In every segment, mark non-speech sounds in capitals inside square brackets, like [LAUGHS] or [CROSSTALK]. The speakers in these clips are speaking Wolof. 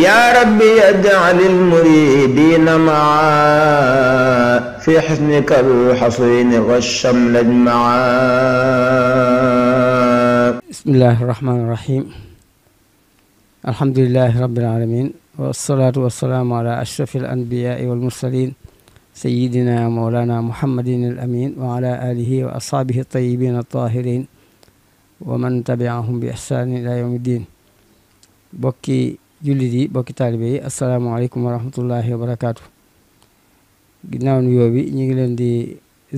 يا ربي اجعل المريدين معا في حسنك الحصين والشمل اجمعا بسم الله الرحمن الرحيم الحمد لله رب العالمين والصلاة والسلام على أشرف الأنبياء والمرسلين سيدنا مولانا محمد الأمين وعلى آله وأصحابه الطيبين الطاهرين ومن تبعهم بإحسان إلى يوم الدين بكي jullit yi bokki taalibe yi asalaamaaleykum wa rahmatullahi wa barakaatu ginnaaw nuyoo bi ñu ngi leen di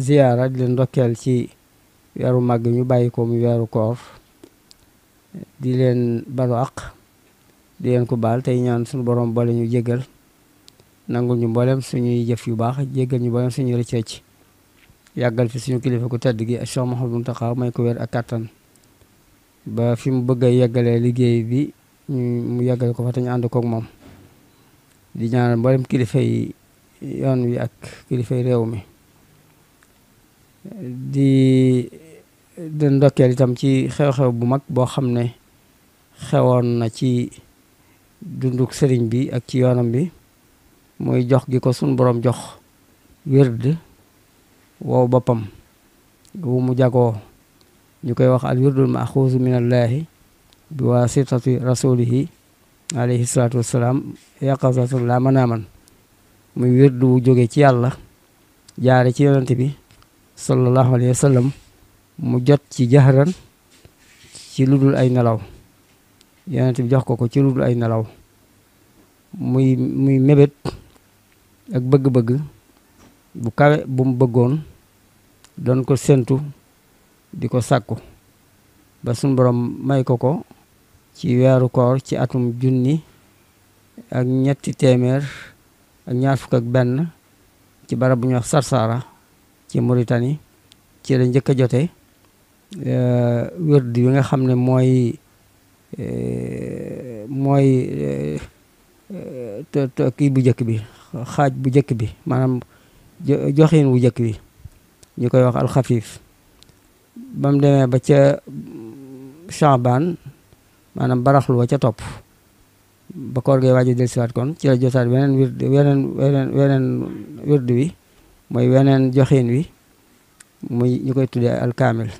ziyaara di leen ndokkeel ci yaru màgg ñu bàyyi ko mu weeru koor di leen balu di leen ko baal tey ñaan suñu borom boole ñu jéggal nangul ñu mboolem suñuy jëf yu baax jéggal ñu mboolem suñu rëcc rëcc yàggal fi suñu kilifa ku tedd gi Cheikh Mouhamadou Mountakha may ko wér ak kattan ba fi mu bëgg a yeggalee liggéey bi mu yàggal ko fa te ñu ànd koog moom di ñaanal mboolem kilifay yoon wi ak kilifay réew mi di di ndokkeel itam ci xew-xew bu mag boo xam ne xewoon na ci dunduk sëriñ bi ak ci yoonam bi muy jox gi ko sunu boroom jox wird wow boppam wu mu jagoo ñu koy wax al wirdul maxuusu minallaahi biwasitati rasulihi alaihi salatu wassalam yaqazatul la manaman muy wirdu wu ci yalla jaare ci yonenti bi sallallahu alaihi wasallam mu jot ci jahran ci luddul ay nalaw yonenti bi jox ko ko ci luddul ay nalaw muy muy mebet ak bëgg-bëgg bu kawé bu mu bëggoon don ko sentu di sakku ba sun borom may ko ko ci weeru koor ci atum junni ak ñetti téeméer ak ñaar fukk ak benn ci barab bu ñuy wax Sarsara ci Mauritanie ci la njëkk a jote euh, wérd wi nga xam ne mooy euh, mooy euh, kii bu njëkk bi xaaj bu njëkk bi maanaam joxin wu njëkk bi ñu koy wax alxafiif ba demee ba ca Chaban maanaam baraxlu wa ca topp ba koor gee waaju delsiwaat kon ci la jotaat weneen wird weneen weneen weneen wird wi mooy weneen joxin wi muy ñu koy tuddee alkaamil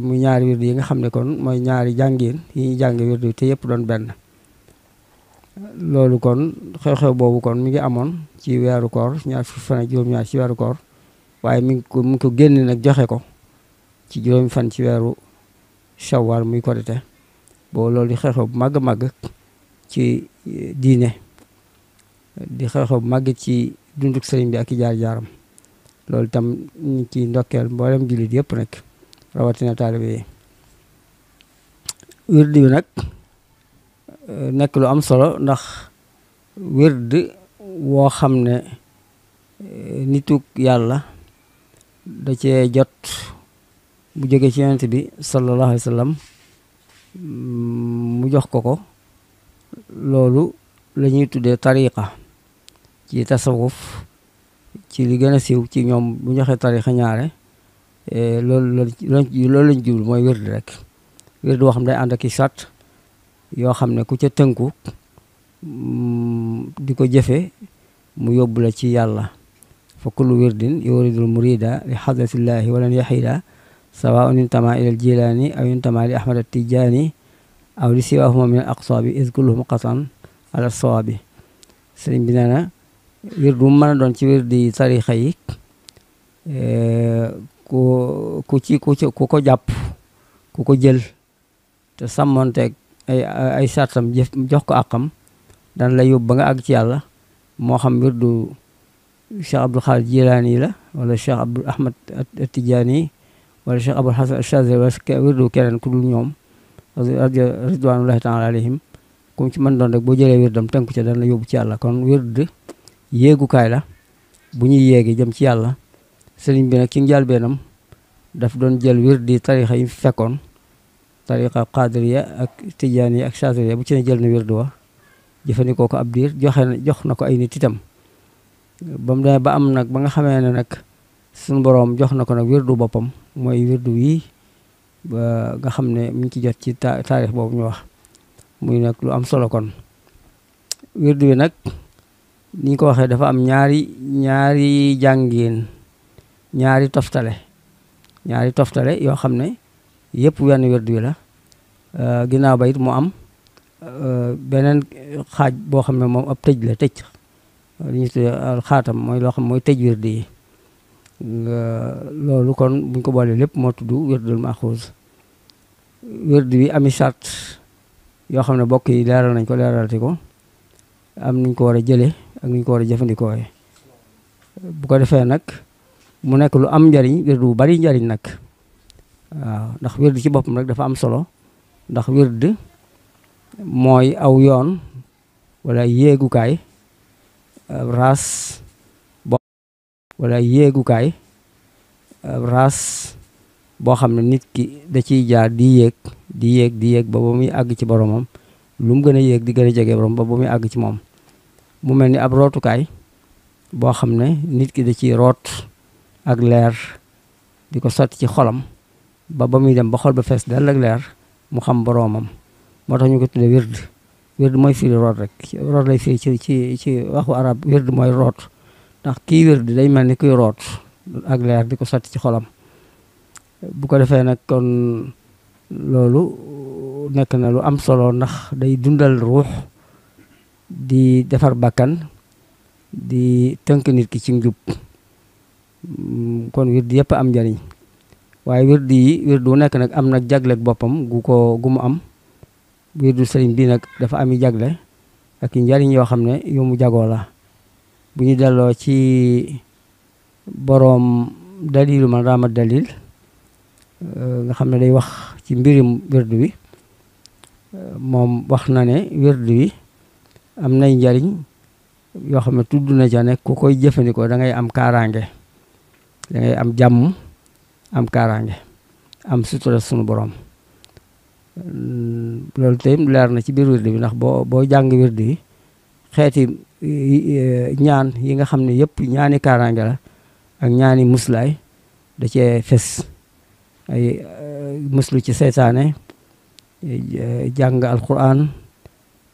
muy ñaari wird yi nga xam ne kon mooy ñaari jàngin yi ñu jàng wird wi te yëpp doon benn loolu kon xew-xew boobu kon mi ngi amoon ci weeru koor ñaar fukki fan ak juróom-ñaar ci weeru koor waaye mi ngi ko mi ngi ko génn nag joxe ko ci juróomi fan ci weeru shawwal muy korite boo loolu di xew-xew bu màgg màgg ci eh, diine di xew-xew bu màgg ci dunduk sëriñ bi ak jaar-jaaram loolu itam ñu ci ndokkeel mboolem jullit yépp nag rawatina taalibe yi wird bi nag eh, nekk lu am solo ndax wird woo xam ne eh, nituk yàlla da cee jot mu jóge ci yonent bi sallallahu alayhi wa sallam mu jox ko ko loolu la ñuy tuddee tariqa ci tasawuf ci li gën a siiw ci ñoom bu joxee tariqa ñaare e, loolu la loolu lañ jublu mooy wérdi rek wérdi boo xam ne day ànd ak i sart yoo xam ne ku ca tënku mm, di ko jëfe mu yóbbu la ci yàlla fa kullu wirdin yuridul murida li xadratillahi walan yaxida سواء انتمى إلى الجيلاني أو انتمى لأحمد التجاني أو لسواهما من الأقصاب إذ كلهم قطعا على الصواب سرين بنانا wirdu mën a doon ci wirdi tarixa yi eh, ku ku ci ku ci ku ko jàpp ku ko jël te sàmmonteeg ay dan la yóbbu ba nga àgg ci yàlla moo xam wirdu Cheikh la wala Cheikh Abdul Ahmad Tijaani wala Cheikh Abul Hasan Shazili wala wirdu keneen ku dul ñoom ridwanullahi taala alayhim kum ci man doon rek boo jëlee wirdam tënku ca dana la yóbbu ci yàlla kon wird yéegukaay la bu ñuy yéegi jëm ci yàlla sëriñ bi nag ci njëlbeenam daf doon jël wirdi tarixa yi fekkoon tarixa qadiriya ak tijaaniya ak chadiriya bu ci ne jël na wirdu wa jëfandikoo ko ab diir joxe na jox na ko ay nit itam ba mu demee ba am nag ba nga xamee ne nag suñu boroom jox na ko nag wirdu boppam mooy wirdu yi nga xam ne mu ngi ci jot ci taarix boobu ñu wax muy nag lu am solokon kon wirdu wi nag ni ko waxee dafa am ñaari ñaari jàngin ñaari toftale ñaari toftale yoo xam ne yëpp wenn wirdu wi la euh, ginnaaw ba it mu am euh, beneen xaaj boo xam ne moom ab tëj la tëj li ñu tuddee xaatam mooy loo xam mooy tëj wirdu loolu kon buñ ko boolee lépp moo tudd wérdul maxuus wérdu wi ami sart yoo xam ne bokk yi leeral nañ ko leeralati ko am nuñ ko war a jëlee ak nuñ ko war a jëfandikoo bu ko defee nag mu nekk lu am njariñ wérdu bu bari njariñ nag waaw ndax wérdu ci boppam rek dafa am solo ndax wérdu mooy aw yoon wala yéegukaay raas wala yéegukaay raas boo xam ne nit ki da ciy jaar di yéeg di yéeg di yéeg ba ba muy àgg ci boromam lu mu gën a yéeg di gën a jege borom ba ba muy àgg ci moom mu mel ni ab rootukaay boo xam ne nit ki da ciy root ak leer di ko sotti ci xolam ba ba muy dem ba xol ba fees dal ak leer mu xam boroomam moo tax ñu ko tuddee wird wird mooy firi root rek root lay firi ci ci ci waxu arab wird mooy root ndax kii wér di day mel ni kuy root ak leer di ko sotti ci xolam bu ko defee nag kon loolu nekk na lu am solo ndax day dundal ruux di defar bakkan di tënk nit ki ci njub kon wird yëpp am njariñ waaye wird yi wird wu nekk nag am na jagle boppam gu ko gu mu am wirdu sëriñ bi nag dafa ami jagle ak i njariñ yoo xam ne yu mu jagoo la bu ñu delloo ci boroom dalilu man rama dalil euh, nga xam ne day wax ci mbirum wérdu wi euh, moom wax na ne wérdu wi am nay njariñ yoo xam ne tudd na ca ne ku koy jëfandikoo da ngay am kaaraange da ngay am jàmm am kaaraange am sutura sunu borom loolu tey leer na ci biir wérdu bi ndax boo boo jàng wérdu yi xeeti ñaan yi nga xam ne yëpp ñaani kaaraange la ak ñaani muslaay da cee fes ay uh, muslu ci seytaane jàng a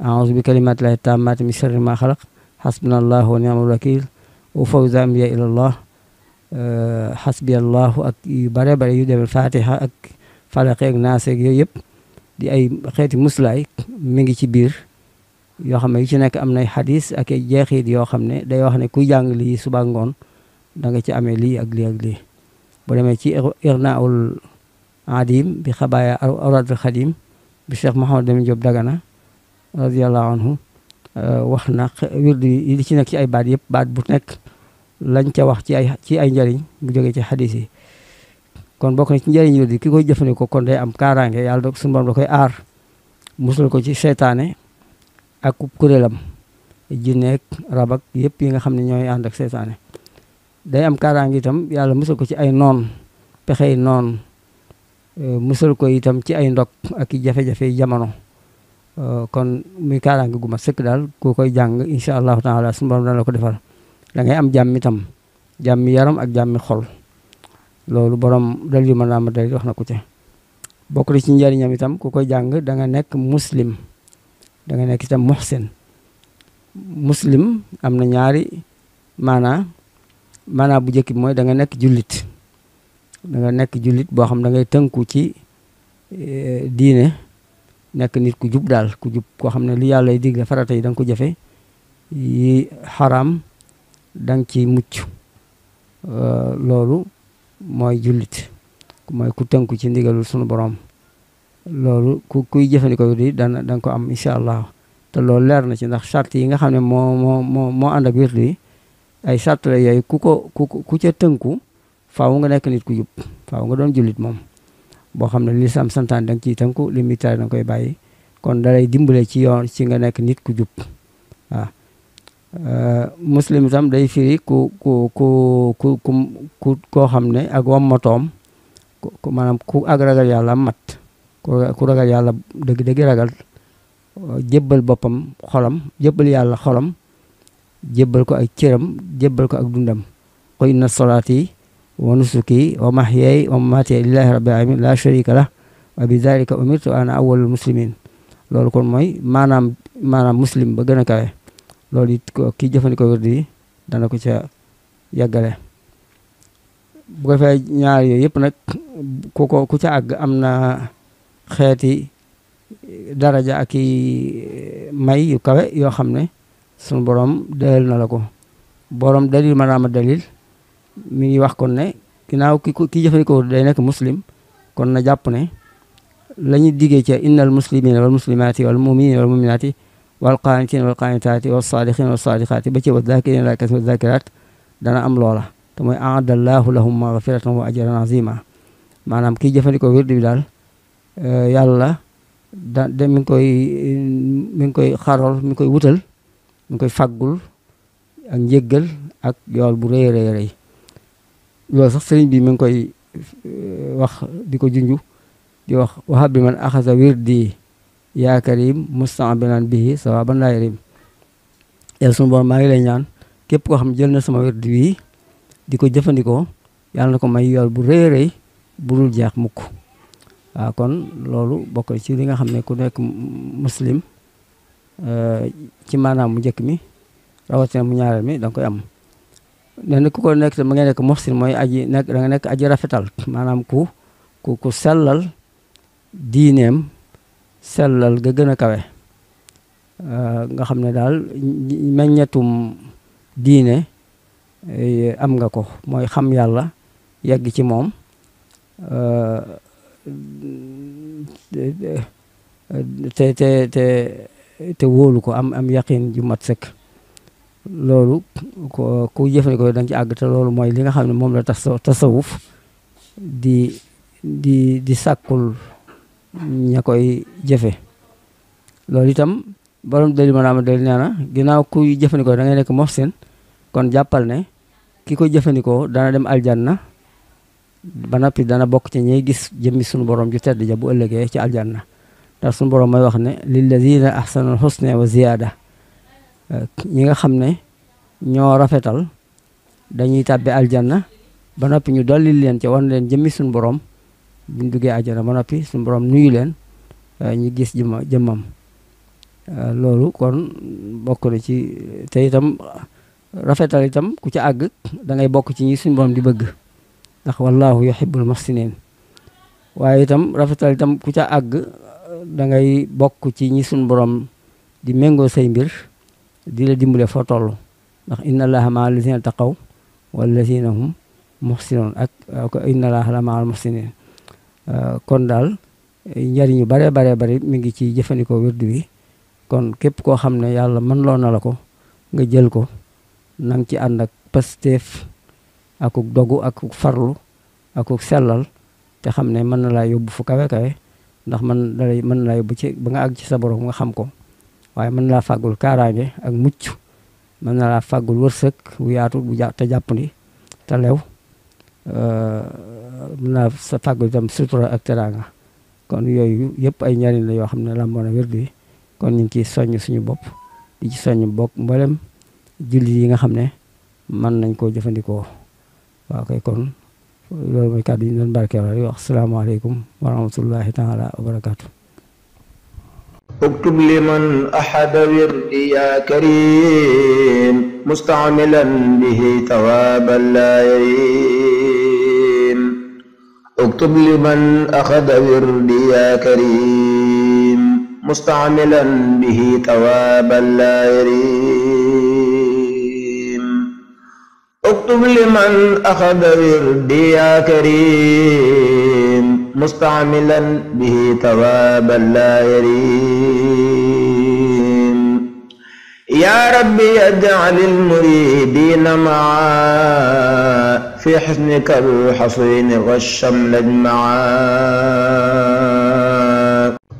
a'uuzu bi kalimatillahi taammaati min sharri ma xalaq xasbunallahu wa ni'mal wakiil wa fawza ambiya ila allah xasbiyallahu uh, ak yu bare bare yu demel fatiha ak falaqe ak naase ak yooyu di ay xeeti muslaay mi ci biir yoo xam ne yu ci nekk am nay xadis ak ay jeexit yoo xam ne day wax ne ku jàng lii suba ngoon danga ci amee lii ak lii ak demee ci irnaul adim bi xabaaya awratul xadim bi Cheikh Mouhamed Lamine Diop Dagana radiallahu anhu euh, wax na wird yi li ci nekk ci ay baat yëpp baat bu nekk lañ ca wax ci ay ci ay njëriñ bu jógee ci xadis kon bokk na ci njëriñ wird yi ki koy jëfandikoo ko day am kaaraange yàlla suñu borom da koy aar musal ko ci seytaane ak kuréelam jinneeg rabak yëpp yi nga xam ne ñooy ànd ak seytaane day am kaaraange itam yàlla musal ko ci ay noon pexey noon e, musal ko yitam ci ay ndog ak i jafe-jafe jamono e, kon muy kaaraange gu ma sëkk daal ku koy jàng incha allahu taala suñu borom dana la ko defar da ngay am jàmm itam jàmmi yaram ak jàmmi xol loolu borom dal yu mën ma day wax na ko ci bokk na ci njariñam itam ku koy jàng danga nekk muslim da nga nekk itam muhsin muslim am nyari mana mana maanaa bu njëkk bi mooy da nga nekk jullit da nga nekk jullit boo xam da ngay tënku ci e, diine nekk nit ku jub daal ku jub koo xam ne li yàlla digle farata yi da nga ko jëfe yi xaraam da nga ciy mucc e, loolu mooy jullit mooy ku tënku ci ndigalul sunu boroom loolu ku kuy jëfandikoo di dana da ko am incha allah te loolu leer na ci ndax sart yi nga xam ne moo moo moo moo ànd ak wirdu ay sart la yooyu ku ko ku ku ca tënku faaw nga nekk nit ku jub faaw nga doon julit moom boo xam ne li sam santaan da ciy tënku li muy nga koy bàyyi kon dalay dimbale ci yoon ci nga nekk nit ku jub waaw euh, muslim itam day firi ku ku ku ku ku koo xam ne ak wam matoom ku maanaam ku ak ragal mat ku ragal yàlla dëgg dëgg ragal uh, jébbal boppam xolam jébbal yàlla xolam jébbal ko ak cëram jébbal ko ak dundam qul inna salaati wa nusuki wa mahyaaya wa mamaati lillahi rabbil alamin la sharika lah wa bi dhalika umirtu ana awwalul muslimin loolu kon mooy maanaam maanaam muslim ba gën a kawe loolu it kii jëfandikoo wér di dana ko ca yàggale bu fee ñaar yooyu yëpp nag ku ca àgg am na xeeti daraja ak i eh, may yu kawe yoo xam ne sun borom dalil na la ko borom dalil maanaam dalil mi ngi wax kon ne ginnaaw ki ki jëfandikoo day nekk muslim kon na jàpp ne la ñuy ca ci innal muslimina wal muslimaati wal muminina wal muminaati wal qaanitina wal qaanitaati ba ci wa zaakirina wa zaakirati dana am loola te mooy aadallahu lahum magfiratan wa azima maanaam kii jëfandikoo wirdi bi Eh, yalla da de mi ngi koy mi ngi koy xarol mi ngi koy wutal mi ngi koy fagul ak yeggal ak yol bu reey reey reey yo sax serigne bi mi ngi koy eh, wax di ko di wax wahab bi man akhadha wirdi ya karim musta'binan bihi sawaban la yarim el sun borom ma ngi lay ñaan kep ko xam jël na sama wirdi wi di ko yalla nako may yol bu reey reey bu dul jeex mukk waaw ah, kon loolu bokk ci li nga xam ne ku nekk muslim eh, ci maanaam mu njëkk mi rawatina mu ñaareel mi da nga koy am nee na ku ko nekk te mu nga nekk muhsin mooy aj nekk da nekk aji rafetal maanaam ku ku ku sellal diineem sellal ga gën a kawe eh, nga xam ne daal meññetum diine eh, am nga ko mooy xam yàlla yegg ci moom te te te te ko am am yaqin ju mat loolu ko ku jëfandikoo da nga ci àgg te loolu mooy li nga xam ne moom la tas tasawuf di di di ña koy jëfe loolu itam borom dali manaama dali nee na ginnaaw kuy jëfandikoo da ngay nekk moxsin kon jàppal ne ki ko dana dem aljanna ba noppi dana bokk ci ñiy gis jëmmi sunu borom ju tedd ja bu ëllëgee ci aljanna ndax sunu borom may wax ne lilladina ahsanul husna wa ziyaada ñi nga xam ne ñoo rafetal dañuy tàbbi aljanna ba noppi ñu dolli leen ci wan leen jëmmi sunu borom buñ duggee aljanna ba noppi sunu borom nuyu leen ñu gis jëmm jëmmam loolu kon bokk na ci te itam rafetal itam ku ci àgg dangay bokk ci ñi suñu borom di bëgg ndax wallahu yuhibbul muhsinin waye itam rafetal itam ku ca ag da ngay bok ci ñi sun borom di mengo say mbir di la dimbulé fo tollu ndax inna allaha ma'al allazina taqaw wallazina hum muhsinun ak inna allaha la muhsinin kon daal njariñu bare bare bare mi ngi ci jëfandikoo wérdu bi kon képp koo xam ne yàlla mën loo na la ko nga jël ko nang ci ànd ak akuk dogu akuk farlu akuk sellal te xam ne mën na laa yóbbu fu kawe ndax mën mën na laa yóbbu ci ba nga àgg ci sa borom nga xam ko waaye mën na laa fàggul kaaraange ak mucc mën na laa fàggul wërsëg bu yaatu bu te ni te lew euh, mën naa sa fàggul itam sutura ak teraanga kon yooyu yëpp ay njariñ la yoo xam ne làmboon a wér gi kon ñu ci ciy soññ suñu bopp di ci soññ bokk mboolem jullit yi nga xam ne mën nañ koo jëfandikoo باقي كون لو مكادين دون باركي الله السلام عليكم ورحمة الله تعالى وبركاته اكتب لمن أحد وردي يا كريم مستعملا به ثوابا لا يريم اكتب لمن أخذ وردي يا كريم مستعملا به ثوابا لا يريم اكتب لمن أخذ وردي يا كريم مستعملا به ثوابا لا يريم يا ربي اجعل المريدين معا في حسنك الحصين والشمل اجمعا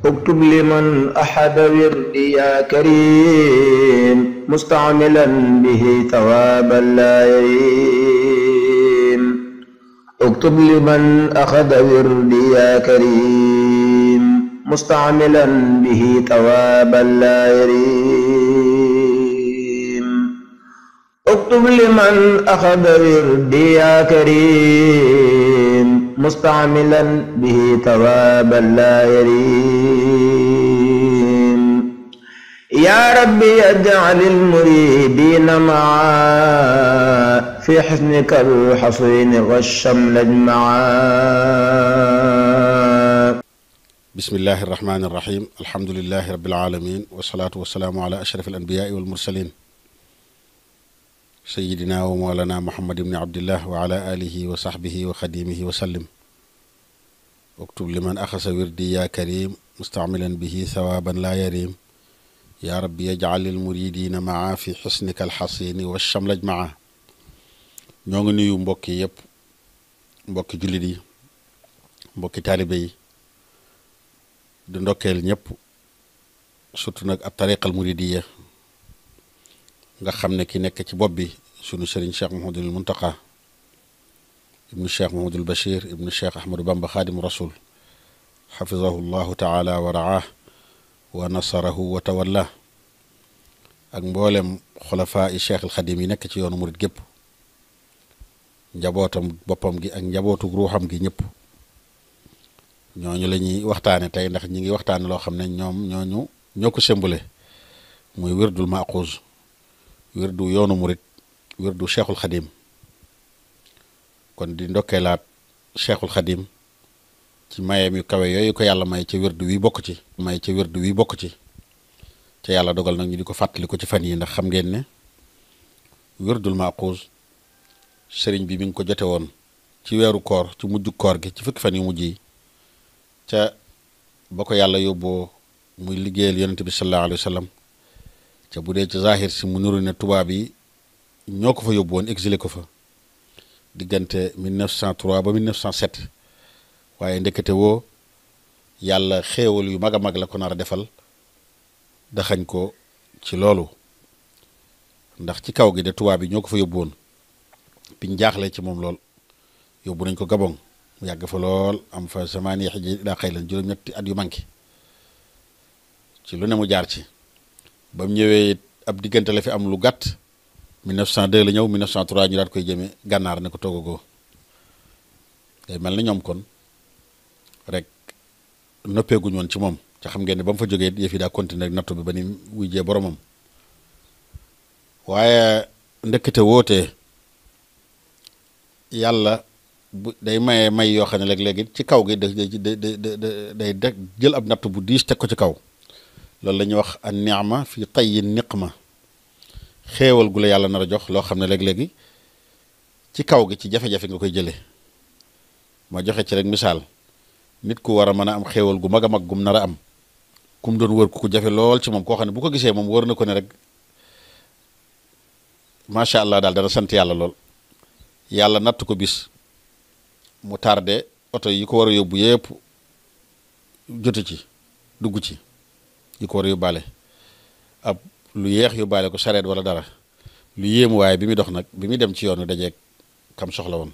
اكتب لمن أحد وردي يا كريم مستعملا به ثوابا لا يريم اكتب لمن أخذ وردي يا كريم مستعملا به ثوابا لا يريم اكتب لمن أخذ وردي يا كريم مستعملا به ثوابا لا يريم يا ربي اجعل المريدين معا في حسنك الحصين والشمل لجمعا بسم الله الرحمن الرحيم الحمد لله رب العالمين والصلاة والسلام على أشرف الأنبياء والمرسلين سيدنا ومولانا محمد بن عبد الله وعلى آله وصحبه وخديمه وسلم اكتب لمن أخس وردي يا كريم مستعملا به ثوابا لا يريم يا رب يجعل المريدين معا في حسنك الحصين والشملج معاه نيوغي نيو مبوكي يب مبوكي جلدي مبوكي طالبي دي نوكيل نييب سورتو الطريق المريديه غا خامني كي نيك سي بوبي سونو سيرين شيخ محمود المنتقى ابن الشيخ محمود البشير ابن الشيخ احمد بن بخادم الرسول حفظه الله تعالى ورعاه wa nasarahu wa tawalla ak mboolem xulafaa i cheikh al xadim yi nekk ci yoonu murit gépp njabootam boppam gi ak njabootu ruuxam gi ñëpp ñooñu la ñuy waxtaane tey ndax ñi ngi waxtaane loo xam ne ñoom ñooñu ñoo ko sembule muy wirdul maaquus wirdu yoonu murit wirdu cheikhul xadim kon di ndokkeelaat cheikhul xadim ci mayeem yu kawe yooyu ko yàlla may ca wérdu wi bokk ci may ca wérdu wi bokk ci ca yàlla dogal nag ñu di ko fàttali ko ci fan yi ndax xam ngeen ne wérdul maaquus sëriñ bi mi ngi ko jote woon ci weeru koor ci mujj koor gi ci fukki fan yu mujj yi ca ba ko yàlla yóbboo muy liggéeyal yonente bi sallallahu alayhi wa ca bu dee ci zahir si mu nuru ne tubaab yi ñoo ko fa yóbbu woon exilé ko fa diggante 1903 ba 1907 waaye ndekete woo yàlla xéewal yu mag a mag la ko nar a defal daxañ ko ci loolu ndax ci kaw gi de tubaab yi ñoo ko fa yóbbu woon biñ jaaxle ci moom lool yóbbu nañ ko Gabon mu yàgg fa lool am fa samaani yax ji daa xëy lan juróom-ñetti at yu manqué ci lu ne mu jaar ci ba mu ñëwee ab diggante la fi am lu gàtt 1902 la ñëw 1903 ñu daat koy jëmee gànnaar ne ko toogagoo day mel na ñoom kon rek noppeeguñ woon ci moom ci xam ngeen ne ba mu fa jógee yëf yi daa continuer nattu bi ba ni wuy jee boromam waaye ndëkkate wootee yàlla bu day maye may yoo xam ne léeg-léegi ci kaw gi da da day day jël ab natt bu diis teg ko ci kaw loolu la wax an ni'ma fi tayyi niqma xéewal gu la yàlla nar a jox loo xam ne léeg-léegi ci kaw gi ci jafe-jafe nga koy jëlee ma joxe ci rek misaal nit ku war a mën a am xéewal gu mag a mag gum nar a am kum doon wër ku ko jafe lool ci moom ko xam ne bu ko gisee moom wër na ko ne rek macha allah daal dana sant yàlla lool yàlla natt ko bis mu taar de oto yi ko war a yóbbu yépp jotu ci dugg ci yi ko war a yóbbaale ab lu yeex yóbbaale ko sareet wala dara lu yéemu waaye bi muy dox nag bi muy dem ci yoonu dajeeg kam soxla woon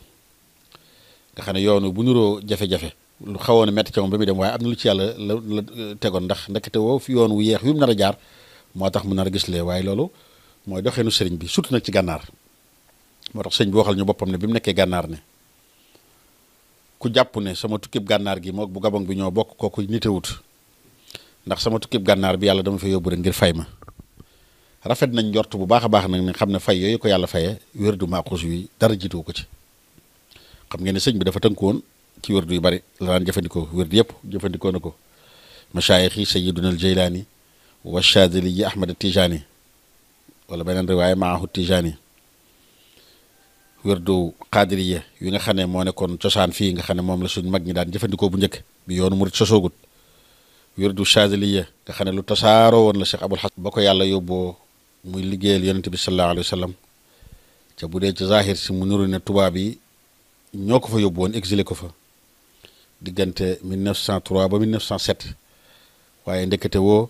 nga xam ne yoonu bu nuroo jafe-jafe lu xawoon metti ci mom bi muy dem way am lu ci yalla la tegon ndax ndekete wo fi yoon wu yeex jaar motax mu gis way lolu moy doxenu serigne bi surtout nak ci gannar motax serigne bi waxal ñu bopam ne bi mu nekkee ne ku japp ne sama tukib gannar gi mok bu gabang bi ñoo koku nité nitewut ndax sama tukib gannar bi yalla dama fa yóbbu ngir fay ma rafet nañ njort bu baaxa baax nak ne xamne fay yoy ko yalla fayé wér ma wi dara jitu ko ci xam ngeen ne bi dafa tankoon ci wérdu yu bari la daan jëfandikoo wérdu yëpp jëfandikoo na ko machaayix yi sayiduna al jaylaani wa chadili yi ahmad tijaani wala beneen riwaaya maahu tijaani wérdu qaadiriya yi nga xam ne moo nekkoon cosaan fii nga xam ne moom la suñ mag ñi daan jëfandikoo bu njëkk bi yoonu murit sosoogut wérdu chadiliya nga xam ne lu tasaaroo woon la Cheikh Abul Hasan ba ko yàlla yóbboo muy liggéeyal yonente bi sallallahu alayhi wa sallam ca bu dee ci zahir si mu nuru ne tubaab yi ñoo ko fa yóbbu woon exilé ko fa diggante 1903 ba 1907 waaye ndekete woo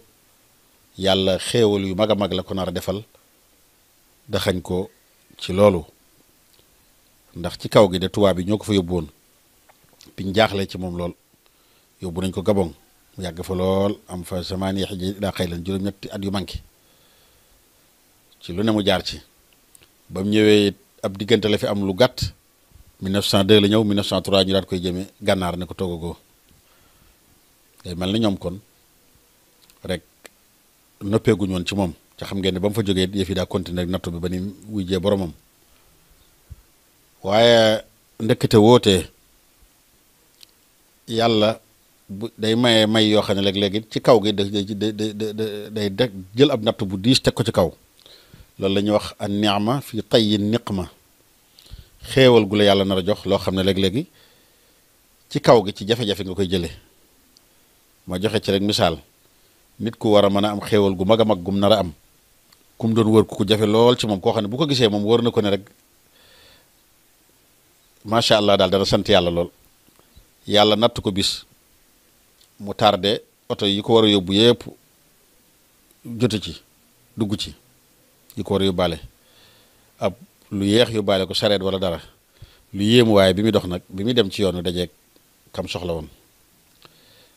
yàlla xéewal yu mag a mag la ko nar a defal daxañ ko ci loolu ndax ci kaw gi de tubaab yi ñoo ko fa yóbbu woon biñ jaaxle ci moom lool yóbbu nañ ko Gabon mu yàgg fa lool am fa samaani yax ji daa xëy lan juróom-ñetti at yu manqué ci lu ne mu jaar ci bam ñëwee ab diggante la fi am lu gàtt 1902 la ñëw 1903 ñu daal koy jëmee gànnaar ne ko toogagoo day mel na ñoom kon rek noppeeguñu woon ci moom ca xam ngeen ne ba mu fa jógee yëf yi daa continuer nattu bi ba ni jee boromam waaye ndekkete wootee yàlla bu day mayee may yoo xam ne léeg-léegi ci kaw gi da da day day jël ab natt bu diis teg ko ci kaw loolu la wax an ni'ma fi tayyi niqma xéewal gu la yàlla nar a jox loo xam ne léeg-léegi ci kaw gi ci jafe-jafe nga koy jëlee ma joxe ci rek misaal nit ku war a mën a am xéewal gu mag a mag gum nar a am kum doon wër ku ko jafe lool ci moom koo xam ne bu ko gisee moom wër na ko ne rek macha allah daal dana sant yàlla lool yàlla natt ko bis mu tardé oto yi ko war a yóbbu yépp jote ci dugg ci yi ko war a yóbbaale lu yu balé ko sareet wala dara lu yému way bi mi dox nak bi mi dem ci yoonu dajé kam soxla won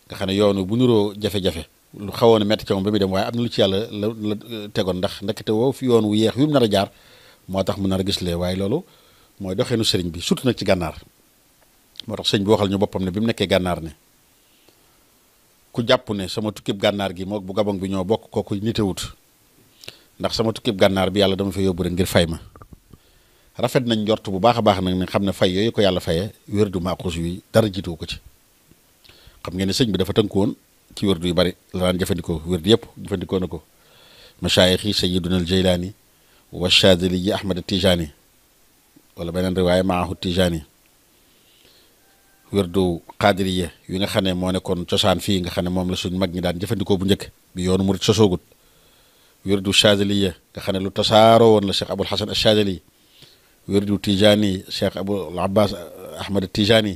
nga xane yoonu bu nuro jafé jafé lu xawoon metti ci mom bi mi dem way am lu ci yalla la tégon tegoon ndax ndekete wo fi yoon wu yeex yu mu nar jaar motax mu nara gis lé way lolu moy doxénu sëriñ bi surtout nak ci gannar motax sëriñ bi waxal ñu bopam né bi mu nekkee gànnaar ku japp né sama tukib gannar gi mok bu gabon bi ñoo koku nité nitewut ndax sama tukib gannar bi yalla dama fa yóbbu ngir fayma rafet nañ njort bu baax a baax nag ne xam ne fay yooyu ko yàlla faye wérdu maaxuus wi dara jiitu ko ci xam ngeen ne sëñ bi dafa tënku woon ci wérdu yu bari la daan jëfandikoo wérdu yëpp jëfandikoo na ko machaayix yi sayiduna al jaylaani wa chadili ji ahmad tijaani wala beneen riwaaya maahu tijaani wérdu qaadiriya yi nga xam ne moo nekkoon cosaan fii nga xam ne moom la suñ mag ñi daan jëfandikoo bu njëkk bi yoonu murit sosoogut wérdu chadiliya nga xam ne lu tasaaroo woon la cheikh abul xasan achadili wirdu Tijaani Cheikh Abul Abbas Ahmad Tijaani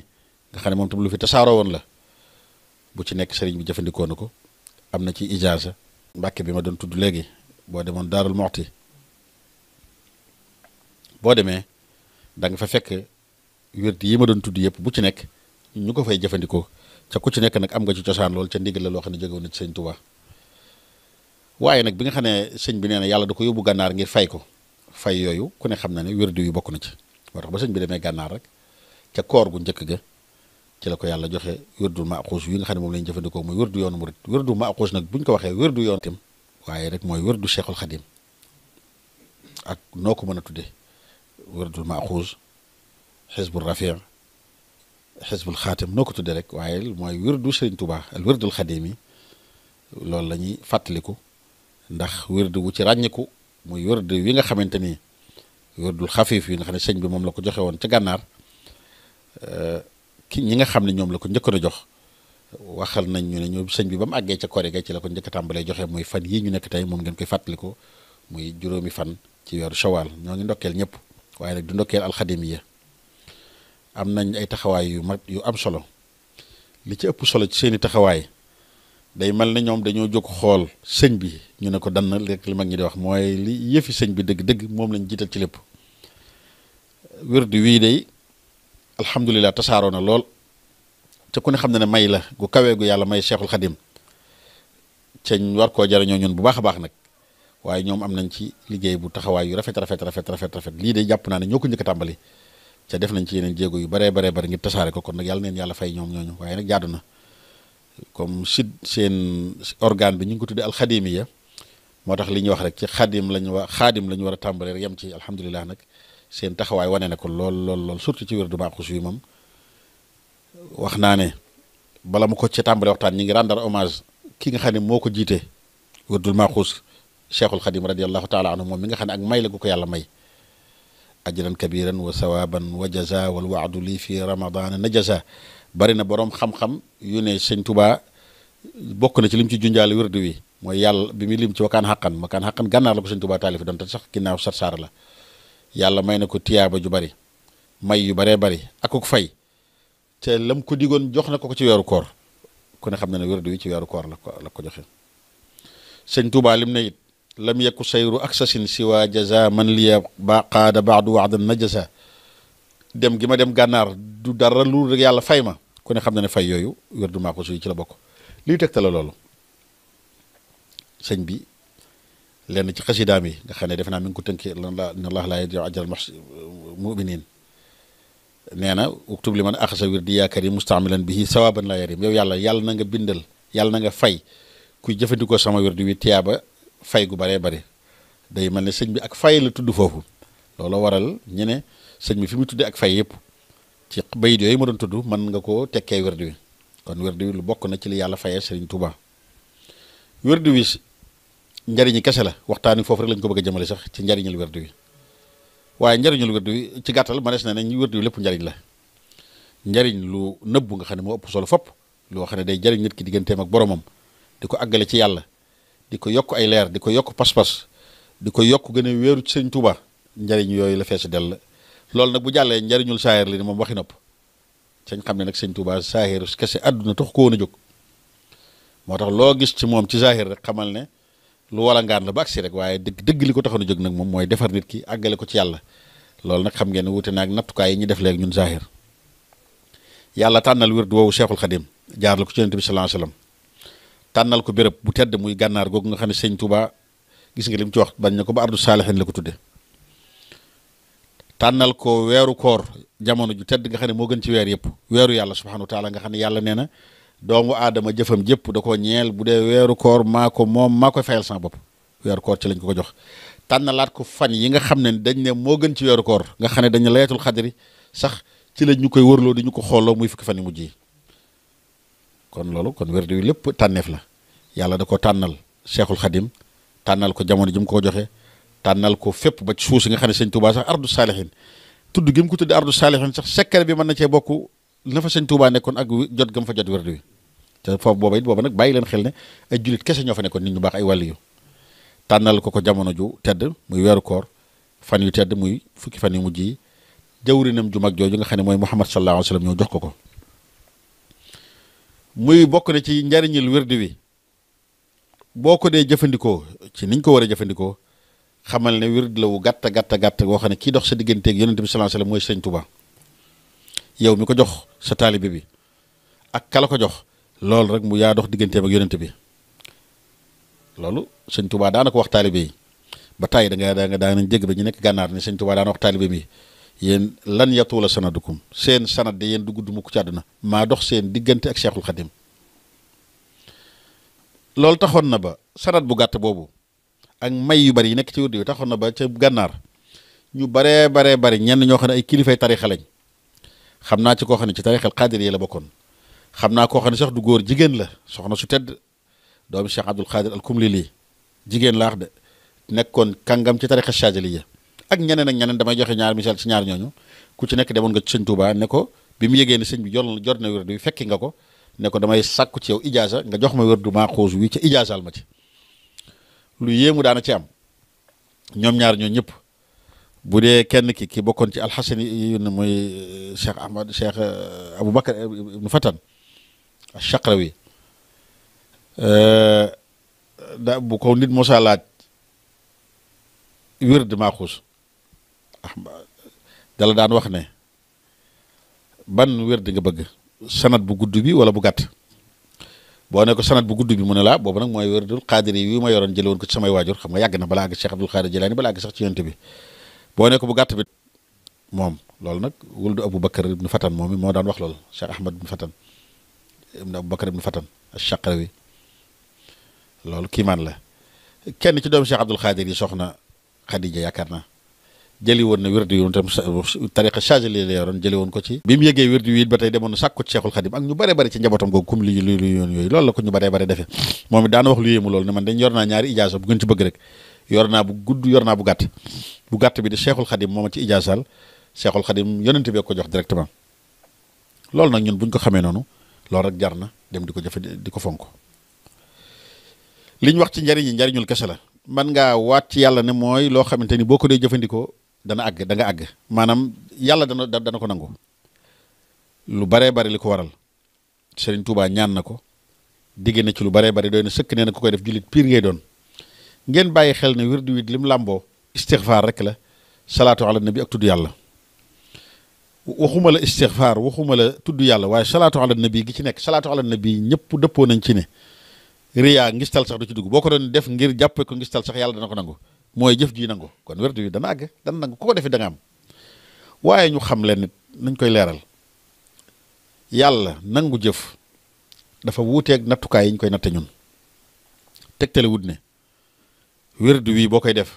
nga xam ne moom tam lu fi tasaaroo woon la bu ci nekk sëriñ bi jëfandikoo na ko am na ci ijaasa mbàkke bi ma doon tudd léegi boo demoon Daarul Moxti boo demee danga fa fekk wird yi ma doon tudd yëpp bu ci nekk ñu ko fay jëfandikoo ca ku ci nekk nag am nga ci cosaan lool ca ndigal la loo xam ne jógewoon na ci sëñ Tuubaa waaye nag bi nga xam ne sëñ bi nee na yàlla du ko yóbbu gànnaar ngir fay ko fay yooyu ku ne xam na ne wérdu yu bokk na ci moo tax ba sëñ bi demee gànnaar rek ca koor gu njëkk ga ci la ko yàlla joxe wérdul maaxuus yi nga xam ne moom lañu jëfandikoo muy wérdu yoonu murit wérdu maaxuus nag buñ ko waxee wérdu yoon tim waaye rek mooy wérdu Cheikhul Khadim ak noo ko mën a tuddee wérdul maaxuus xisbul rafia xisbul xaatim noo ko tuddee rek waaye mooy wérdu Sëriñ Tuubaa al wérdul Xadim yi loolu la ñuy fàttaliku ndax wérdu wu ci ràññiku muy wërd wi nga xamante ni wërdul xafiif yi nga xam ne sëñ bi moom la ko joxe woon ca gànnaar eh, ki ñi nga xam ne ñoom la ko njëkkoon a jox waxal nañ ñu ne ñoom sëñ bi ba mu àggee ca koor ga ci la ko njëkk a tàmbalee joxe muy fan yi ñu nekk tey moom ngeen koy fàttaliku muy juróomi fan ci weeru shawaal ñoo ngi ndokkeel ñëpp waaye nag du ndokkeel alxadimiya am nañ ay taxawaay yu mag yu am solo li ci ëpp solo ci seeni taxawaay day mel ne ñoom dañoo jóg xool sëñ bi ñu ne ko dann lekk li mag ñi di wax mooy li yëfi sëñ bi dëgg-dëgg moom lañu jiital ci lépp wérdu wii day alhamdulilah tasaaroo na lool te ku ne xam na ne may la gu kawee yàlla may Cheikhul Khadim ceñ war koo jariñoo ñun bu baax a baax nag waaye ñoom am nañ ci liggéey bu taxawaay yu rafet rafet rafet rafet rafet lii de jàpp naa ne ñoo ko njëkk a tàmbali te def nañ ci yeneen jéego yu baree baree ngir tasaare ko kon nag yàlla neen yàlla fay ñoom ñooñu waaye nag jaadu na comme sit seen organe bi ñu ngi ko tuddee alxadimiya moo tax li ñuy wax rek ci xadim lañu wa xaadim la ñu war a tàmbalee rek yem ci alhamdulilah nag seen taxawaay wane na ko lool lool lool surtout ci wirdu Màkhuz wi moom wax naa ne bala mu ko ci tàmbale waxtaan ñi ngi rendre hommage ki nga xam ne moo ko jiite wirdul Màkhuz cheikhul xadim radiallahu taala anhu moom mi nga xam ne ak may la gu ko yàlla may ajran kabiran wa sawaban wa jaza wal waadu lii fi ramadana na jaza bari na borom xam-xam yu ne seigne touba bokku na ci lim ci junjaale wérdu wi moy yalla bi mi lim ci wakan xaqan wakaan xaqan gànnaar la ko touba talif don ta sax ginaaw sar sar la yalla may na ko tiyaba ju bari may yu bare bari ak ko fay te lam ko digon jox na ko ci weeru koor ku ne xam na wi ci koor la ko la ko joxe seigne touba lim ne it lam yakku sayru aksasin siwa jaza man li ba ba'du wa'd an najasa dem gima dem ganar, du dara lu rek yalla fay ma ku ne xam na ne fay yooyu wérdu maaxuus yi ci la bokk liy tegtale loolu sëñ bi lenn ci xasidaam yi nga xam ne defe naa mi ngi ko tënkee lan la na laa laa yaj'alu ajral mu'minin nee uktub li man wirdi yaa karim mustaamilan bihi sawaban laa yarim yow yàlla yàlla na nga bindal yàlla na nga fay kuy jëfandikoo sama wirdi wi tiyaaba fay gu bare. bare day mel ne bi ak fay la tudd foofu looloo waral ñu ne sëñ bi fi mu ak fay yëpp ci di yooyu mo don tuddu man nga ko tekke werdu wi kon werdu wi lu bok na ci li yalla fayé Serigne Touba werdu wi ndariñu kessela la fofu rek lañ ko bëgg a sax ci ndariñu werdu wi waye ndariñu werdu wi ci gattal ma res na ne ñu werdu lepp ndariñ la ndariñ lu nëbbu nga xam mo upp solo fop lo xam day jariñ nit ki digënté mak boromam diko ko ci yalla diko ko ay lèr diko ko pas-pas yok ko yokk ci Serigne Touba ndariñ yoy la fess del loolu nag bu jàllee njariñul saahir li ni moom waxi nopp sañ xam ne nag sëñ Touba saahir kese àdduna tox ko woon a jóg moo tax loo gis ci moom ci saahir rek xamal ne lu wala ngaan la ba agsi rek waaye dëgg dëgg li ko taxoon a jóg nag moom mooy defar nit ki àggale ko ci yàlla lool nag xam ngeen ne wuute naag nattukaay yi ñu def léegi ñun saahir yàlla tànnal wird woowu Cheikhul Khadim jaar la ko ci yonent bi sallallahu alayhi wasallam tànnal ko béréb bu tedd muy gànnaar googu nga xam ne sëñ Touba gis nga li mu ci wax bañ na ko ba ardu saalihin la ko tudde tànnal ko weeru koor jamono ju tedd nga xam ne moo gën ci weer yëpp weeru yàlla subhanahu wa taala nga xam ne yàlla nee na doomu aadama jëfam jëpp da ko ñeel bu dee weeru koor maa ko moom maa koy fayal sama bopp weeru koor ci lañ ko ko jox tànnalaat ko fan yi nga xam ne dañ ne moo gën ci weeru koor nga xam ne dañ layatul xadri sax ci lañ ñu koy wërloo di ñu ko xooloo muy fukki fan yi mujj yi kon loolu kon wérdu wi lépp tànneef la yàlla da ko tànnal cheikhul xadim tànnal ko jamono ji mu joxe tànnal ko fépp ba ci suuf nga xam ne sëñ Touba sax ardu saalihin tudd gi mu ko tudd ardu saalihin sax sekkare bi mën na cee bokk na fa sëñ Touba nekkoon ak jot gam fa jot wérdu wi te foofu booba it booba nag bàyyi leen xel ne ay jullit kese ñoo fa nekkoon nit ñu baax ay wàlliyu tànnal ko ko jamono ju tedd muy weeru koor fan yu tedd muy fukki fan yu mujj yi jawrinam ju mag jooju nga xam ne mooy Muhammad sallallahu alayhi wa sallam ñoo jox ko ko muy bokk na ci njariñil wérdu wi boo ko dee jëfandikoo niñ ko war a jëfandikoo xamal ne wird la wu gàtt gàtt gàtt boo xam ne kii dox sa digganteeg yonent bi sallallahu alayhi wasallam mooy sëñ Tuba yow mi ko jox sa taalibe bi ak kala ko jox loolu rek mu yaa dox digganteem ak yonent bi loolu sëñ Tuba daana ko wax ba tàyyi da nga da nga daa nañ jégg ba ñu nekk gànnaar ne sëñ Tuba daana wax taalibe bi yéen lan yatuula sanadukum seen sanad de yéen du gudd mukk ci àdduna maa dox seen diggante ak Cheikhul Khadim loolu taxoon na ba sanad bu gàtt boobu ak may yu bari yi nekk ci wird yi taxoon na ba ca gànnaar ñu baree baree bari ñenn ñoo xam ne ay kilifay tarixa lañ xam naa ci koo xam ne ci tarixal xaadir yi la bokkoon xam naa koo xam ne sax du góor jigéen la soxna su tedd doomu Cheikh Abdul Xaadir al Kumli jigéen laax de nekkoon kàngam ci tarixa Chaadiliya ak ñeneen ak ñeneen damay joxe ñaar misaal ci ñaar ñooñu ku ci nekk demoon nga ci sëñ Touba ne ko bi mu yégee ne sëñ bi jot na jot na wird fekki nga ko ne ko damay sàkku ci yow ijaasa nga jox ma wirdu maaxuus wi ci ijaasaal ma ci lu yéemu daan ci am ñoom ñaar ñoo ñëpp bu dee kenn ki ki bokkoon ci alxasan yi ne mooy euh, cheikh ahmad cheikh euh, aboubacar ibnu fatan chaqrawi euh, da bu ko nit mosa laaj wér de ah, dala daan wax ne ban wér di nga bëgg sanat bu gudd bi wala bu gàtt boo ne ko sanat bu gudd bi mu ne laa boobu nag mooy wérdul xaadir yi ma yoroon jële woon ko ci samay waajur xam nga yàgg na balaa àgg Cheikh Abdul Xaadir Jilaani balaa àgg sax ci yonent bi boo ne bu gàtt bi moom loolu nag wuldu Abu Bakar ibnu Fatan moom moo daan wax loolu Cheikh Ahmad ibnu Fatan ibnu Abu Bakar ibnu Fatan Chaqrawi loolu kiimaan la kenn ci doomu Cheikh Abdul Xaadir yi soxna Xadija yaakaar naa jëli woon na wérdu yi tam tariqa chageli la yoroon jëli ko ci bi mu yëgee wérdu yi ba tey demoon na sàkku ci Cheikhul Khadim ak ñu bare bare ci njabootam ko ñu wax lu yéemu loolu ne man dañ yor naa ñaari ijaasa bu ngeen ci bëgg rek yor naa bu gudd yor naa bu gàtt bu gàtt bi di Cheikhul Khadim mooma ci ijaasal loolu nag ñun buñ ko xamee noonu loolu jar na dem di ko jëfe di ko fonk liñ wax ci njariñi njariñul kese la man nga waat ci yàlla ne mooy loo xamante ni boo ko dee jëfandikoo dana àgg da àgg maanaam yàlla dana dana ko nangu lu baree bari li ko waral Serigne Touba ñaan na ko digg ci lu baree bari doy na sëkk nee na ku koy def jullit piir ngay doon ngeen bàyyi xel ne wirdu wi lim làmboo istixfaar rek la salaatu ala nabi ak tudd yàlla waxuma la istixfaar waxuma la tudd yàlla waaye salaatu ala nabi gi ci nekk salaatu ala nabi ñëpp dëppoo nañ ci ne riyaa ngistal sax du ci dugg boo ko doon def ngir jàppee ko ngistal sax yàlla dana ko nangu mooy jëf ji nangu kon werdu yi dana àgg dana nangu ku ko defee da nga am waaye ñu xam leen nit nañ koy leeral yàlla nangu jëf dafa wuuteeg nattukaay yi ñu koy natte ñun tegtale wut ne werdu wii boo koy def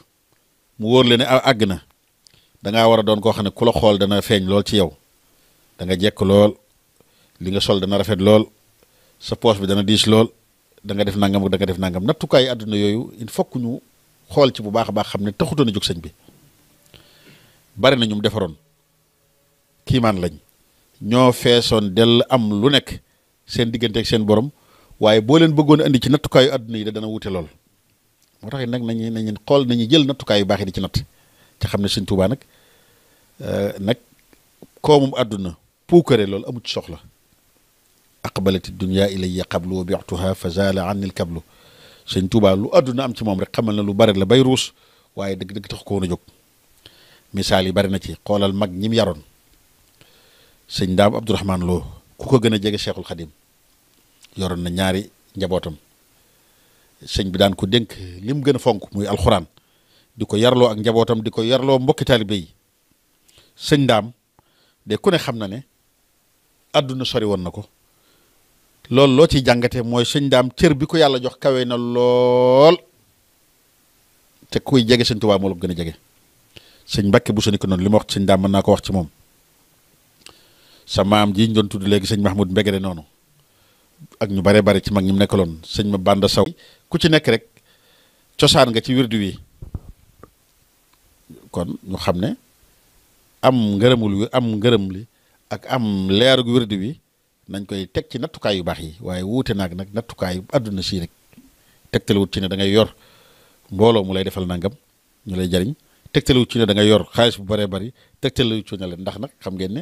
mu wóor le ne àgg na da ngaa war a doon koo xam ne ku la xool dana feeñ lool ci yow danga jekk lool li nga sol dana rafet lool sa poche bi dana diis lool danga def nangam da nga def nangam nattukaay àdduna yooyu il ñu. xol ci bu baax a baax xam ne taxutoon a jóg sëñ bi bari na ñum defaroon kiimaan lañ ñoo feesoon dell am lu nekk seen diggante ak seen borom waaye boo leen bëggoon andi ci nattukaayu àdduna yi da dana wute lool moo tax nag nañu nañu xool nañu jël nattukaay yu baax yi di ci natt te xam ne sëñ Tuubaa nag nag koomum àdduna puukare lool amu ci soxla aqbalati dunya ilayya qablu wa bi'tuha fa zaala anni kablu sëñ Touba lu àdduna am ci moom rek xamal na lu bari la bay ruus waaye dëgg dëgg tax ko woon a jóg misaal yi bari na ci xoolal mag ñi mu yaroon sëñ Daam Abdourahman Lo ku ko gën a jege Cheikhul Khadim yoroon na ñaari njabootam sëñ bi daan ko dénk li mu gën a fonk muy alxuraan di ko yarloo ak njabootam di ko yarloo mbokki taalibe yi sëñ ndaam de ku ne xam na ne àdduna sori woon na ko loolu loo ciy jàngate mooy sëñ daam cër bi ko yàlla jox kawe na lool te kuy jege sëñ Tuubaa moo la gën a jege sëñ Mbàkke bu sëñ ko noonu li ma wax sëñ daam mën naa ko wax ci moom sa maam ji ñu doon tudd léegi sëñ Mahmoud Mbegere noonu ak ñu bare bare ci mag ñi mu nekkaloon sëñ ma bànd saw ku ci nekk rek cosaan nga ci wirdu wi kon ñu xam ne am ngërëmul wi am ngërëm li ak am leerug wirdu wi nañ koy teg ci nattukaay yu baax yi waaye wuute naag nag nattukaay àdduna si rek tegtalawut ci ne da ngay yor mbooloo mu lay defal nangam ñu lay jariñ tegtalawut ci ne da ngay yor xaalis bu bëree bëri tegtalawut ci ne leen ndax nag xam ngeen ne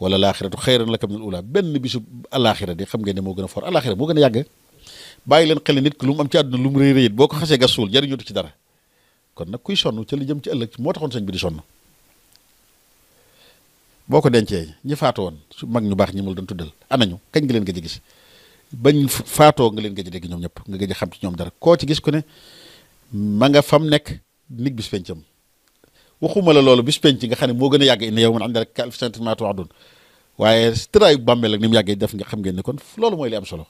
wala laaxiratu na laka minal uulaa benn bisu alaaxira di xam ngeen ne moo gën a for alaaxira moo gën a yàgg bàyyi leen xel nit ki lu mu am ci àdduna lu mu rëy rëyit boo ko xasee gas suul ci dara kon nag kuy sonn ca li jëm ci ëllëg moo taxoon sëñ bi di sonn boo ko dencee ñi faatu woon su mag ñu baax ñi mu doon tuddal anañu kañ nga leen gëj a gis bañ faatoo nga leen gëj a dégg ñoom ñëpp nga gëj a xam ci ñoom dara koo ci gis ko ne ma nga fam nekk nit bis pencam waxuma la loolu bis penc nga xam ne moo gën a yàgg indi yow man ànda rek ka alf santin maa tuwaadun waaye tëraayu bàmmeel ak ni mu yàggee def nga xam ngeen ne kon loolu mooy li am solo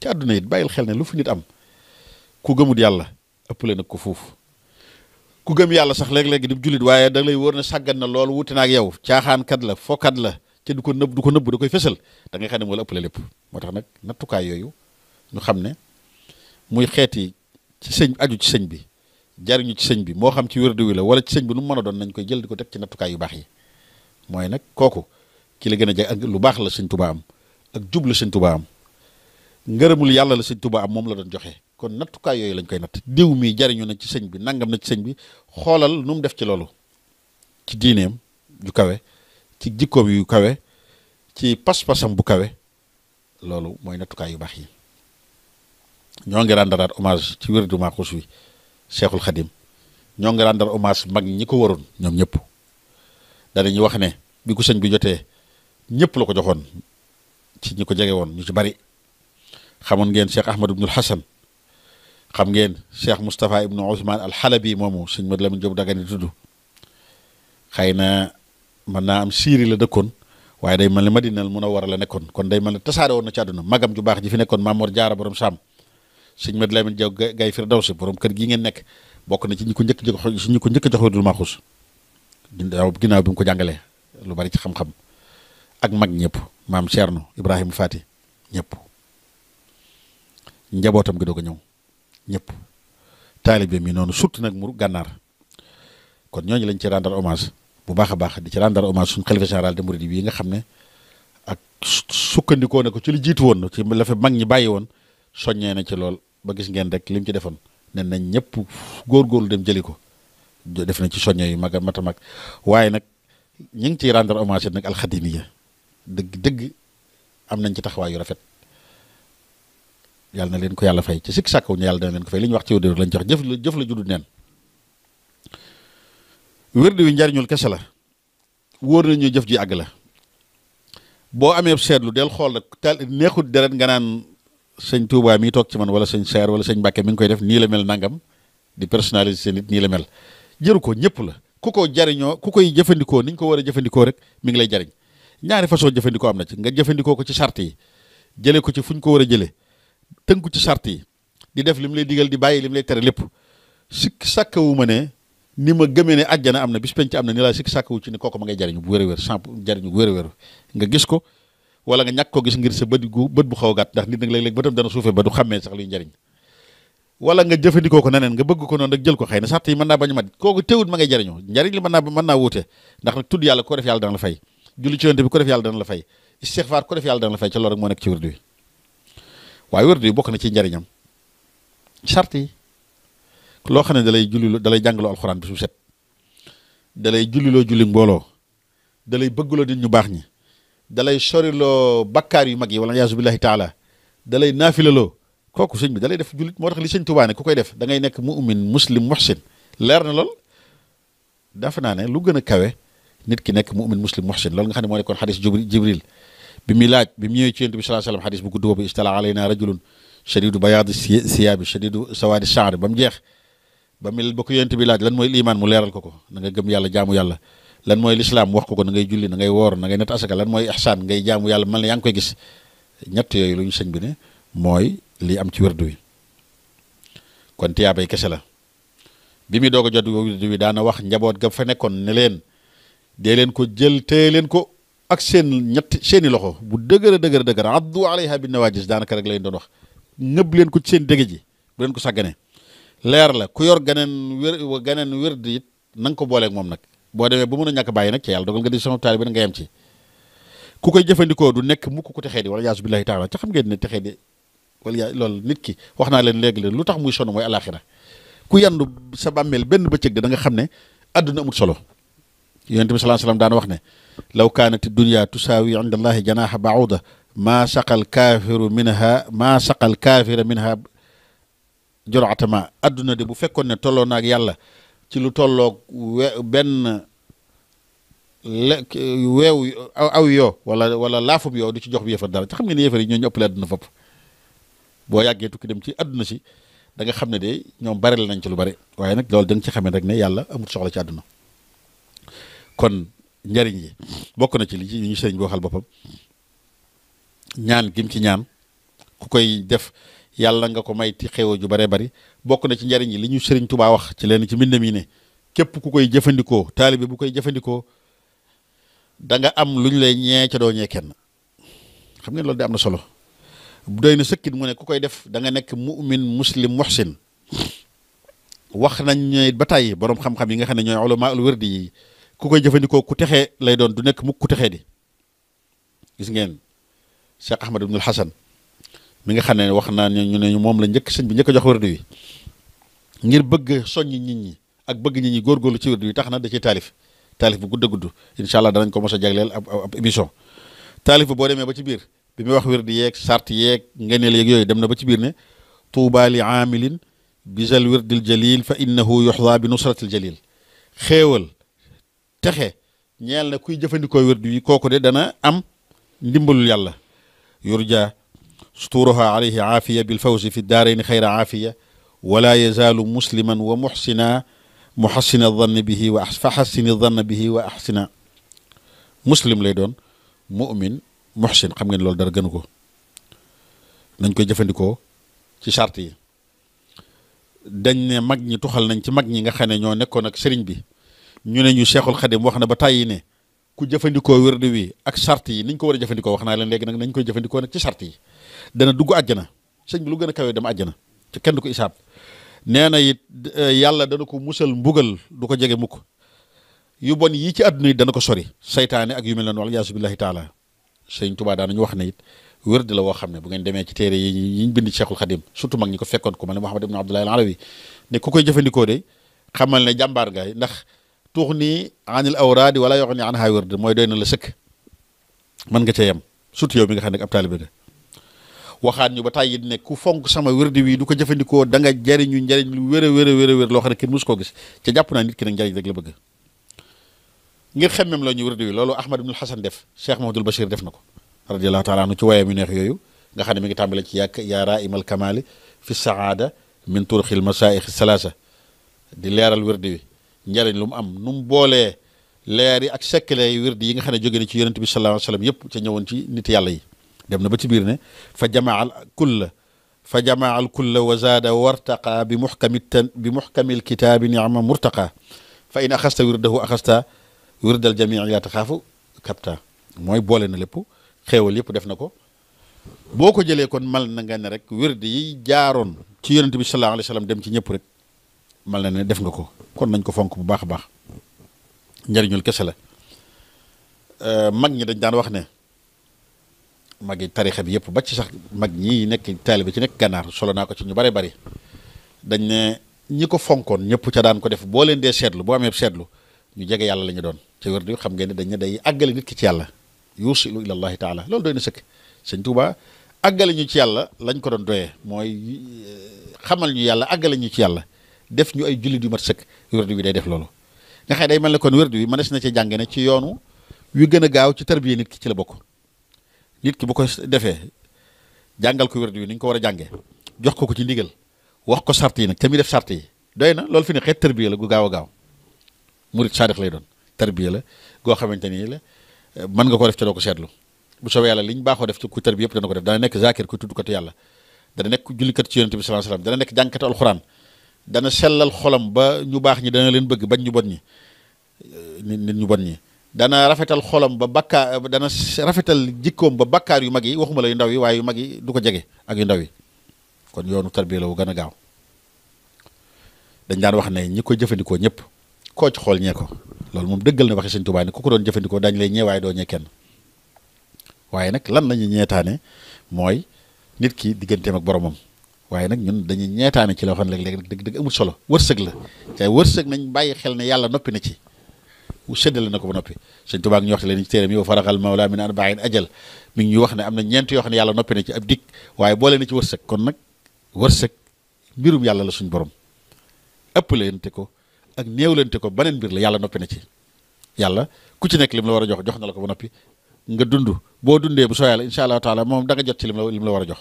ci àdduna it bàyyil xel ne lu fu nit am ku gëmut yàlla ëpp leen ak ko fuuf ku gëm yàlla sax léeg-léeg di julit waaye da lay wóor ne sàggan na lool wuute na ak yow caaxaan kat la fokkat la ci du ko nëbb du ko nëbb da koy fësal da ngay xam ne moo la ëppale lépp moo tax nag nattukaay yooyu ñu xam muy xeeti ci sëñ aju ci sëñ bi jariñu ci sëñ bi moo xam ci wi la wala ci sëñ bi nu mu mën a doon nañ koy jël di ko teg ci nattukaay yu baax yi mooy nag kooku ki la gën a ak lu baax la sëñ tuba am ak jub la sëñ am ngërëmul yàlla la sëñ tuba am moom la doon kon natukai yo lañ koy nat diw mi jariñu na ci sëñ bi nangam na ci sëñ bi xoolal nu def ci loolu ci diineem ju kawe ci jikkoom yu kawe ci pas-pasam bu kawe loolu mooy nattukaay yu baax yi ñoo ngi rendaraat hommage ci wérdu Maaxuus wi Cheikhul Khadim ñoo ngi rendar hommage mag ñi ko waroon ñoom ñëpp danañu wax ne bi ko sëñ bi jotee ñëpp la ko joxoon ci ñi ko jege woon ñu ci bari xamoon ngeen Cheikh Ahmad Ibnul Hasan xam ngeen Cheikh Moustapha ibnu Ousmane alxalabi moomu sëñ Mad Lamin Jóob Dagana tudd xëy na mën naa am siiri la dëkkoon waaye day mel ne Madinal Munawwara la nekkoon kon day mel ne tasaare woon na ci àdduna magam ju baax ji fi nekkoon Maam Mor Jaara borom Saam sëñ Mad Lamin Jóob Gay Firdawsi borom kër gi ngeen nekk bokk na ci ñi ko njëkk jox ñi ko njëkk jox Wirdul Maxuus ginnaaw ginnaaw bi mu ko jàngalee lu bari ci xam-xam ak mag ñëpp maam Cerno Ibrahima Faati ñëpp njabootam gi doog a ñëw ñëpp taalibe mi noonu surtout nag mu gànnaar kon ñooñu lañ ci rendre hommage bu baax a baax di ci rendre hommage suñu xalifa général de Mouride bii nga xam ne ak sukkandikoo na ko ci li jiitu woon ci la fa mag ñi bàyyi woon soññee na ci lool ba gis ngeen rek lim ci defoon nen nañ ñëpp góorgóorlu dem jëli ko def na ci soññee yu mag a mat a mag waaye nag ñu ngi ciy rendre hommage nag alxadimiya dëgg dëgg am nañ ci taxawaay yu rafet. yàlla na leen ko yàlla fay ci sikk sàkkaw ñu yàlla dana leen ko fay li ñu wax ci wér lañ jox jëf la jëf la neen wér wi njariñul kese la wóor ñuy jëf ji àgg la boo amee seetlu del xool nag tal neexut deret nga naan sëñ Touba mi toog ci man wala sëñ Seer wala sëñ Mbàkke mi ngi koy def nii la mel nangam di personnaliser nit nii la mel jëru ko ñëpp la ku ko jariñoo ku koy jëfandikoo niñ ko war a jëfandikoo rek mi ngi lay jariñ ñaari façon jëfandikoo na ci nga jëfandikoo ko ci sart jëlee ko ci fu ko war a jëlee ko ci sart yi di def li mu lay digal di bàyyi li lay tere lépp sikk sàkkawu ma ne ni ma gëmee ne àjjana am na bis penc am na ni laa sikk sàkkawu ne kooku ma ngay jariñu bu wér a wér samp jariñu bu wér a wér nga gis ko wala nga ñàkk ko gis ngir sa bët gu a suufee ba du xàmmee sax luy njariñ wala nga jëfandikoo ko neneen nga bëgg ko noonu rek jël ko xëy na sart yi mën naa bañu mat kooku teewut ma ngay jariñu njariñ li mën naa mën ndax tudd yàlla ko def yàlla dana la fay julli ci yonte bi ko def yàlla waaye wérdu yi bokk na ci njariñam charte yi loo xam ne dalay julliloo dalay jàngaloo alxuraan bi su set dalay julliloo julli mbooloo dalay bëggloo nit ñu baax ñi dalay soriloo bakkaar yu mag yi wala yaasu billahi taala dalay naafilaloo kooku sëñ bi dalay def jullit moo tax li sëñ Tuubaa ne ku koy def da ngay nekk mu'min muslim muhsin leer na lool dafa naa ne lu gën a kawe nit ki nekk mu'min muslim muhsin loolu nga xam ne moo nekkoon xadis jibril bi muy laaj bi mu ñëwee ci yonent bi sallallahu alayhi wasallam xadis bu gudd boobu istala alayna rajulun shadidu siyaabi shadidu sawaadi shaar ba mu jeex ba mu ba ko bi laaj lan mooy liimaan mu leeral ko ko na nga gëm yàlla jaamu yàlla lan mooy lislaam wax ko ko na ngay julli na ngay woor na ngay net asaka lan mooy ixsaan ngay jaamu yàlla mel ne yaa ngi koy gis ñett yooyu lu ñu sëñ bi ne mooy lii am ci wérdu wi kon tiyaabay kese la bi mu doog a jot wérdu wi daana wax njaboot ga fa nekkoon ne leen dee leen ko ko ak seen ñett seen loxo bu dëgër a dëgër dëgër addu alayha bi nawaajis daanaka rek lañ doon ñëpp leen ko seen dëgg ji bu leen ko sàggane leer la ku yor ganeen wér ganeen wér di it na nga ko booleeg moom nag boo demee ba mën a ñàkk bàyyi nag ci yàlla dogal nga di sama taal bi nga yem ci ku koy jëfandikoo du nekk mukk ku texee di wala yaasu billahi taala xam ngeen ne texee di nit ki wax naa leen léegi leen lu tax muy sonn mooy alaxira ku yandu sa bàmmeel benn bëccëg da nga xam ne àdduna amul solo yonent bi sallallahu alayhi wasallam daan wax ne لو كانت الدنيا تساوي عند الله جناح بعوضة ما سقى الكافر منها ما سقى الكافر منها juraata ma adduna de bu fekkoon ne tolloo naag yàlla ci lu tolloog we benn le weew aw yoo wala wala laafum yoo du ci jox bi yëfar dara ci xam nga ne yëfar yi ñoo ñu ëppale adduna fopp boo yàggee tukki dem ci adduna si da nga xam ne de ñoom bari la nañ ci lu bari waaye nag loolu da nga ci xamee rek ne yàlla amul soxla ci àdduna kon njariñ yi bokk na ci li ñu sëriñ boo xal boppam ñaan gim ci ñaan ku koy def yàlla nga ko may ti xéewal ju bare bari bokk na ci njariñ yi li ñu sëriñ Tuubaa wax ci leen ci mbindam yi ne képp ku koy jëfandikoo taalibe bu koy jëfandikoo danga am lu ñu lay ñee ca ñee kenn xam ngeen loolu de am na solo doy na sëkkit mu ne ku koy def da nga nekk mu'min muslim muhsin wax nañ ñooy ba tàyyi boroom xam-xam yi nga xam ne ñooy ulama al wërdi yi ku koy jëfandikoo ku texee lay doon du nekk mukk ku texee di gis ngeen Cheikh Ahmad ibnul Hasan mi nga xam ne wax naa ne ñu ne moom la njëkk sëñ bi njëkk jox wërdu wi ngir bëgg soññ nit ñi ak bëgg nit ñi góorgóorlu ci wërdu wi tax na da ci talif talif bu gudd gudd inshallah allah danañ ko mësa jaglél ab émission talif bu boo demee ba ci biir bi mi wax wërdu yeek sart yeek ngeneel yeek yoy dem na ba ci biir ne tuubaa li amilin bizal wirdil jalil fa innahu yuhza bi nusratil jalil xéewal texe ñeel na kuy jëfandikoo wérdu wi kooku de dana am ndimbalul yàlla yurja suturuha alayhi afiya bil fawzi fi daarayn xayra aafiya wala yazalu musliman wa muhsina muxassina dhann bihi wa fa xassini zann bihi wa axsina muslim lay doon mu'min muhsin xam ngeen loolu dara gënu ko nañ koy jëfandikoo ci charte yi dañ ne mag ñi tuxal nañ ci mag ñi nga xam ne ñoo nekkoon ak sëriñ bi ñu ne ñu Cheikhul Khadim wax na ba tàyyi ne ku jëfandikoo wérdu wi ak sart yi niñ ko war a jëfandikoo wax naa leen léegi nag nañ koy jëfandikoo nag ci sart yi dana dugg àjjana sëñ bi lu gën a kawee dem àjjana te kenn du ko isaab nee na it eh, yàlla dana ko musal mbugal du ko jege mukk yu bon yi ci àdduna yi ko sori saytaane ak yu mel noonu wal yaasu billahi taala sëñ Tuubaa daanañu wax ne it wér di la woo xam ne bu ngeen demee ci téere yi ñu bind ci Cheikhul Khadim surtout mag ñu ko fekkoon ku mel ne Muhammad ibn Abdullahi al Alawi ne ku koy jëfandikoo de xamal ne jàmbaar yi ndax تغني عن الاوراد ولا يغني عنها ورد موي mooy لا na la sëkk mën nga ca yem surtout yow mi nga xam ne ab taalibe nga waxaat ñu ba tàyyi ne ku fonk sama wird wi du ko jëfandikoo da nga jariñu njariñ lu wér a wér a wér a wér loo xam ne kenn koo gis ca jàpp naa nit ki nag rek la bëgg ngir xemmem la ñu wi loolu ahmad ibnul hasan def cheikh mahamadul bachir def na ko radiallahu taala anu ci waayam yu neex yooyu nga xam ne mi ngi tàmbale ci yàkk yaa al kamali fi saada min turuqil masaix salaasa di leeral wérdi wi njariñ lu mu am num mu boolee leer yi ak sekkale yi wirdi yi nga xam ne jóge ni ci yonent bi sallallahu alayhi wasallam yëpp ca ñëwoon ci nit yàlla yi dem na ba ci biir ne fa jamaal kull fa jamaal kull wa zaada wartaqa bi muxkami tan bi muxkami lkitaabi nima murtaqa fa in axasta wirdahu axasta wirdal jamii laa taxaafu kapta mooy boole na lépp xéewal yëpp def na ko boo ko jëlee kon mal na nga ne rek wirdi yi jaaroon ci yonent bi sallallahu alayhi wasallam dem ci ñëpp rek mal na ne def nga ko kon nañ ko fonk bu baax a baax njariñul kese la euh, mag ñi dañ daan wax ne mag magi tarixa bi yëpp ba ci sax mag ñi nekk taalibe ci nekk gànnaar solo naa ko ci ñu bare bari dañ ne ñi ko fonkoon ñëpp ca daan ko def boo leen dee seetlu boo amee seetlu ñu jege yàlla la ñu doon ci wér du xam ngeen ne dañ ne day àggale nit ki ci yàlla yuusilu ila allahi taala loolu doy na sëkk sëñ Tuuba àggale ñu ci yàlla lañ ko doon doyee mooy euh, xamal ñu yàlla àggale ñu ci yàlla def ñu ay jullit yu mat sëkk wérdu bi day def loolu nga xëy day mel ne kon wérdu bi mënees na ci jàng ne ci yoonu yu gën a gaaw ci tarbiya nit ki ci la bokk nit ki bu ko defee jàngal ko wérdu bi ni ñu ko war a jàngee jox ko ko ci ndigal wax ko sart yi nag te muy def sart yi doy na loolu fi ne xeet tarbiya la gu gaaw a gaaw murit saadix lay doon tarbiya la goo xamante ni la eh, mën nga ko def te doo ko seetlu bu soobee yàlla li baaxoo def ku tarbiya yëpp dana sellal xolam ba ñu baax ñi dana leen bëgg bañ ñu bon ñi nit ñu bon ñi dana rafetal xolam ba bakkaar dana rafetal jikkoom ba bakkaar yu mag yi waxuma la yu ndaw yi waaye yu mag yi du ko jege ak yu ndaw yi kon yoonu tarbiya la wu gën a gaaw dañ daan wax ne ñi koy jëfandikoo ñëpp koo ci xool ñee ko loolu moom dëggal na waxi sëñ Tuubaa ku ko doon jëfandikoo dañ lay ñeewaay doo ñee kenn waaye nag lan la ñuy ñeetaane mooy nit ki digganteem ak boromam waaye nag ñun dañuy ñeetaane ci loo xam ne léeg-léeg nag dëgg dëgg amul solo wërsëg la te wërsëg nañ bàyyi xel ne yàlla noppi na ci séddale na ko ba noppi sëñ Tuubaa ngi ñu wax leen ci téeram yow faraxal mawla min arba'in ajal mi wax ne am na ñeent yoo xam ne yàlla noppi na ci ab dikk waaye boole na ci wërsëg kon nag wërsëg mbirum yàlla la suñ borom ëpp leente ko ak néewlante ko beneen mbir la yàlla noppi na ci yàlla ku ci nekk lim war a jox jox na la ko ba noppi nga dund boo dundee bu soo yàlla incha allah taala moom da jot ci la lim la war a jox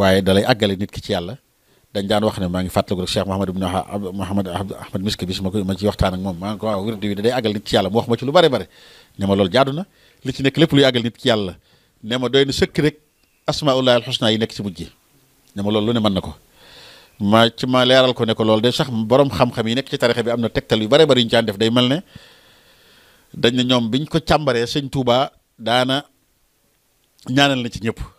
waaye dalay àggale nit ki ci yàlla dañ daan wax ne maa ngi fàttaliku rek Cheikh Mouhamad ibn Mouhamad Ahmad Miski bis ma ko ma ci waxtaan ak moom maa ngi ko waaw wirdu wi da day àggal nit ci yàlla mu wax ma ci lu bare bare ne ma loolu jaadu na li ci nekk lépp luy àggal nit ci yàlla ne doy na sëkk rek asmaullahi alxusna yi nekk ci mujj ne ma lool lu ne man na ko ma ci ma leeral ko nekk lool de sax boroom xam-xam yi nekk ci tarixa bi am na tegtal yu bare bari yu ñu day mel ne dañ ne ñoom biñ ko càmbaree sëñ daana ñaanal na ci ñëpp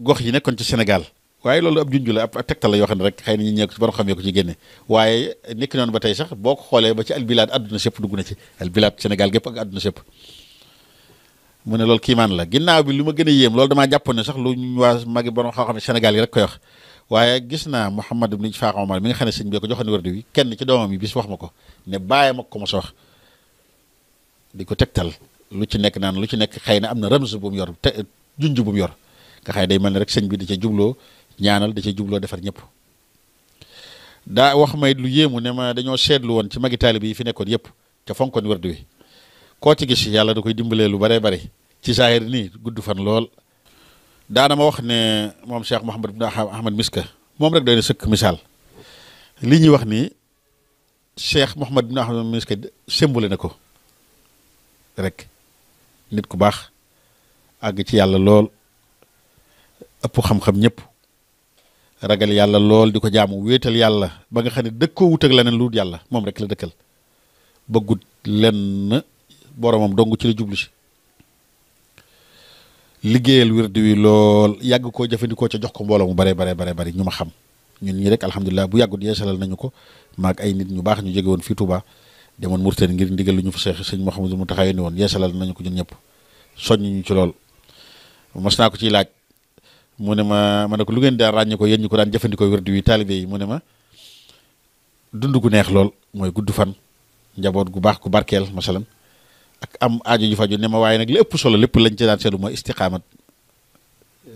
gox yi nekkoon ci Sénégal waaye loolu ab junj la ab tegtal la yoo xam ne rek xëy na ñu ñëw ci borom xam ko ci génne waaye nekk noonu ba tey sax boo ko xoolee ba ci albilaad àdduna sépp dugg na ci albilaad Sénégal gépp ak àdduna sépp mu ne loolu kiimaan la ginnaaw bi lu ma gën a yéem loolu damaa jàppoon ne sax lu ñu waa magi borom xam-xam ne Sénégal yi rek koy wax waaye gis naa Mouhamad ibn Ishaq Omar mi nga xam ne sëñ bi ko joxoon wérdu wi kenn ci doomam yi bis wax ma ko ne bàyyi ma ko ma sox di ko tegtal lu ci nekk naan lu ci nekk xëy na am na rëms bu mu yor te junj bu mu yor nga day mel ne rek sëñ bi da ca jubloo ñaanal da ca jubloo defar ñëpp daa wax may lu yéemu ne ma dañoo seetlu woon ci magi taalib yi fi nekkoon yëpp te fonkoon werd wi koo ci gis yàlla da koy dimbalee lu baree bari ci saahir nii gudd fan lool daana ma wax ne moom Cheikh Mouhamed bin Ahmad Miska moom rek doy na sëkk misaal li ñuy wax ni Cheikh Mouhamed bin Ahmad Miska sembule na ko rek nit ku baax àgg ci yàlla lool ëpp xam-xam ñëpp ragal yàlla lool di ko jaamu wéetal yàlla ba nga xam ne dëkkoo wut ak leneen lu yàlla moom rek la dëkkal bëggut lenn boromam dong ci la jublu si liggéeyal wirdu wi lool yàgg koo jëfandikoo ca jox ko mbooloo mu bare bare bare bari ñu ma xam ñun ñi rek alhamdulilah bu yàggut yeesalal nañu ko maag ay nit ñu baax ñu jóge woon fii Touba demoon Mourtani ngir ndigal lu ñu fa seex sëñ Mouhamadou mu taxaw ni woon yeesalal nañu ko ñun ñëpp soññ ñu ci lool mas ko ciy laaj Munema, ne ma ma ne ko lu ngeen daan ràññee ko yéen ñu ko daan jëfandikoo wérdu wi taalibe yi mu ne ma dund gu neex lool mooy gudd fan njaboot gu baax gu barkeel masalan ak am aajo ju faju ne ma waaye nag li ëpp solo lépp lañ ci daan seetlu mooy istiqaamat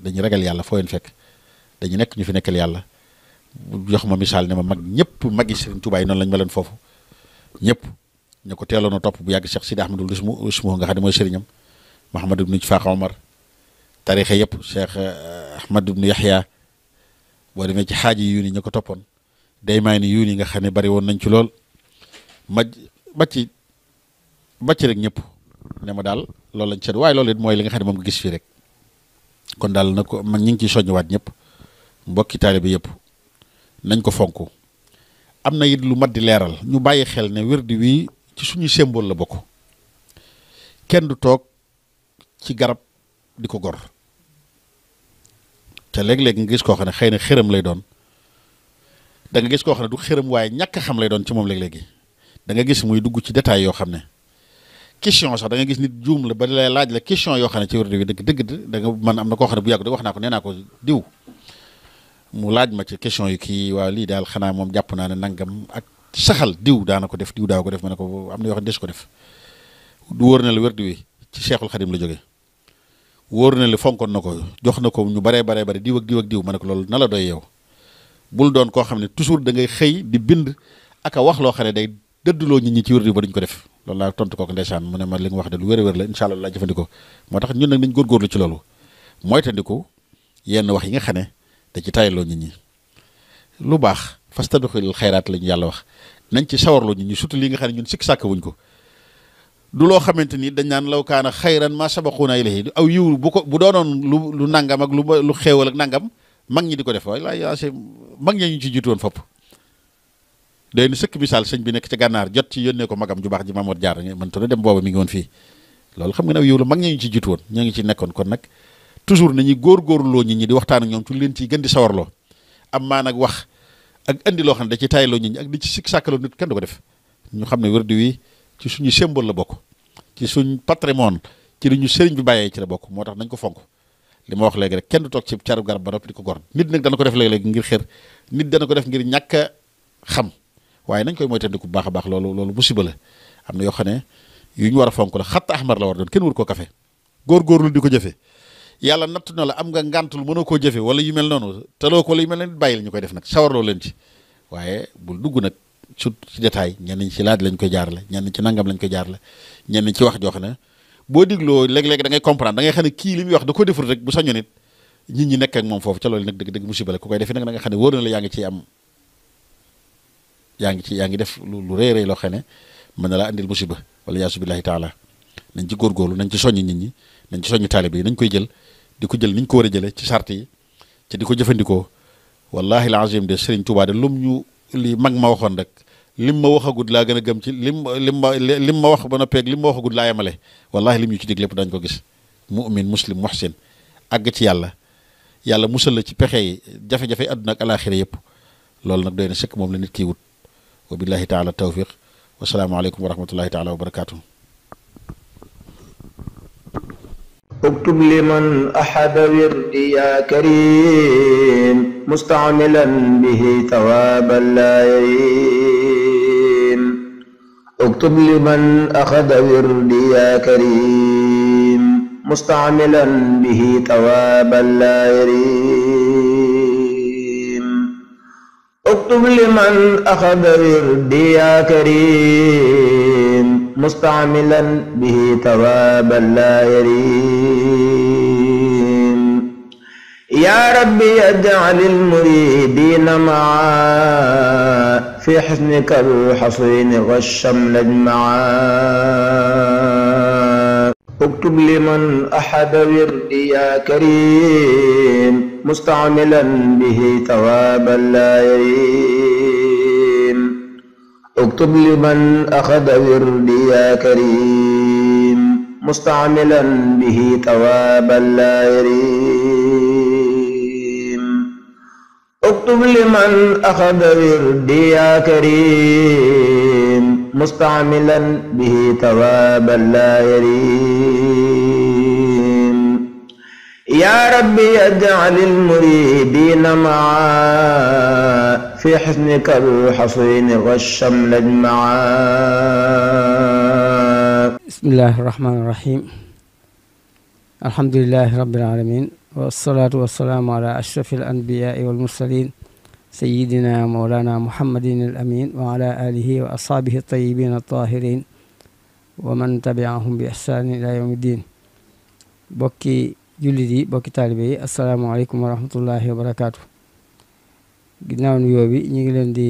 dañuy ragal yàlla foo leen fekk dañu nekk ñu fi nekkal yàlla jox ma misaal ne mag ñëpp mag yi Sëriñ Tuubaa yi noonu lañ ma leen foofu ñëpp ñu ko bu yàgg Cheikh Sidi Ahmadul Ismu Ismu nga xam ne Mahamadou Omar tarixa yëpp cheikh eh, ahmad ibnu yaxya boo demee ci xaaji yu ni ñu ko toppoon day may ni yu nga xam ne bari woon nañ ci lool ma macc ci rek ñëpp ne ma daal loolu lañ seet waaye lool it mooy li nga xam ne moom nga gis fii rek kon daal na ko ma ñu ngi ciy waat ñëpp mbokki taalibe yëpp nañ ko fonk am na it lu mat di leeral ñu bàyyi xel ne wirdi wii ci suñuy symbole la bokk kenn du toog ci garab di ko gor te léegi léeg nga gis koo xam ne xëy na xërëm lay doon da nga gis koo xam ne du xërëm waaye ñàkk xam lay doon ci moom léeg-léegi da nga gis muy dugg ci détail yoo xam ne question sax da gis nit juum la ba lay laaj la question yoo xam ne ci wérdu bi dëgg dëgg da nga man am na ko xam ne bu yàgg da wax naa ko nee naa ko diw mu laaj ma ci question yi kii waaw lii daal xanaa moom jàpp naa ne nangam ak saxal diw daana ko def diw daa ko def ma ne ko am na yoo des ko def du wóor na la wérdu wi ci Cheikhul Khadim la jógee wóor na li fonkoon na ko jox na ko ñu baree baree bare diw ak diw ak diw ma ne ko loolu na la doy yow bul doon koo xam ne toujours da ngay xëy di bind ak a wax loo xam ne day loo nit ñi ci wér di ba duñ ko def loolu laa tontu kooku ndeysaan mu ne ma li nga wax de lu wér a la incha allah laa jëfandikoo moo tax ñun nag nañ góorgóorlu ci loolu moytandiku yenn wax yi nga xam ne da ci tayaloo nit ñi lu baax fastabiqul xayraat la ñu yàlla wax nañ ci sawarloo nit ñi surtout li nga xam ne ñun sikk sàkk wuñ ko du loo xamante ni dañ naan law kaana xayran ma sabaquuna ilayhi aw yiw bu ko bu doonoon lu lu nangam ak lu lu xéewal ak nangam mag ñi di ko def waaye laay yaa mag ñi ñu ci fopp. day ni sëkk misaal bi nekk ca jot ci yónnee ko magam ju baax ji Mamour Diarra man mënta dem booba mi ngi woon fii loolu xam nga ne aw yiw la mag ñi ñu ci jiitu woon ñoo ngi ñi di waxtaan ak ñoom ci leen ciy gën di sawarloo am maa nag wax ak andi loo xam ne da ci taayaloo loo ñi ak di ci sikk sàkkaloo nit kenn du ko def ñu xam ne wérdu wi ci suñu symbole la bokk ci suñ patrimoine ci li ñu sëriñ bi bàyyee ci la bokk moo tax nañ ko fonk li ma wax léegi rek kenn du toog ci caru garab ba noppi di ko gor nit nag dana ko def léeg-léeg ngir xër nit dana ko def ngir ñàkk a xam waaye nañ koy moytandiku bu baax a baax loolu loolu musiba la am na yoo xam ne yu ñu war a fonk la xatta ahmar la war doon kenn war koo kafe góorgóorlu di ko jëfe yàlla natt na la am nga ngàntul mënoo koo jëfe wala yu mel noonu taloo ko wala yu mel noonu bàyyil ñu koy def nag sawarloo leen ci waaye su ci jataay ñenn ci laaj lañ koy jaarale ñenn ci nangam lañ koy jaarale ñenn ci wax joxe na boo dégloo léeg-léeg da ngay comprendre da ngay xam ne kii li muy wax da ko deful rek bu sañoon it nit ñi nekk ak moom foofu ca loolu nag dëgg-dëgg musiba la ku koy defee nag da ne wóor na la yaa ngi ciy am yaa ngi ci yaa ngi def lu rëy rëy loo xam mën na laa andil musiba wala yaasu billahi taala nañ ci góorgóorlu nañ ci soññ nit ñi nañ ci soññ taalibe yi nañ koy jël di ko jël niñ ko war a jële ci sart yi ci di ko jëfandikoo wallahi alazim de Serigne Touba de lum ñu lii mag ma waxoon rek lim ma waxagut laa gën a gëm ci lim lim ma lim ma wax ba noppeeg lim ma waxagut laa yemale wallaahi lim ñu ci dig lépp dañ ko gis mu'min muslim muhsin àgg ci yàlla yàlla musal la ci pexe yi jafe-jafe àdduna ak alaaxira yëpp loolu nag doy na sëkk moom la nit kiy wut wa billahi taala tawfiq wa salaamu aleykum wa rahmatullahi taala wa barakaatu. اكتب لمن أحب وردي يا كريم مستعملا به ثوابا لا يريم اكتب لمن أخذ وردي يا كريم مستعملا به ثوابا لا يريم اكتب لمن أخذ وردي يا كريم مستعملا به ثوابا لا يريم يا ربي اجعل المريدين معا في حسنك الحصين غشا نجمعا اكتب لمن احب وردي يا كريم مستعملا به ثوابا لا يريم اكتب لمن أخذ وردي يا كريم مستعملا به توابا لا يريم اكتب لمن أخذ وردي يا كريم مستعملا به توابا لا يريم يا ربي اجعل المريدين معاك في حسنك غش من اجمعا بسم الله الرحمن الرحيم الحمد لله رب العالمين والصلاة والسلام على أشرف الأنبياء والمرسلين سيدنا مولانا محمد الأمين وعلى آله وأصحابه الطيبين الطاهرين ومن تبعهم بإحسان إلى يوم الدين بوكي جلدي بوكي طالبي السلام عليكم ورحمة الله وبركاته ginnaaw nu yoo bi ñu ngi leen di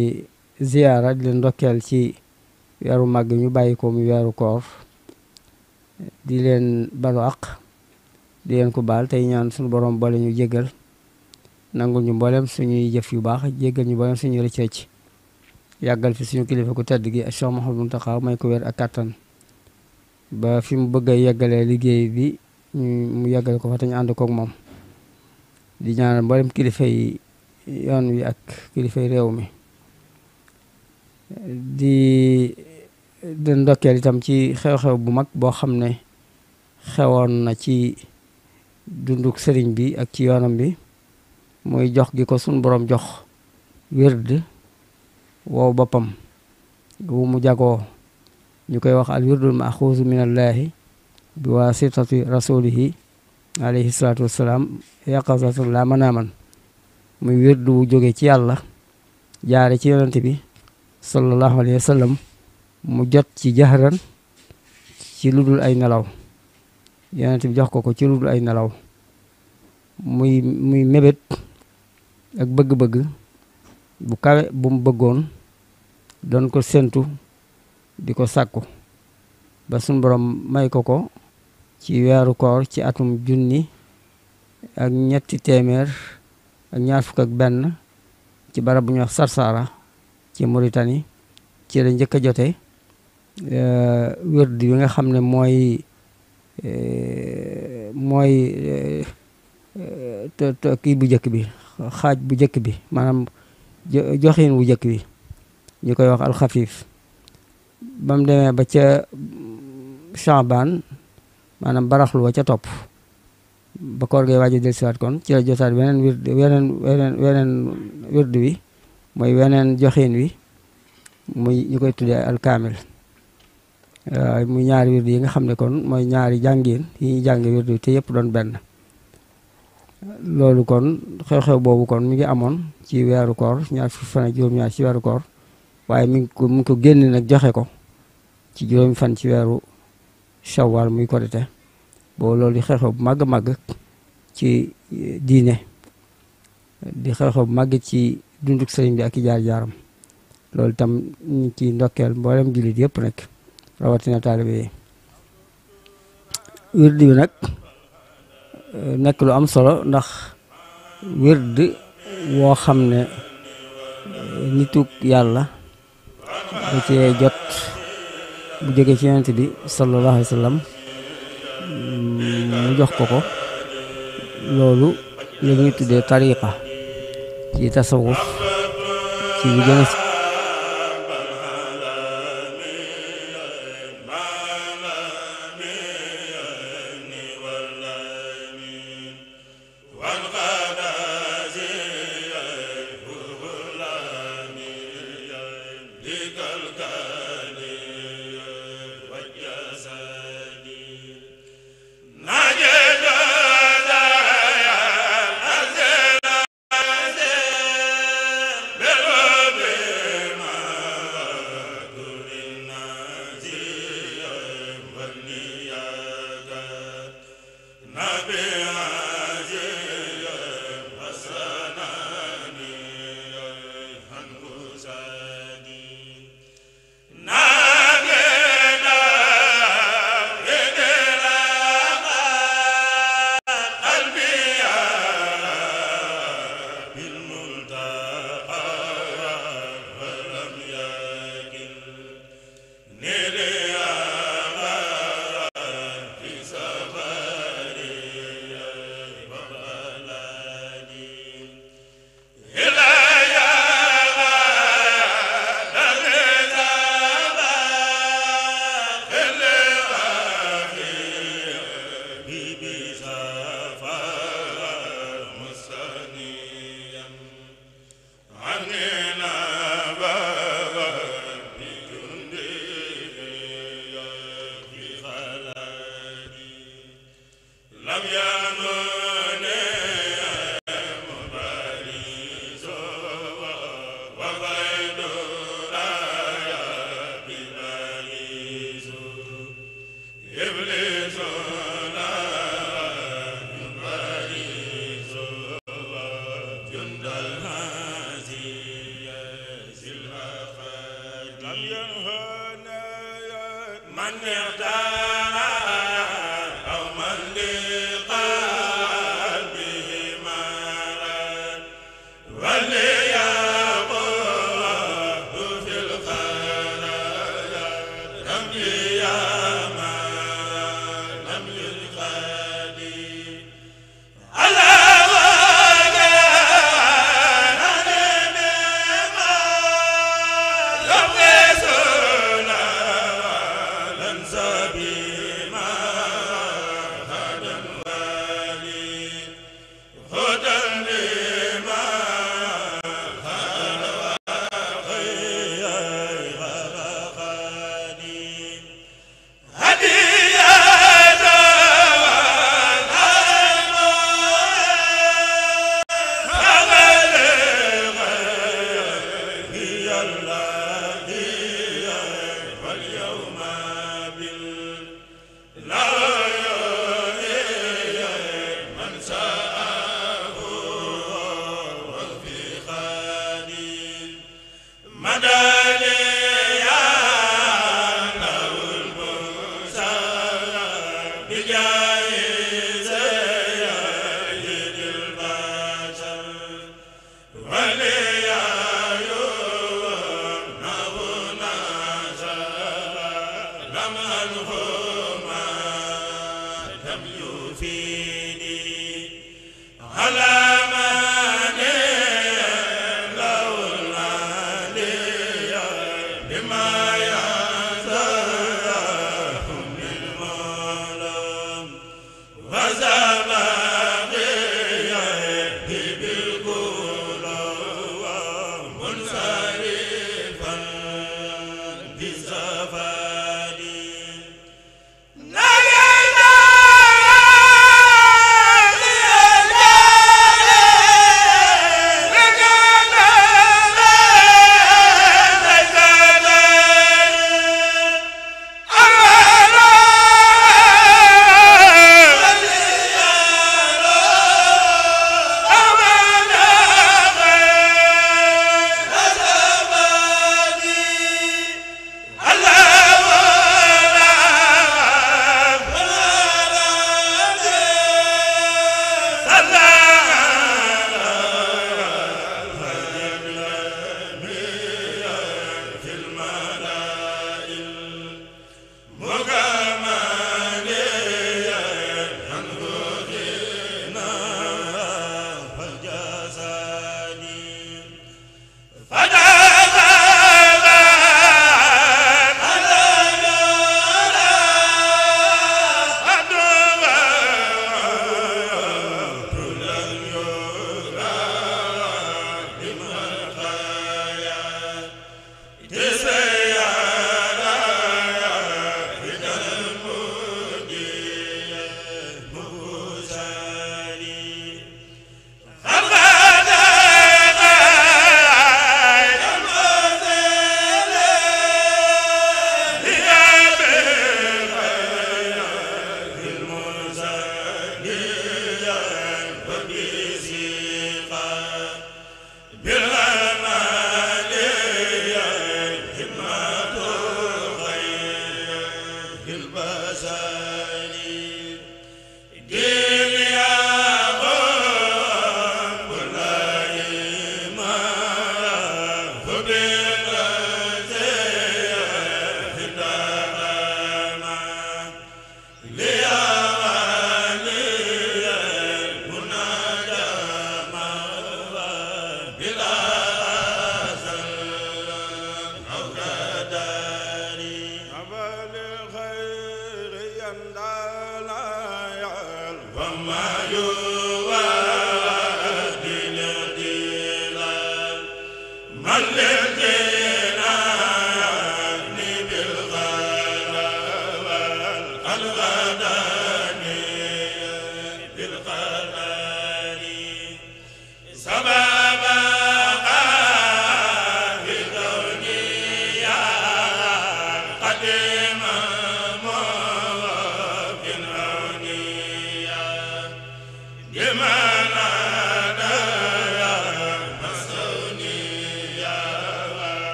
ziyaara di leen ndokkeel ci weeru màgg ñu bàyyi ko mu weeru koor di leen balu di leen ko baal tey ñaan suñu borom boole ñu jéggal nangul ñu mboolem suñuy jëf yu baax jéggal ñu mboolem suñu rëcc rëcc yàggal fi suñu kilifa ku tedd gi Cheikh Mouhamadou Mountakha may ko wér ak kàttan ba fi mu bëgg a liggéey bi mu yeggale ko fa te ñu ànd koog moom di ñaanal mboolem kilifa yoon wi ak kilifay réew mi di di ndokkeel itam ci xew-xew bu mag boo xam ne xewoon na ci dunduk sëriñ bi ak ci yoonam bi muy jox gi ko sunu boroom jox wird wow boppam wu mu jagoo ñu koy wax al wirdul maxuusu min allaahi bi waasitati rasulihi alayhi salaatu wassalaam yaqazatan la manaaman muy wirdu joge ci yalla jaare ci yonante bi sallallahu alayhi Wasallam, mu jot ci jahran ci luddul ay nalaw yonante bi jox ko ko ci luddul ay nalaw muy muy mebet ak bëgg-bëgg bu kawe bu mu bëggoon don ko sentu di sakku ba sun borom may ko ko ci wéru koor ci atum junni ak ñetti téeméer ak ñaar fukk ak benn ci barab bu ñuy wax Sarsara ci Mauritanie ci la njëkk a jote euh, wérdi bi nga xam ne mooy euh, mooy euh, kii bu njëkk bi xaaj bu njëkk bi maanaam joxin bu njëkk bi ñu koy wax alxafiif ba demee ba ca Chaban maanaam baraxlu ca topp ba koor gee waaj a jël kon ci la jotaat weneen wird weneen weneen weneen wird wi mooy weneen joxin wi muy ñu koy tuddee alkaamil muy ñaari wird yi nga xam ne kon mooy ñaari jàngin yi ñuy jàngi wird wi te yëpp doon benn loolu kon xew-xew boobu kon mi ngi amoon ci weeru koor ñaar fukki fan ak ñaar ci weeru koor waaye mi ngi ko mi ngi ko génn nag joxe ko ci juróomi fan ci weeru shawwal muy korite boobu loolu xexo mag mag ci diine di xexo mag ci dunduk serigne bi ak jaar-jaaram lolou tam ñu ci ndokkeel mbolam julit yep nak rawati na talibé wird bi nak euh, nek lu am solo ndax wird wo xamne euh, nituk yalla ci jot bu joge ci yonent bi sallallahu alaihi wasallam mu jox ko ko loolu la ñuy tuddee tariqa ci tasawuf ci li gën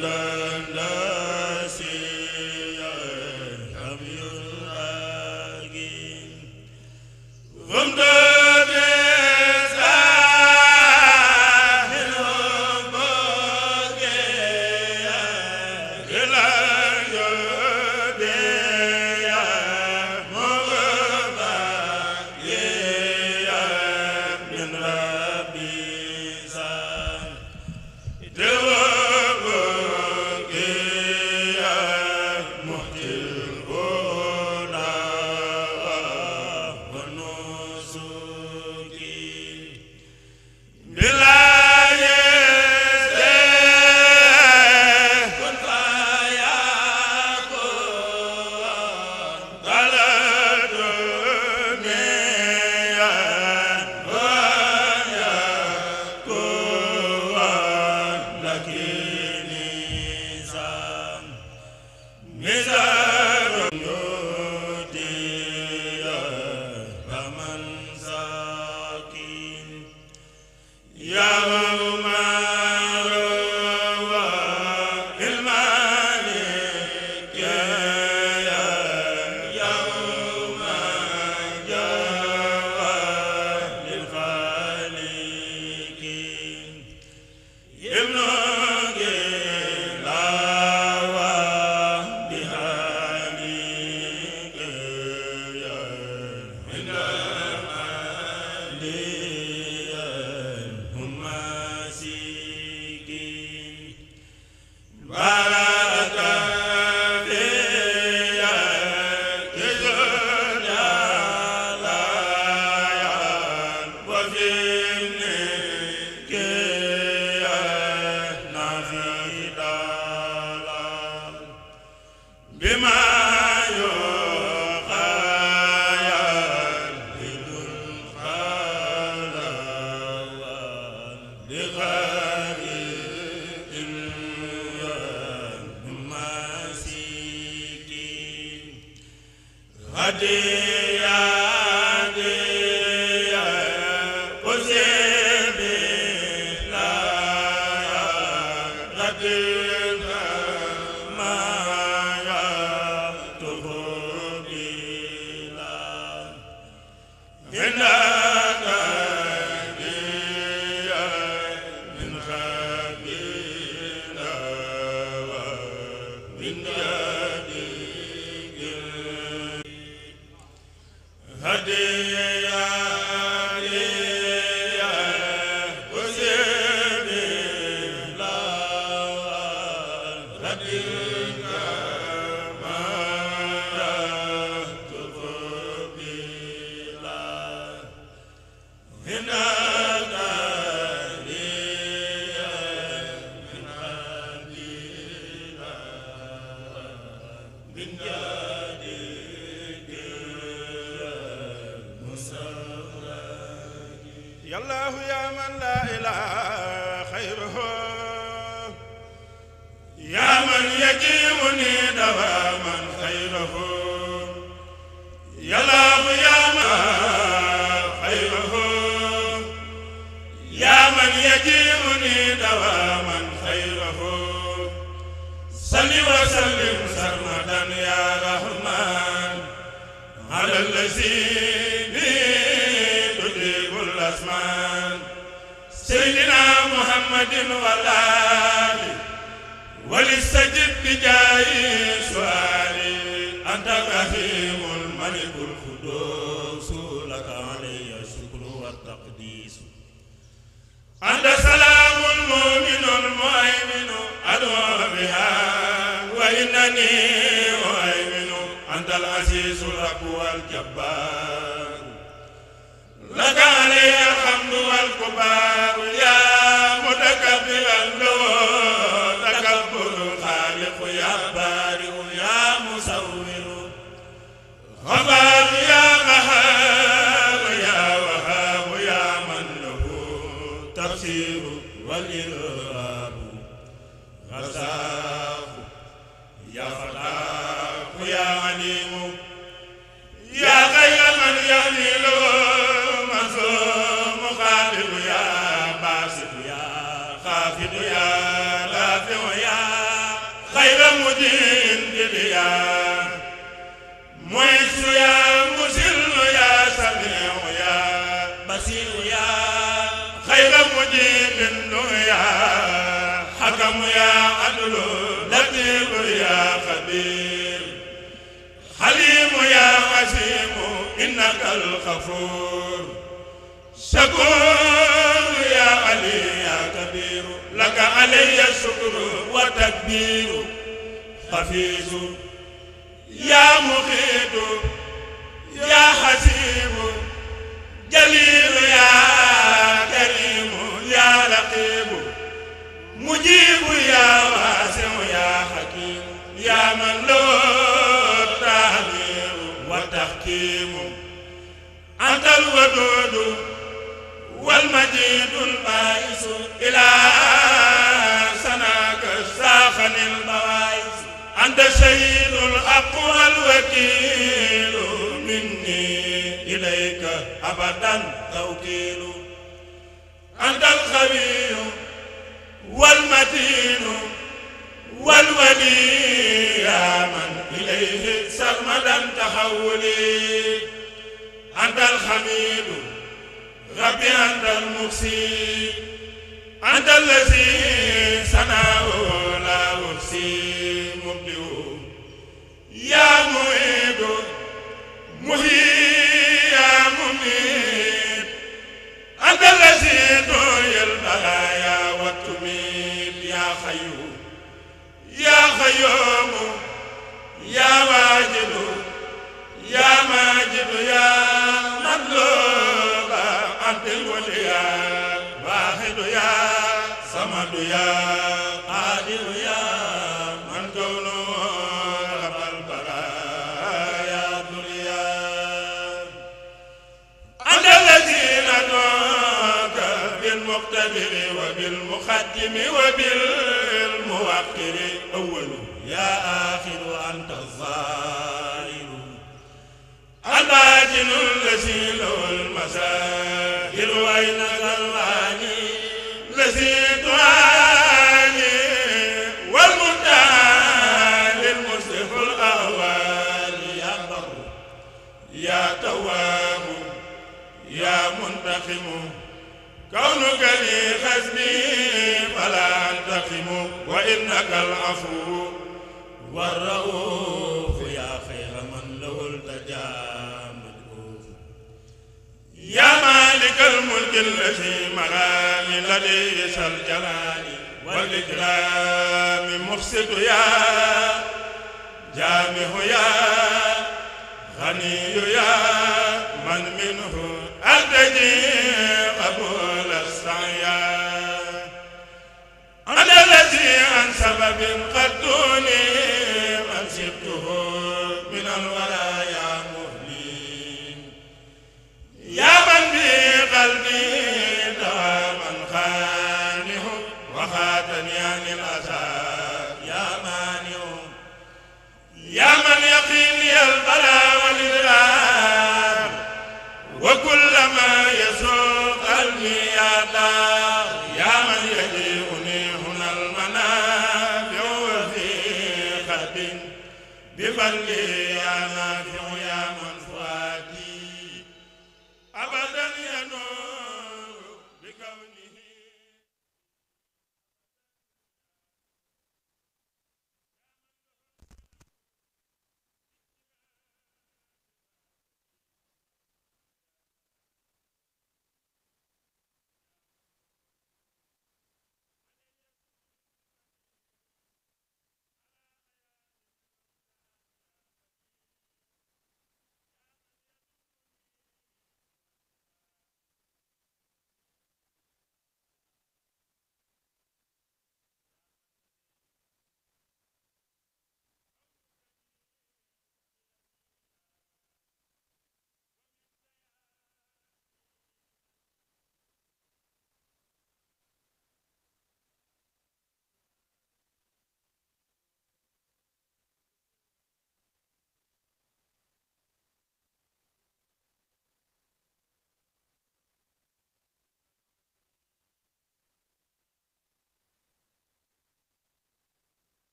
learn, learn.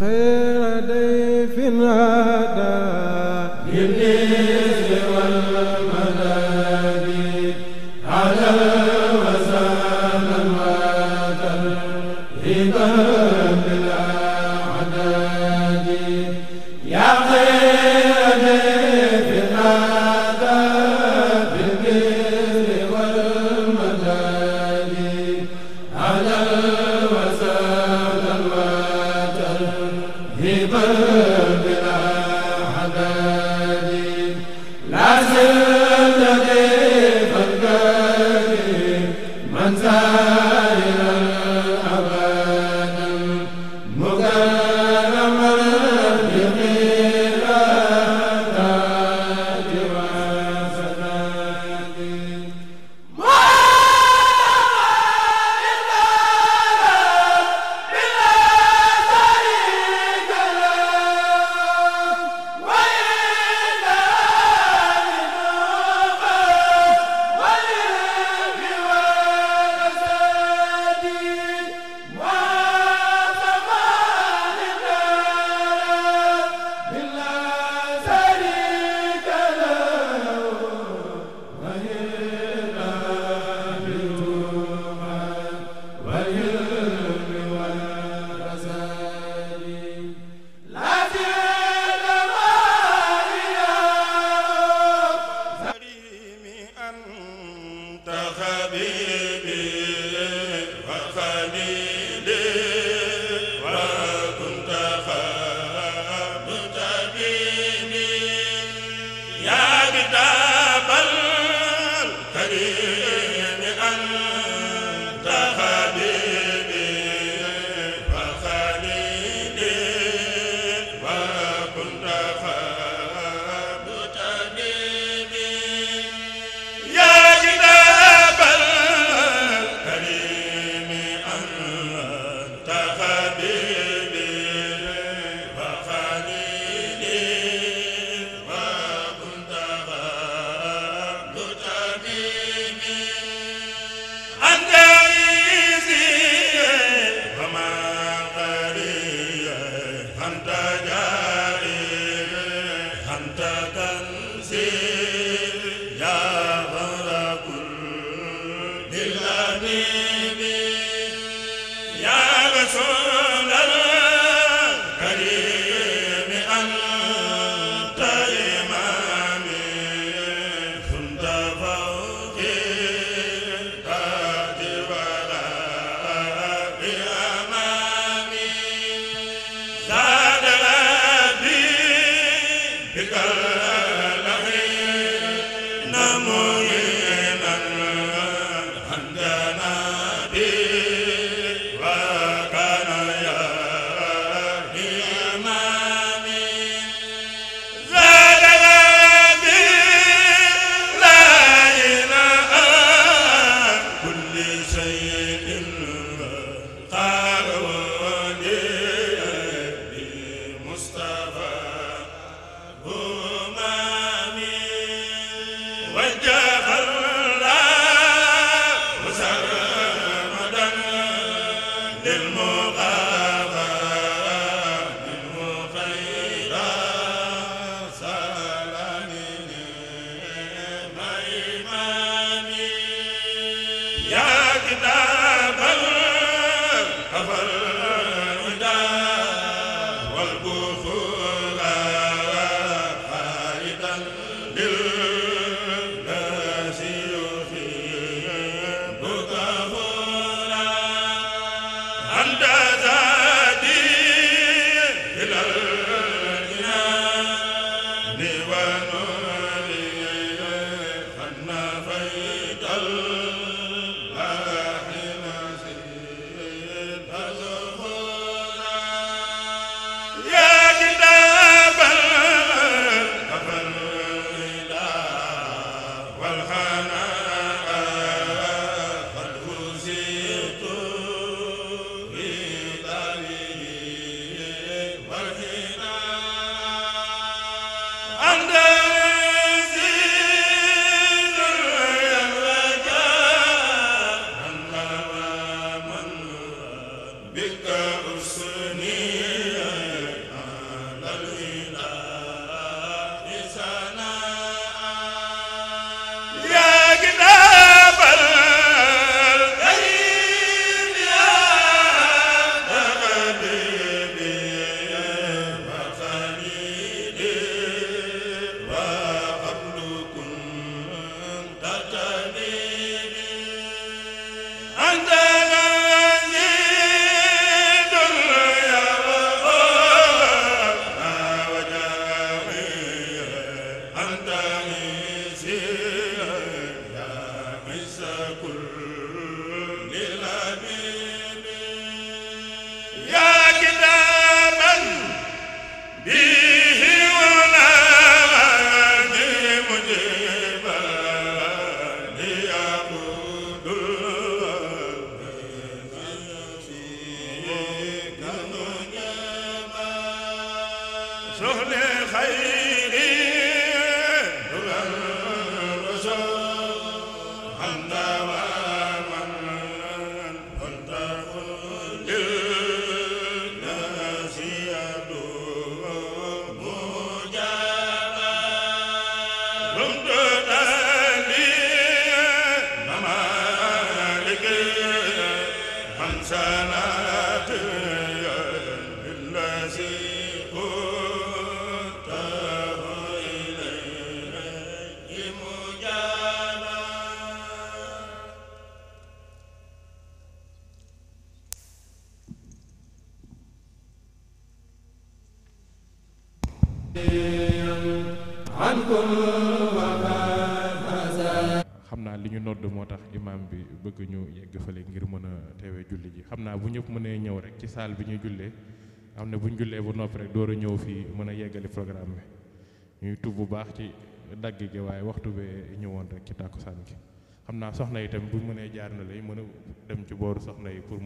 خير ضيف baax ci dagg gi waaye waxtu bee ñëwoon rek ci tàkkusaan gi xam naa soxna yi tamit bu mënee jaar na lay mën a dem ci booru soxna yi pour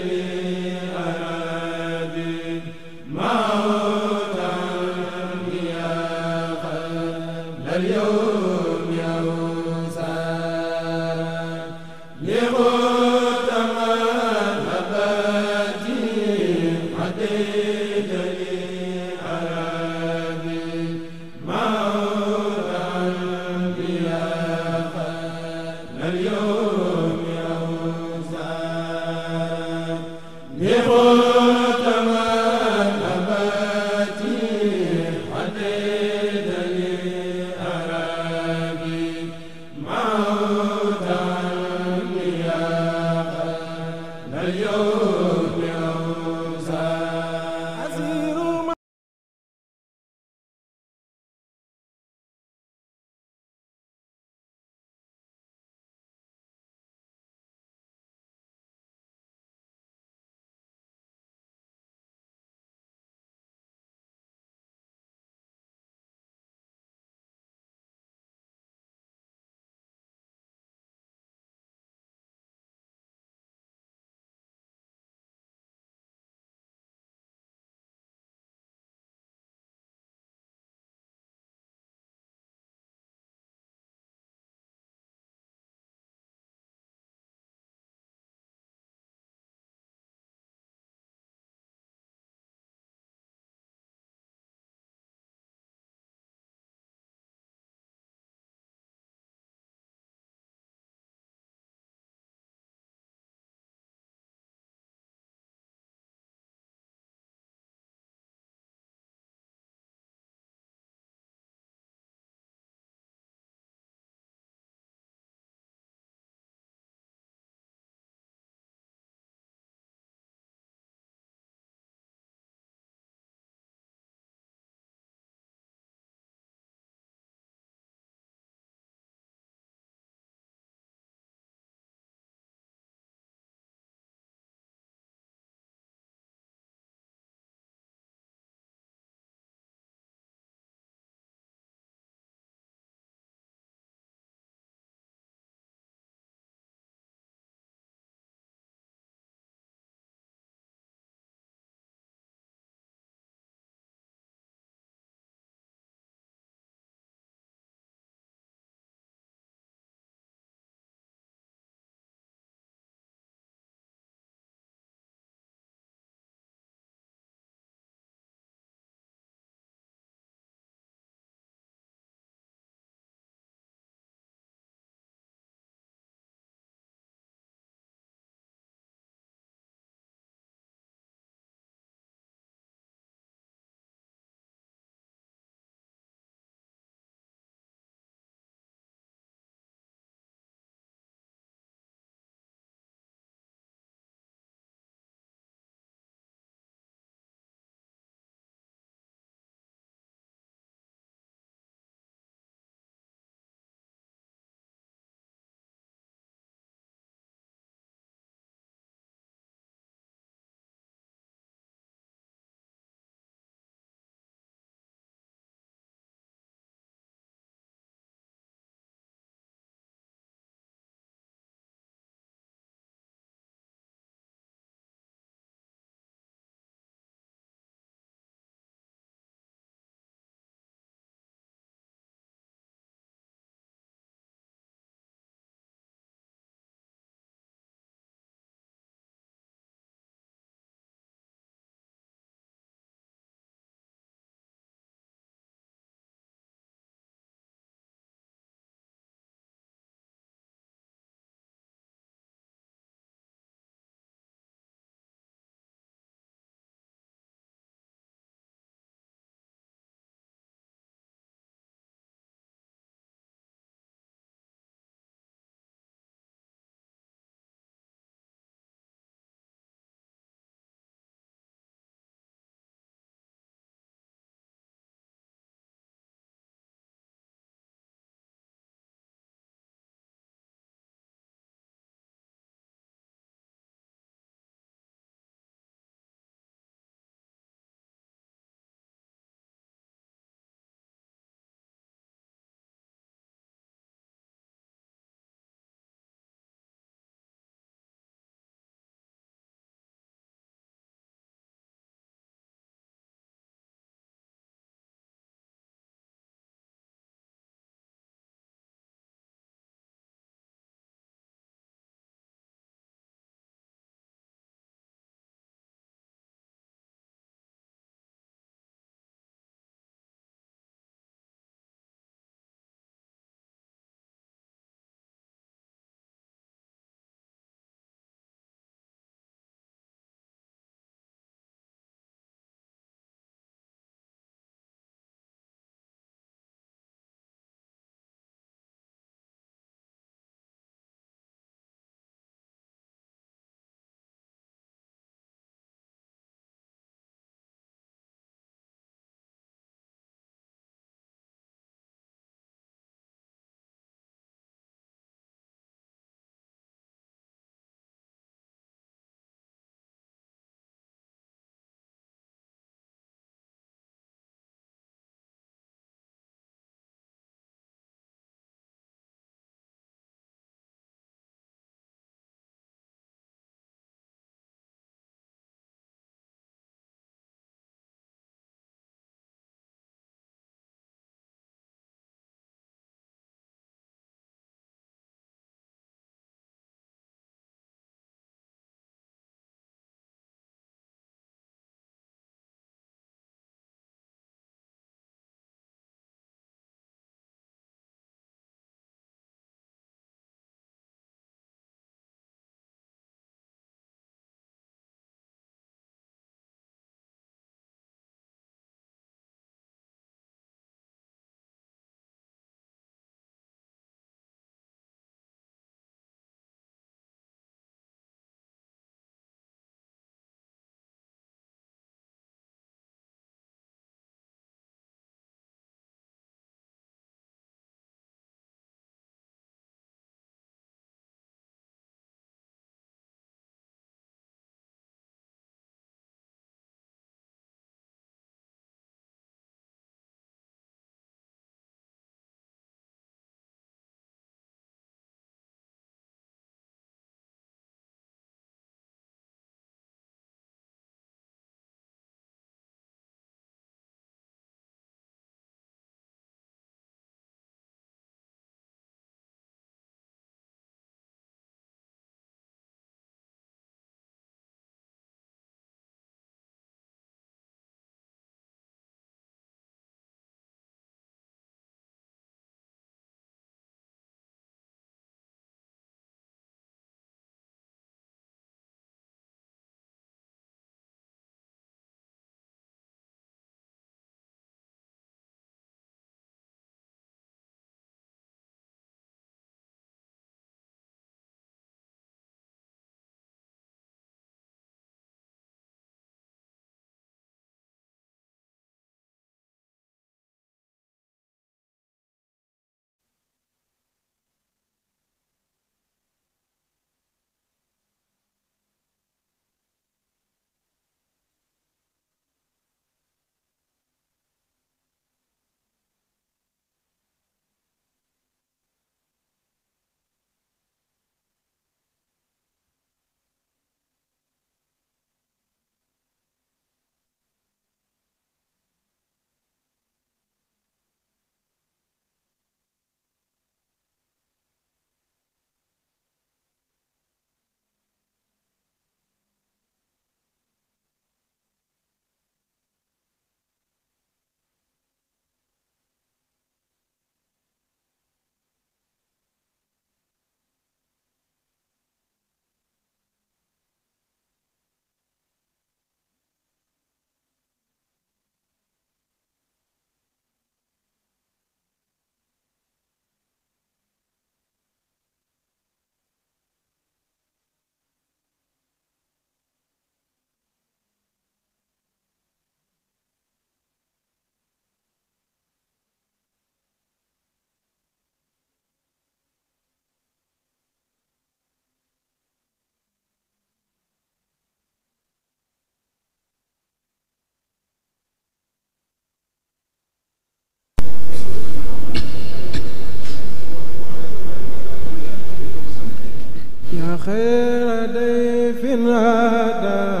خير ضيف هذا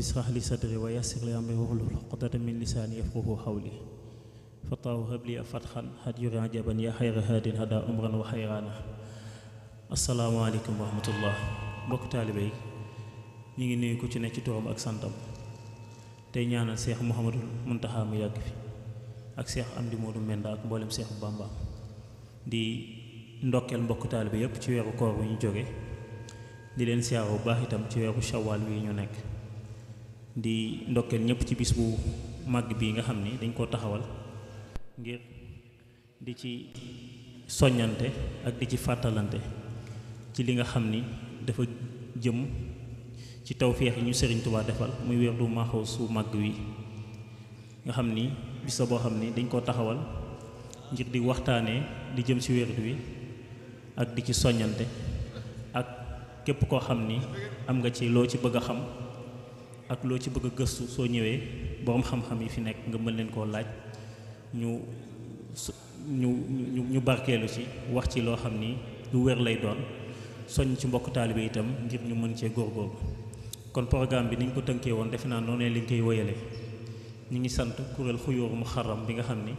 اشرح لي صدري ويسر لي امري واحلل عقدة من لساني يفقهوا قولي فطاو هب لي فتحا هد عجبا يا خير هاد هدا امرا وخيرانا السلام عليكم ورحمه الله بك طالبي نيغي نيكو تي نتي توم اك سانتام تي نيانال شيخ محمد المنتهى مي ياك في اك شيخ امدي مودو مندا اك مبولم شيخ بامبا دي ndokel mbok talibe yep ci wéru koor bu ñu joggé di len siyaaw baax di ndokel ñëpp ci bis bu màgg bi nga xam ni dañ ko taxawal ngir di ci soññante ak di ci fàttalante ci li nga xam ni dafa jëm ci tawféex ñu sëriñ tubaa defal muy wér du maaxaw su màgg wi nga xam ni bis la boo xam dañ ko taxawal ngir di waxtaanee di jëm ci wér wi ak di ci soññante ak képp koo xam ni am nga ci loo ci bëgg a xam ak loo ci bëgg gëstu soo ñëwee borom xam-xam yi fi nekk nga mën leen koo laaj ñu ñu ñu ñu barkeelu ci wax ci loo xam ni lu wér lay doon soññ ci mbokk taalibe itam ngir ñu mën cee góorgóorlu kon programme bi ni ñu ko tënkee woon defe naa noonu lañ koy woyale ñu ngi sant kuréel xuyóoru muharram bi nga xam ni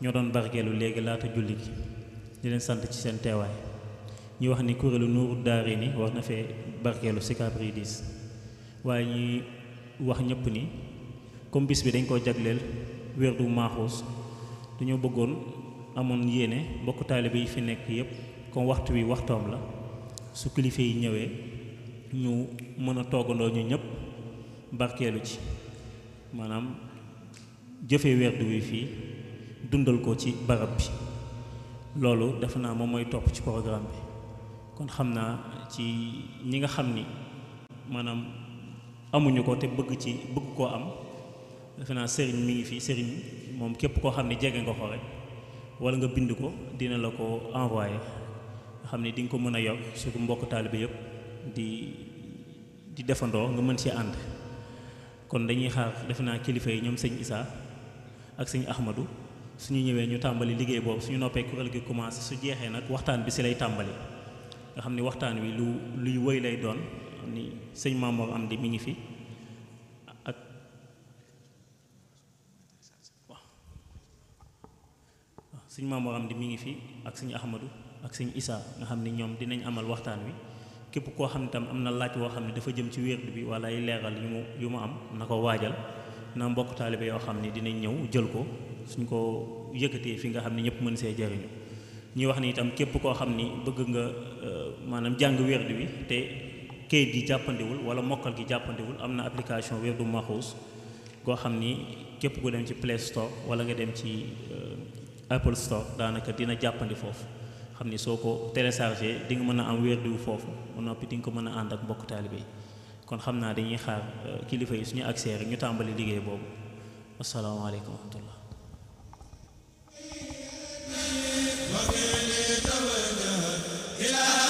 ñoo doon barkeelu léegi laata julli gi di leen sant ci seen teewaay ñu wax ni kuréelu nuuru daari ni war na fee barkeelu si Cabridis waaye ñi wax ñëpp ni comme bis bi dañ koo jagleel wér du maaxuus dañoo bëggoon amoon yéene mbokk taalibe yi fi nekk yëpp comme waxtu wi waxtoom la su kilifa yi ñëwee ñu mën a toogandoo ñu ñëpp barkeelu ci maanaam jëfee werdu wi fii dundal ko ci barab bi loolu def naa moom mooy topp ci programme bi kon xam naa ci ñi nga xam ni maanaam amuñu ko te bëgg ci bëgg koo am defe naa sëriñ mi ngi fii sëriñ moom képp koo xam ne jege nga ko rek wala nga bind ko dina la ko envoyé xam ne di nga ko mën a yokk surtout mbokk taalibe yëpp di di defandoo nga mën ci ànd kon dañuy xaar defe naa kilifa yi ñoom sëñ Issa ak sëñ Ahmadou suñu ñëwee ñu tàmbali liggéey boobu suñu noppee kuréel gi commencé su jeexee nag waxtaan bi si lay tàmbali nga xam ne waxtaan wi lu luy woy lay doon mel ni sëñ am di mu ngi fi ak waaw sëñ Mamour Amdi mi ngi fi ak suñ Ahmadou ak sëñ Issa nga xam ni ñoom dinañ amal waxtaan wi képp koo xam ne tam am na laaj woo xam ne dafa jëm ci wérdu bi wala ay leeral yu mu yu mu am na ko waajal na mbokk taalibe yoo xam ne dinañ ñëw jël ko suñ ko yëkkatee fi nga xam ne ñépp mën see jariñu ñuy wax ni itam képp koo xam ni bëgg nga eh, maanaam jàng wérdu bi te kayit gi jàppandiwul wala mokkal gi jàppandiwul am na application web du maxuus goo xam ni képp ku dem ci Play Store wala nga dem ci euh, Apple Store daanaka dina jàppandi foofu xam ni soo ko téléchargé di mën a am wérdu foofu ba noppi di ko mën a ànd ak mbokk taalibe kon xam naa dañuy xaar euh, kilifa yi suñu accès rek ñu tàmbali liggéey boobu asalaamaaleykum wa rahmatullah ila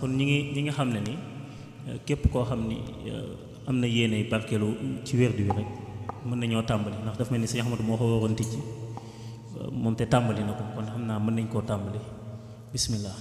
kon ñi ngi ñi nga xam ne ni euh, képp koo xam ni euh, am na yéene barkeelu ci werdu bi rek mën nañoo tàmbali ndax dafa mel ni sëñ Ahmadu moo ko waroon tijji euh, moom te tàmbali na ko kon xam naa mën nañ koo tàmbali bismillah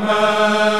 Amen.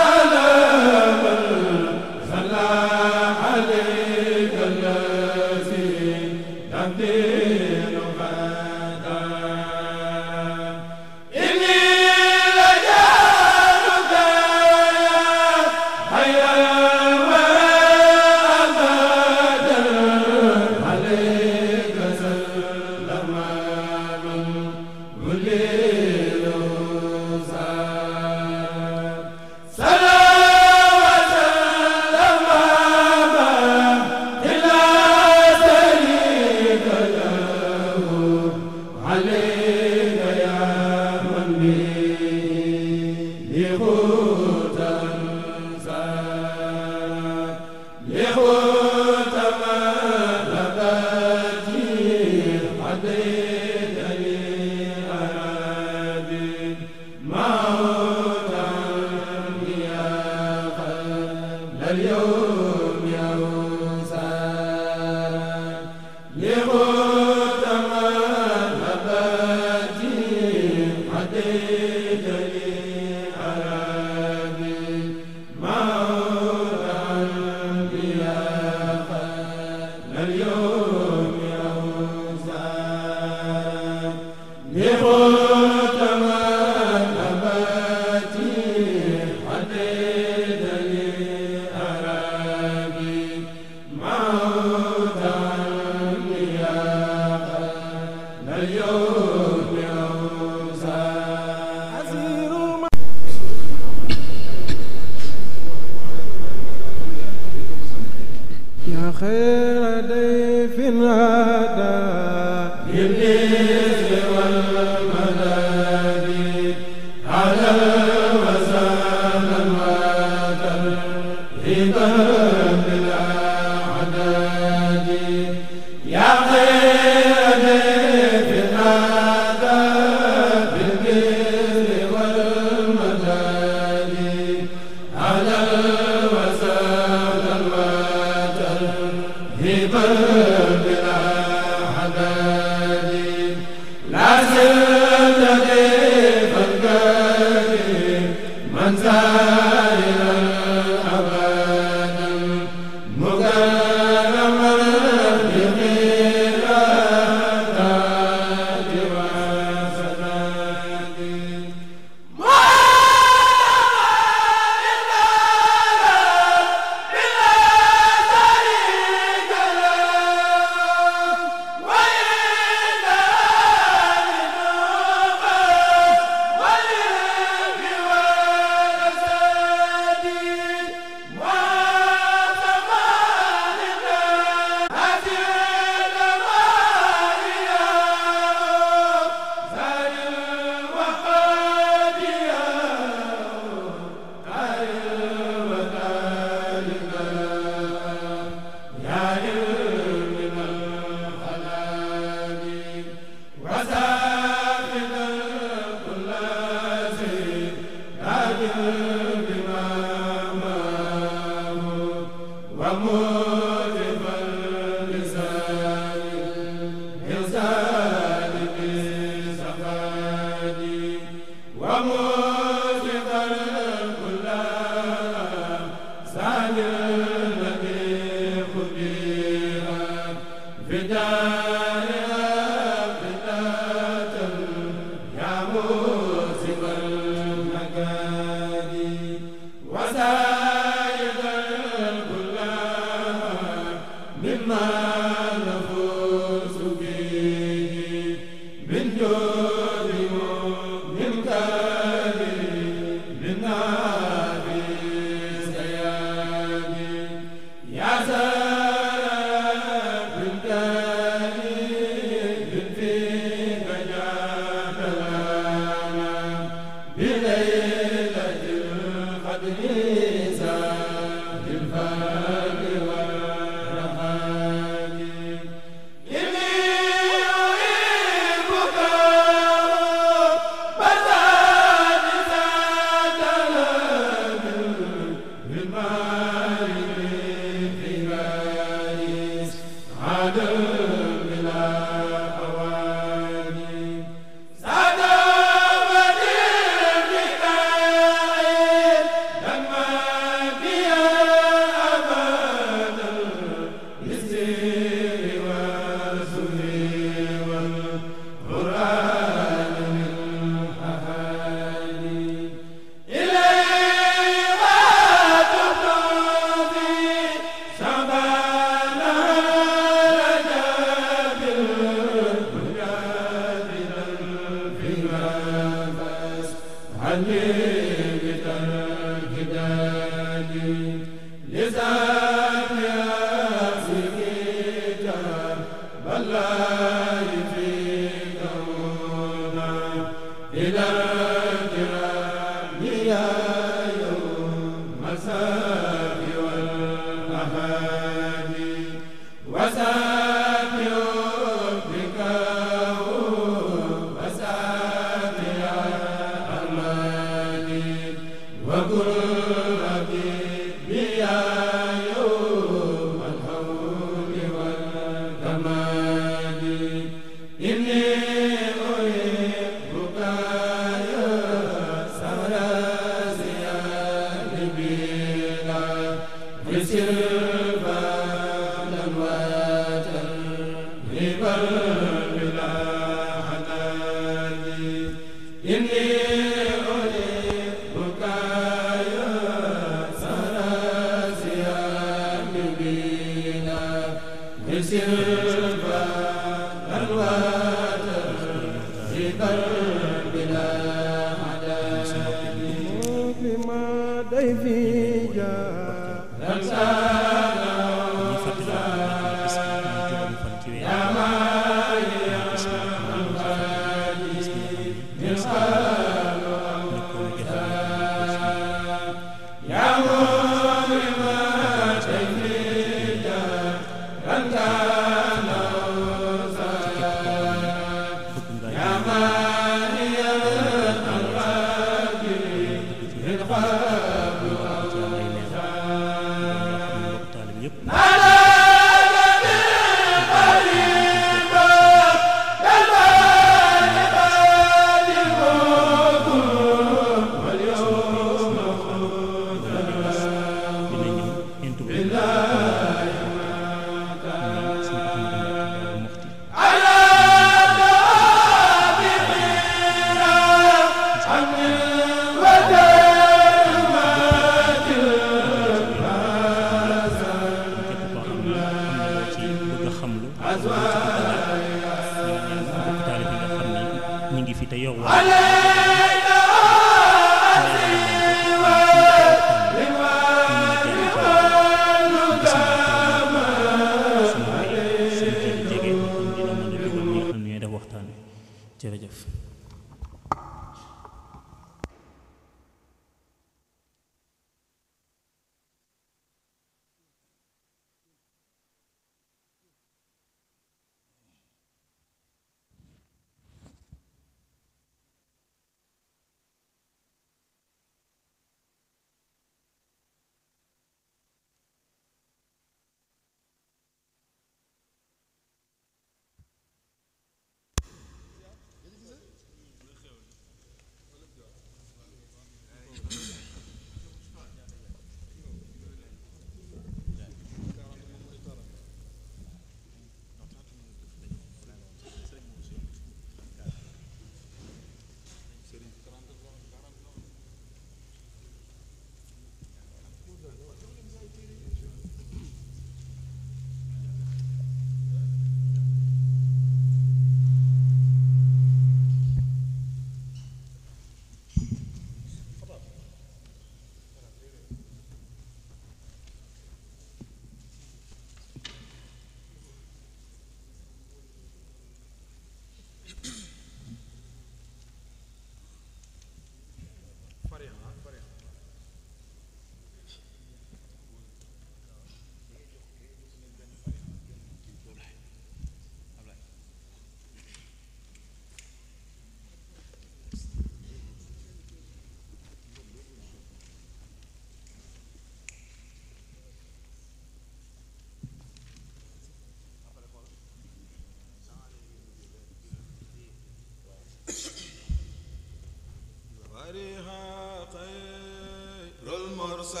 المرسل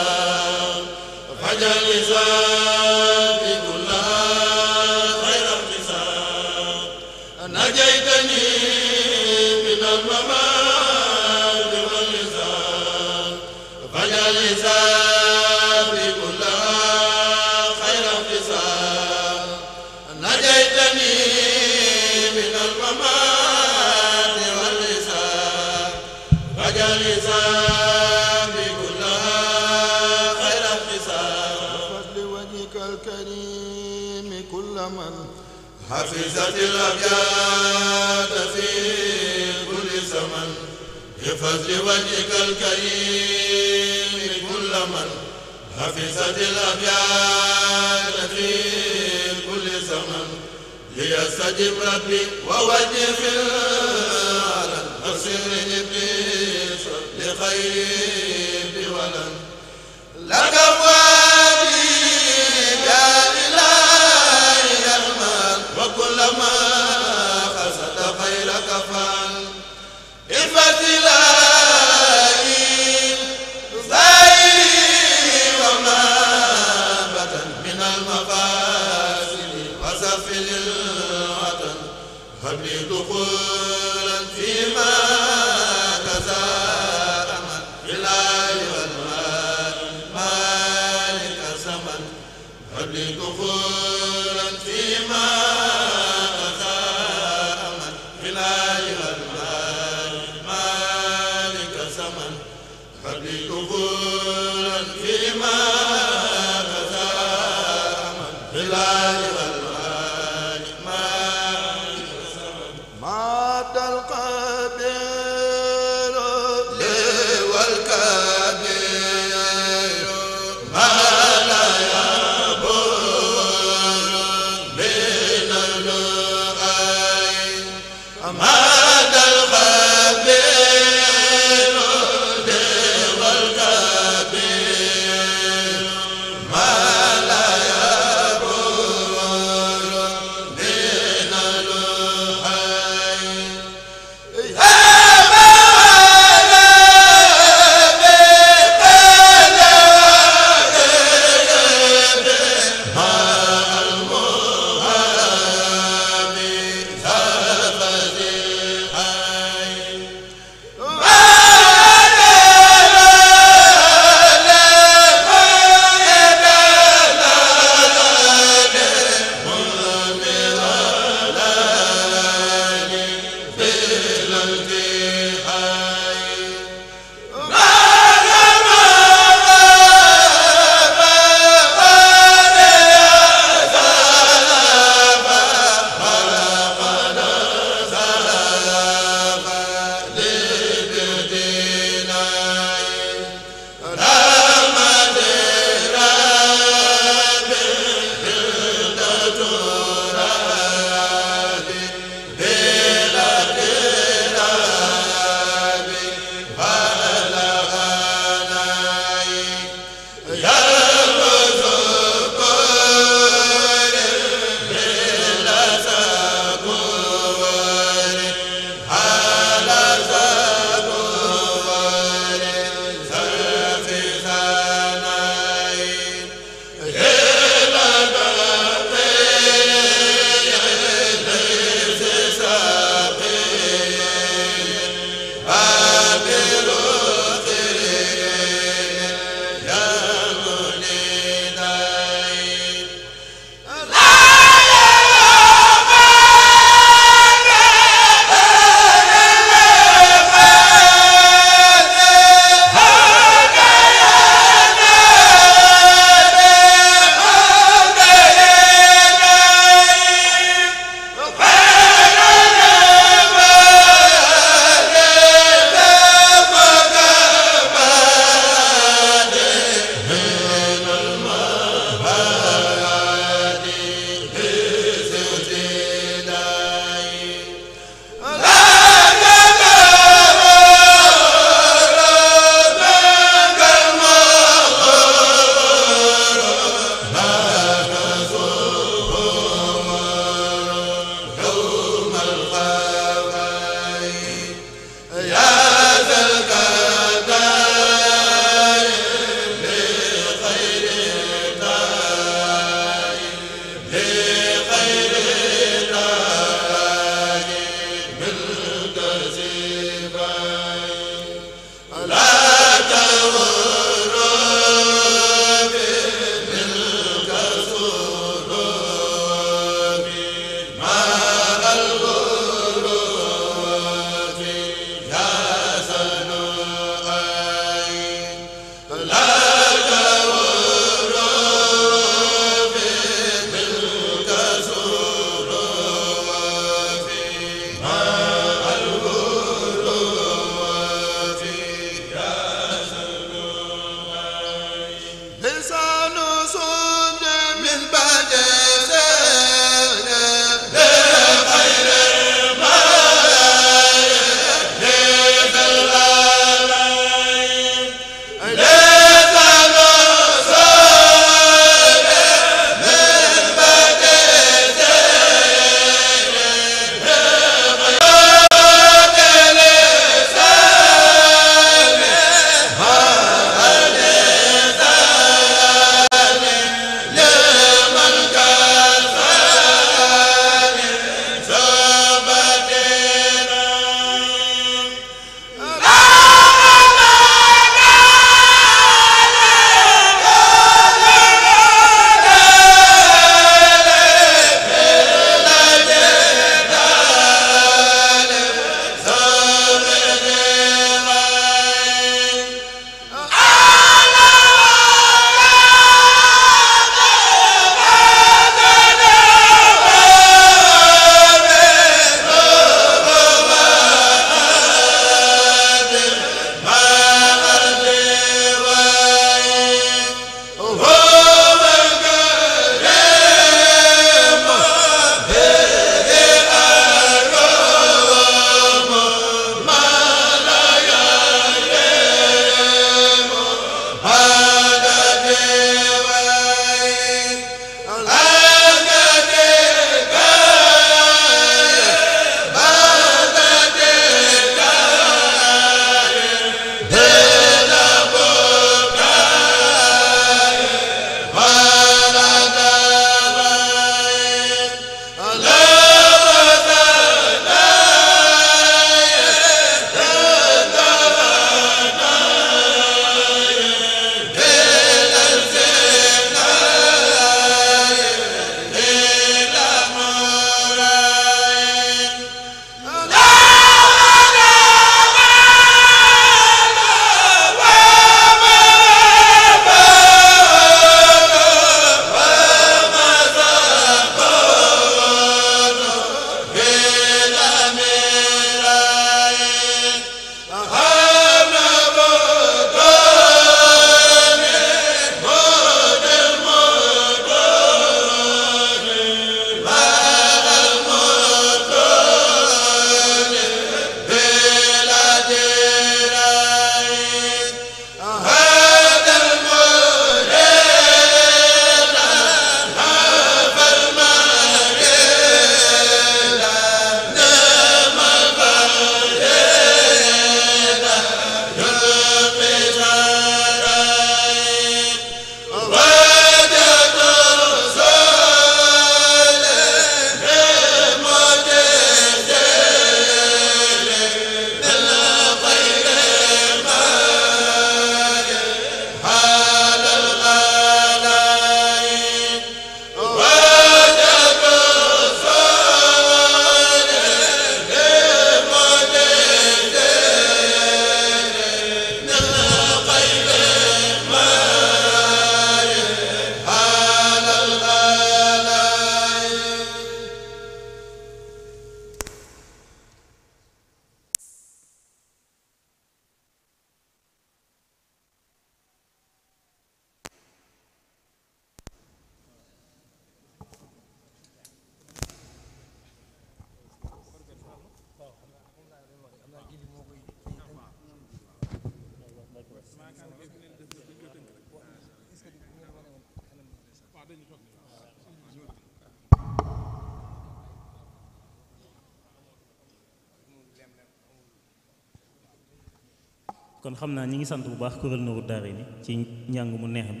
sant bu baax kuréel Nuuru Daarayni ci njàng mu neex mi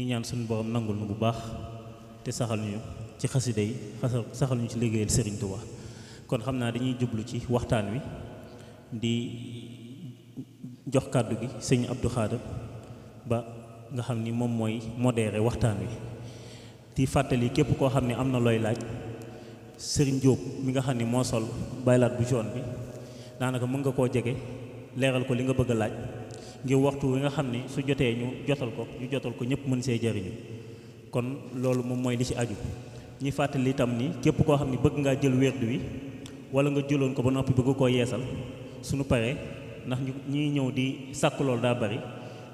ñu ñaan suñu borom nangul nu bu baax te saxal ñu ci xasida yi xasal saxal ñu ci liggéeyal Serigne Touba kon xam naa dañuy jublu ci waxtaan wi di jox kàddu gi sëñ Abdou Khadre ba nga xam ni moom mooy modéré waxtaan wi di fàttali képp koo xam ne am na looy laaj sëriñ Diop mi nga xam ne moo sol baylaat bu jaune bi daanaka mën nga koo jege leeral ko li nga bëgg a laaj ngir waxtu wi nga xam ni su jotee ñu jotal ko ñu jotal ko ñëpp mën see jariñu kon loolu moom mooy li ci aju ñi fàttali itam ni képp koo xam ni bëgg ngaa jël werd wi wala nga jëloon ko ba noppi bëgg koo yeesal suñu paree ndax ñu ñiy ñëw di sàkk daa bari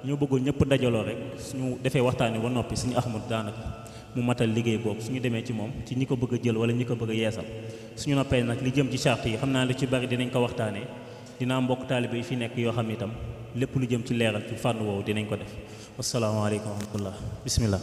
ñoo bëggoon ñëpp dajaloo rek suñu defee waxtaan wi ba noppi suñu Ahmadu daanaka mu matal liggéey boobu ñu demee ci moom ci ñi ko bëgg jël wala ñi ko bëgg a yeesal suñu noppee nag li jëm ci charte yi xam naa lu ci bari dinañ ko waxtaanee dina am mbokk taalibe yi fi nekk yoo xam ne itam lépp lu jëm ci leeral ci fànn woowu dinañ ko def asalaamaaleykum wa rahmatullah bismillah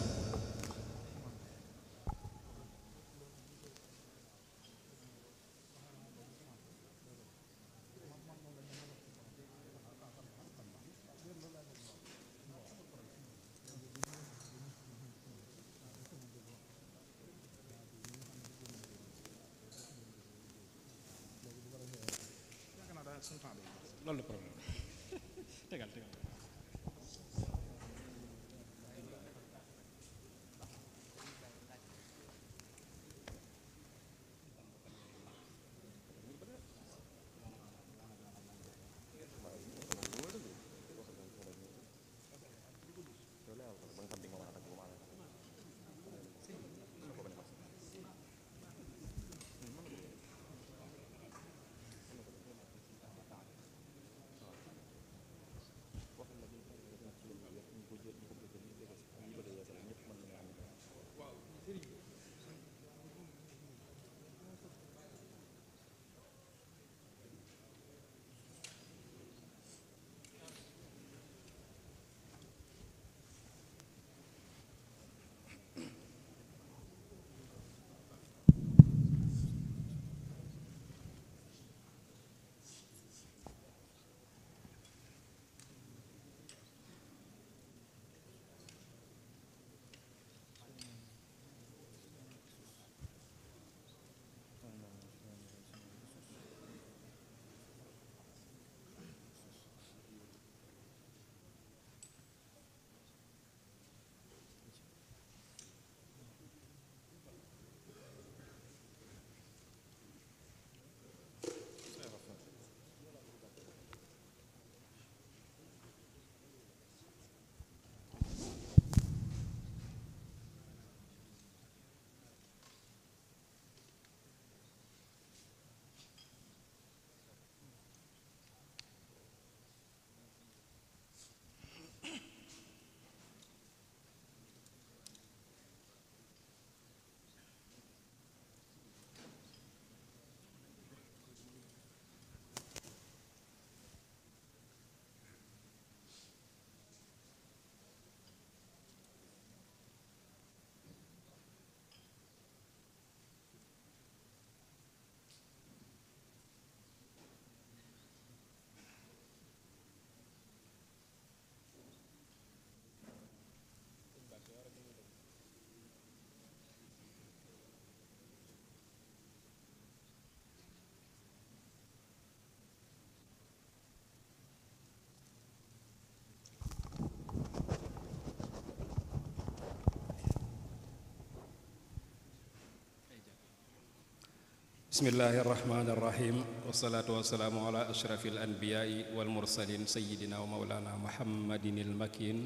بسم الله الرحمن الرحيم والصلاة والسلام على أشرف الأنبياء والمرسلين سيدنا ومولانا محمد المكين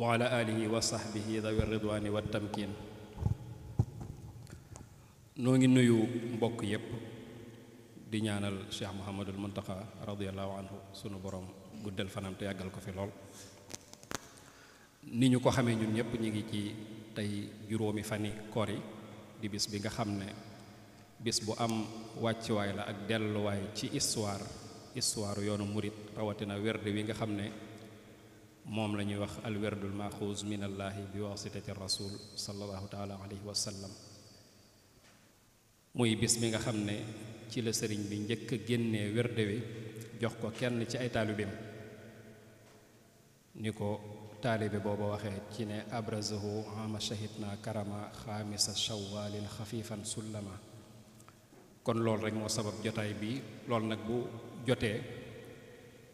وعلى آله وصحبه ذوي الرضوان والتمكين نوغي نيو مبوك ييب دي نيانال شيخ محمد المنتقى رضي الله عنه سونو بروم غودال فنام تو ياغال كو في كو خامي نيون ييب نيغي تي تاي فاني كوري دي بيس بيغا خامني bis bu am wàccu wàccuwaay la ak delluwaay ci histoire histoire yoonu murit rawatina werde wi nga xam ne moom la ñuy wax al werdul maxuus min allaahi bi wasitati rasul sallallahu taala alayhi wa sallam muy bis bi nga xam ne ci la sëriñ bi njëkk a génnee werde wi jox ko kenn ci ay taalibeem ni ko taalibe booba waxee ci ne abrazahu ama shahidna na karama xaamisa shawalin xafifan sullama kon loolu rek moo sabab jotaay bii loolu nag bu jotee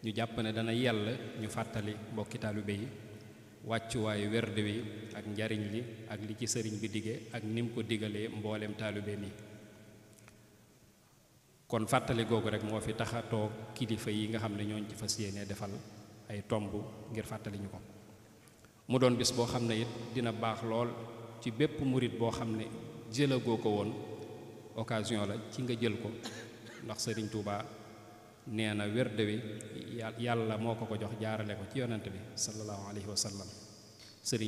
ñu jàpp ne dana yàlla ñu fàttali mbokki taalibe yi wàccuwaayu werd wi ak njariñ li ak li ci sëriñ bi dige ak nim ko digalee mbooleem taalibe mi kon fàttali googu rek moo fi tax a toog kilifa yi nga xam ne ñooñ ci fas yéene defal ay tomb ngir fàttaliñu ko mu doon bis boo xam ne it dina baax lool ci bépp murit boo xam ne jëlagoo ko woon occasion la ci nga jël ko ndax serigne Touba neena werde wi yalla moko ko jox jaarale ko ci yonent bi sallallahu alayhi wa sallam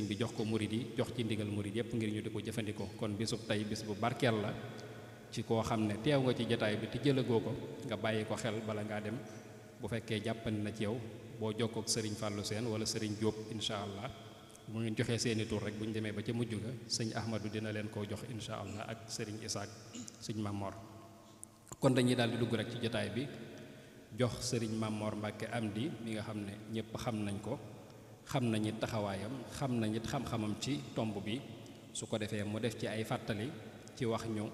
bi jox ko mouride jox ci ndigal mouride yep ngir ñu diko jëfëndiko kon bisu tay bis bu barkel la ci ko xamne tew nga ci jotaay bi ti jël ko nga bayyi ko xel bala nga dem bu fekke jappan na ci yow jokk ak serigne Fallou sen wala serigne Diop inshallah bu ngeen joxee seeni tur rek bu ñu demee ba ca mujj ga sëñ Ahmadou dina leen koo jox insha allah ak sëriñ Isaak sëñ mamoor kon dañuy daal di dugg rek ci jotaay bi jox sëriñ Mamor Mbàkke di mi nga xam ne ñëpp xam nañ ko xam nañu taxawaayam xam nañu xam-xamam ci tomb bi su ko defee mu def ci ay fàttali ci wax ñu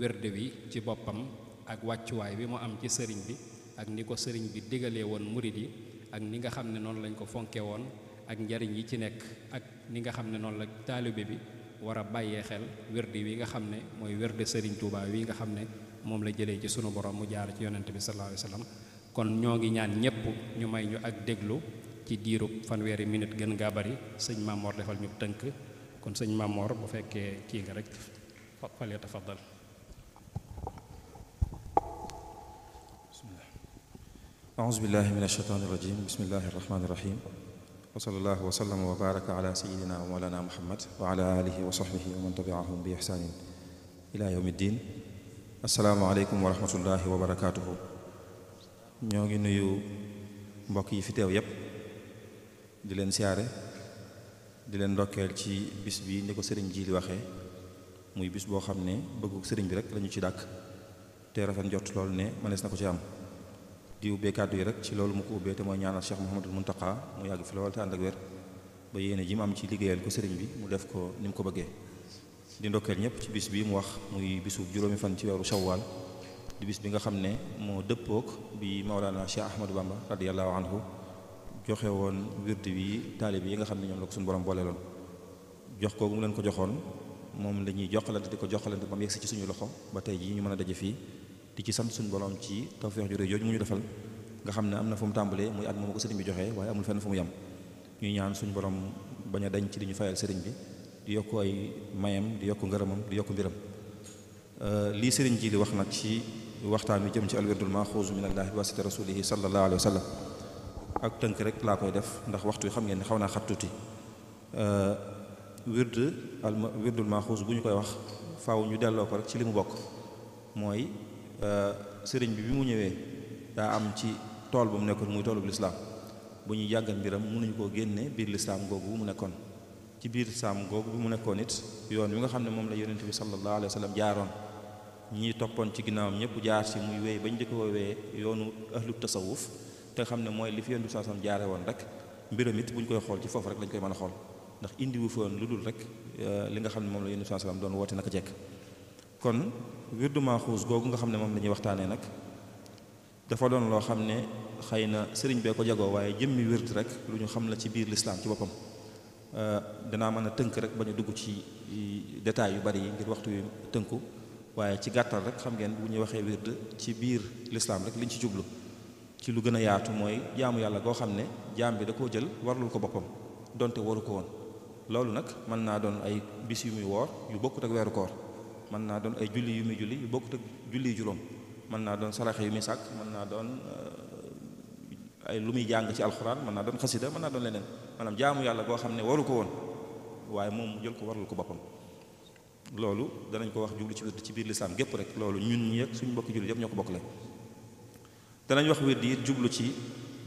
wérde wi ci boppam ak wàccuwaay bi mu am ci sëriñ bi ak ni ko sëriñ bi digalee woon murid yi ak ni nga xam ne noonu lañ ko fonke woon ak njariñ yi ci nekk ak ni nga xam ne noonu la taalibe bi war a bàyyee xel wérdi wi nga xam ne mooy wérde Serigne Touba wi nga xam ne moom la jëlee ci sunu borom mu jaar ci yonent bi sallallahu alayhi wasallam kon ñoo ngi ñaan ñëpp ñu may ñu ak déglu ci diirub fanweeri minute gën ngaa bari sëñ Mamor defal ñu tënk kon sëñ Mamor bu fekkee kii nga rek fal yatafaddal أعوذ بالله من الشيطان الرجيم بسم الله الرحمن الرحيم وصلى الله وسلم وبارك على سيدنا ومولانا محمد وعلى آله وصحبه ومن تبعهم بإحسان إلى يوم الدين السلام عليكم ورحمة الله وبركاته نيوغي نيو مباكي في تيو يب دي لين سياري دي لين روكيل تي بيس بي نيكو سيرين جيل وخي موي بيس بو خامني بغوك سيرين بي رك لا نيو تي داك تي رافن جوت لول ني مانيس نكو تي ام di ubbee kàddu yi rek ci loolu mu ko ubbee te mooy ñaanal Cheikh Mouhamadul Mountakha mu yàgg fi lool te ànd ak ba yéene ji mu am ci liggéeyal ko sëriñ bi mu def ko ni mu ko bëggee di ndokkeel ñëpp ci bis bi mu wax muy bisu juróomi fan ci weeru shawwal di bis bi nga xam ne moo dëppook bi Maolana Cheikh Ahmadou Bamba radiyallahu anhu joxe woon wird wi taalib yi nga xam ne ñoom la ko suñu borom booleeloon jox ko mu leen ko joxoon moom la ñuy joxalante di ko joxalante ba ci suñu loxo ba tey jii ñu mën a daje fii di ci sant suñu borom ci tawfeex ju rëy jooju mu ñu defal nga xam ne am na fu mu tàmbalee muy at moom ko sëriñ bi joxe waaye amul fenn fu mu yem ñuy ñaan suñu borom bañ a dañ ci di ñu fayal sëriñ bi di yokk ay mayam di yokk ngërëmam di euh, lii sëriñ ji li wax nag ci waxtaan wi jëm ci alwirdul maxuus minallahi bi wasiti rasulihi sallallahu alayhi wa sallam ak tënk rek laa koy def ndax waxtu yi xam ngeen ne xaw naa xat tuuti euh, wird al wirdul maxuus bu ñu koy wax faaw ñu delloo ko rek ci li mu bokk mooy Euh, sëriñ bi bi mu ñëwee daa am ci tool bu mu nekkoon muy toolu lislaam bu ñu yàggal mbiram mënuñu koo génne biir lislaam googu bu mu nekkoon ci biir lislaam googu bu mu nekkoon it yoon wi nga xam ne moom la yonent bi sallallahu alayhi wa sallam jaaroon ñi toppoon ci ginnaawam ñëpp jaar ci muy wéy bañ di woowee yoonu ahlu tasawuf te xam ne mooy li fi yonent bi sallallahu alayhi jaare woon rek mbiram it bu ñu koy xool ci foofu rek lañ koy mën a xool ndax indi wu foon lu dul rek euh, li nga xam ne moom la yonent bi doon woote naka jekk kon wirdu Maaxuus googu nga xam ne moom la ñuy waxtaanee nag dafa doon loo xam ne xëy na sëriñ bee ko jagoo waaye jëmmi wird rek lu ñu xam la ci biir lislaam ci boppam euh, danaa mën a tënk rek ba ñu dugg ci détails yu bari yi ngir waxtu yu tënku waaye ci gàttal rek xam ngeen bu ñuy waxee wird ci biir lislaam rek liñ ci jublu ci lu gën a yaatu mooy jaamu yàlla goo xam ne jaam bi da koo jël warlul ko boppam donte waru ko woon loolu nag mën naa doon ay bis yu muy woor yu ak weeru koor mën naa doon ay julli yu muy julli yu bokkut ak julli juróom mën naa doon saraxe yu muy sàkk mën naa doon euh, ay lu muy jàng ci alxuraan mën naa doon xasida man naa doon leneen maanaam jaamu yàlla goo xam ne waru ko woon waaye moom mu jël ko warul ko boppam loolu danañ ko wax jublu ci biir ci biir lislaam gépp rek loolu ñun ñi suñ bokki julli yëpp ñoo ko bokkale danañ wax wird yi jublu ci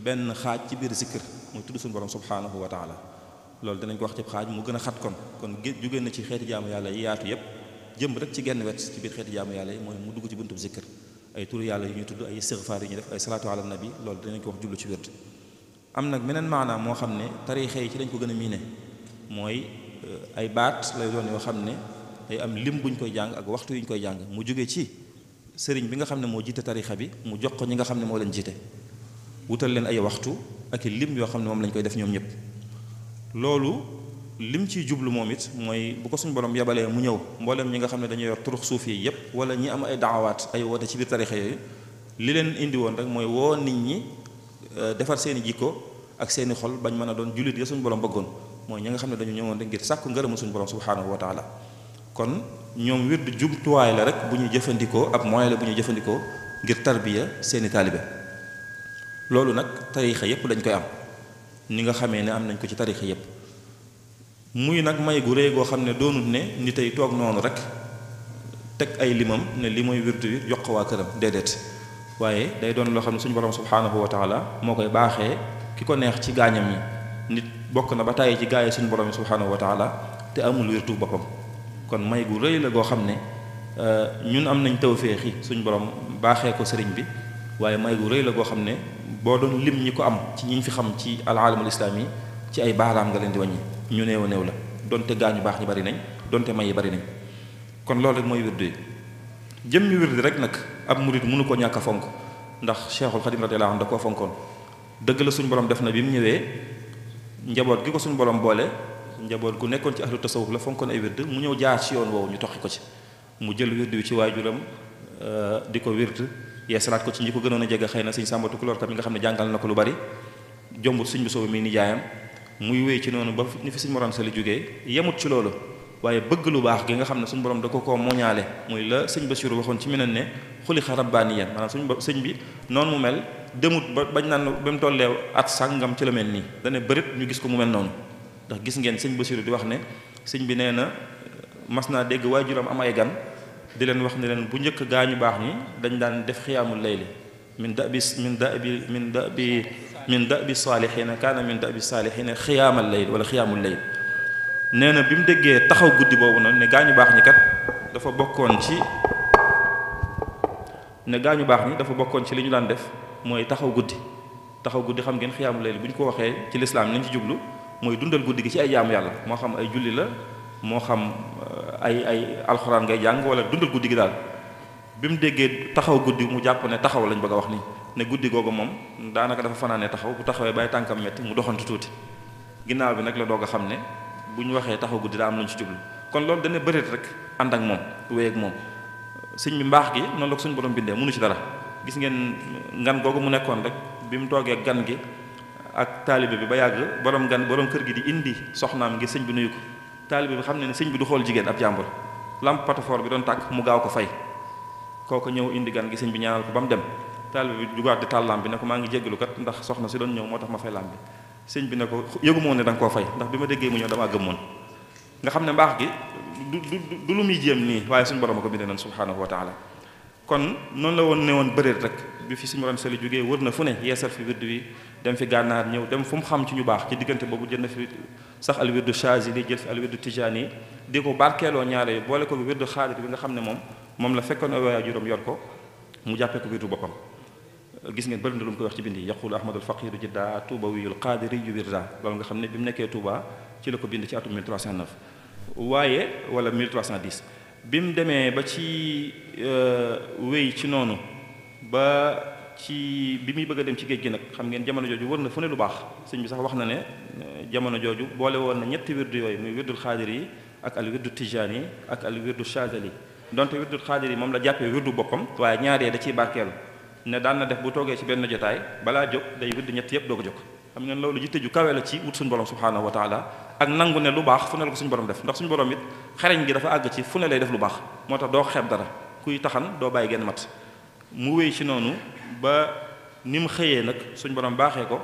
benn xaaj ci biir zikkër muy tudd suñu borom subhanahu wa taala loolu danañ ko wax xaaj mu gën a xat kon kon jóge na ci xeeti jaamu yàlla yi yaatu yëpp jëmb rek ci genn wet ci biir xeeti jaamu yàlla yi mooy mu dugg ci buntub zikkër ay turu yàlla yu ñuy tudd ay istighfar yu ñuy def ay salaatu loolu dinañ ko wax jullu ci am nag meneen maanaam moo xam ne tariixa yi ci lañ ko gën a mooy euh, ay baat lay yoo xam ne day am lim buñ koy jàng ak waxtu yuñ koy jàng mu jóge ci sëriñ bi nga xam ne moo jiite tariixa bi mu jox ko ñi nga xam ne moo leen jiite wutal leen ay waxtu ak lim yoo xam ne moom lañ koy def ñoom ñëpp loolu lim ciy jublu moom it mooy bu ko suñ borom yebalee mu ñëw mboolem ñi nga xam ne dañuy yor turux suuf yi yépp wala ñi am ay daawaat ay woote ci biir tarixa yooyu li leen indi woon rek mooy woo nit ñi euh, defar seeni jikko ak seeni xol bañ mën a doon jullit ya suñu borom bëggoon mooy ñi nga xam ne dañu ñëwoon rek ngir sàkku ngërëmu suñu borom subhanahu wa taala kon ñoom wird jumtuwaay la rek bu ñuy jëfandikoo ab moyen bu ñuy jëfandikoo ngir tarbiya seeni taalibe loolu nag tarixa yépp dañ koy am ni nga xamee ne am nañ ko ci tarixa yépp muy nag may gu rëy goo xam ne doonut ne nit tey toog noonu rek teg ay limam ne li mooy wirdu wi yokk waa këram déedéet waaye day doon loo xam ne suñu borom subhaanahu wa taala moo koy baaxee ki ko neex ci gaañam yi nit bokk na ba tàyyi ci gaay suñu borom subhaanahu wa taala te amul wirdu boppam kon may rëy la goo xam ne euh, ñun am nañ tawféexi suñu borom baaxee ko sëriñ bi waaye may gu rëy la goo xam ne boo doon lim ñi ko am ci ñi ñu fi xam ci al aalamul islaam yi ci ay baaraam nga leen di wàññi ñu néew a la donte gaañu baax ñu bari nañ donte may yi bari nañ kon loolu rek mooy wirdu jëmmi wirdu rek nag ab murit mënu ko ñàkk a fonk ndax Cheikhul Khadim radiyallahu anhu da koo fonkoon dëgg la suñu borom def na bi mu ñëwee njaboot gi ko suñu borom boole njaboot gu nekkoon ci ahlu tasawuf la fonkoon ay wird mu ñëw jaar ci yoon woowu ñu toxi ko ci mu jël wird wi ci waajuram euh, di ko wird yeesalaat ko ci ñu ko gënoon a jege xëy na siñ Sàmba Tukulóor tam nga xam ne jàngal na ko lu bari jombut suñu bi soobu mi nijaayam muy wéy ci noonu ba ni fi suñu morom sali jógee yemut ci loolu waaye bëgg lu baax gi nga xam ne suñu borom da ko koo mooñaale muy la sëñ Bachir waxoon ci meneen ne xuli xarabaaniyan maanaam suñ sëñ bi noonu mu mel demut ba bañ naan ba mu tollee at sàngam ci nii dana bërit ñu gis ko mu mel noonu ndax gis ngeen sëñ Bachir di wax ne sëñ bi nee na mas naa dégg waajuram am ay gan di leen wax ne leen bu njëkk gaa ñu baax ñi dañ daan def xiyaamul layli من دأب من دأب من دأب من دأب صالحين كان من دأب صالحين خيام الليل ولا خيام الليل نانا بيم دغه تاخو غودي بوبو نون ني غاني باخني كات دا فا بوكون سي ني غاني باخني دا فا بوكون سي لي ني دان ديف موي تاخو غودي تاخو غودي خام ген خيام الليل بو نكو وخه سي الاسلام نانجي جوبلو موي دوندال غودي سي اي جامو يالا مو خام اي جولي لا مو خام اي اي القران غاي جانغ ولا دوندال غودي دال bi mu déggee taxaw guddi mu jàpp ne taxaw lañ bëgg a wax nii ne guddi googu moom daanaka dafa fanaanee taxaw bu taxawee bàyyi tànkam metti mu doxantu tuuti ginnaaw bi nag la doog a xam ne bu ñu waxee taxaw guddi daa am lu ci jublu kon loolu dana bëreet rek ànd ak moom wéy ak moom sëñ bi mbaax gi noonu la ko suñu borom bindee mënu ci dara gis ngeen ngan googu mu nekkoon rek bi mu toogee gan gi ak taalibe bi ba yàgg borom gan borom kër gi di indi soxnaam ngir sëñ bi nuyu taalibe bi xam ne ne bi du xool jigéen ab jàmbur lamp bi doon tàkk mu gaaw ko fay kooku ñëw indi gan gi sëñ bi ñaanal ko ba mu dem taalibe bi jugaat di taal lam bi ne ko maa ngi jégalu kat ndax soxna si doon ñëw moo tax ma fay lam bi sëñ bi ne ko yëgu ne da nga koo ndax bi ma déggee mu ñëw damaa gëmoon nga xam ne mbaax gi du du du lu muy jéem nii waaye suñ borom a ko bindee nan subhanahu wa taala kon noonu la woon ne woon bëreet rek bi fi suñu waram seli jógee wër na fu ne yeesal fi wird wi dem fi gànnaar ñëw dem fu mu xam ci ñu baax ci diggante boobu jënd fi sax al wirdu chaazili jël fi al wirdu tijaani yi di ko barkeeloo ñaare boole ko wirdu xaadir bi nga xam ne moom mom la fekkon ay waajuram yor ko mu jappé ko bitu bopam gis ngeen bëri ndulum ko wax ci bindi yaqul ahmadul faqir jidda tuba wi al qadir yubirza lol nga xamne mu nekké tuba ci lako ko bind ci atum 1309 waye wala 1310 bi démé ba ci euh wéy ci nonu ba ci bi muy bëgg dem ci géej gi nag xam ngeen jamono jooju wër na fu ne lu baax sëñ bi sax wax na ne jamono jooju boole woon na ñetti wirdu yooyu muy wirdul xaadir yi ak al wirdu tijaan yi ak al wirdu chazali donte wirdu xaadir yi moom la jàppee wirdu boppam waaye ñaaree da ciy barkeelu ne daana def bu toogee ci benn jotaay balaa jóg day wirdu ñett yëpp doo ko jóg xam ngeen loolu jitte ju kawe la ci wut suñu borom subhaanahu wa taala ak nangu ne lu baax fu ne la ko suñu borom def ndax suñu borom it xereñ gi dafa àgg ci fu ne lay def lu baax moo tax doo xeeb dara kuy taxan doo bàyyi genn mat mu wéy ci noonu ba ni mu xëyee nag suñu borom baaxee ko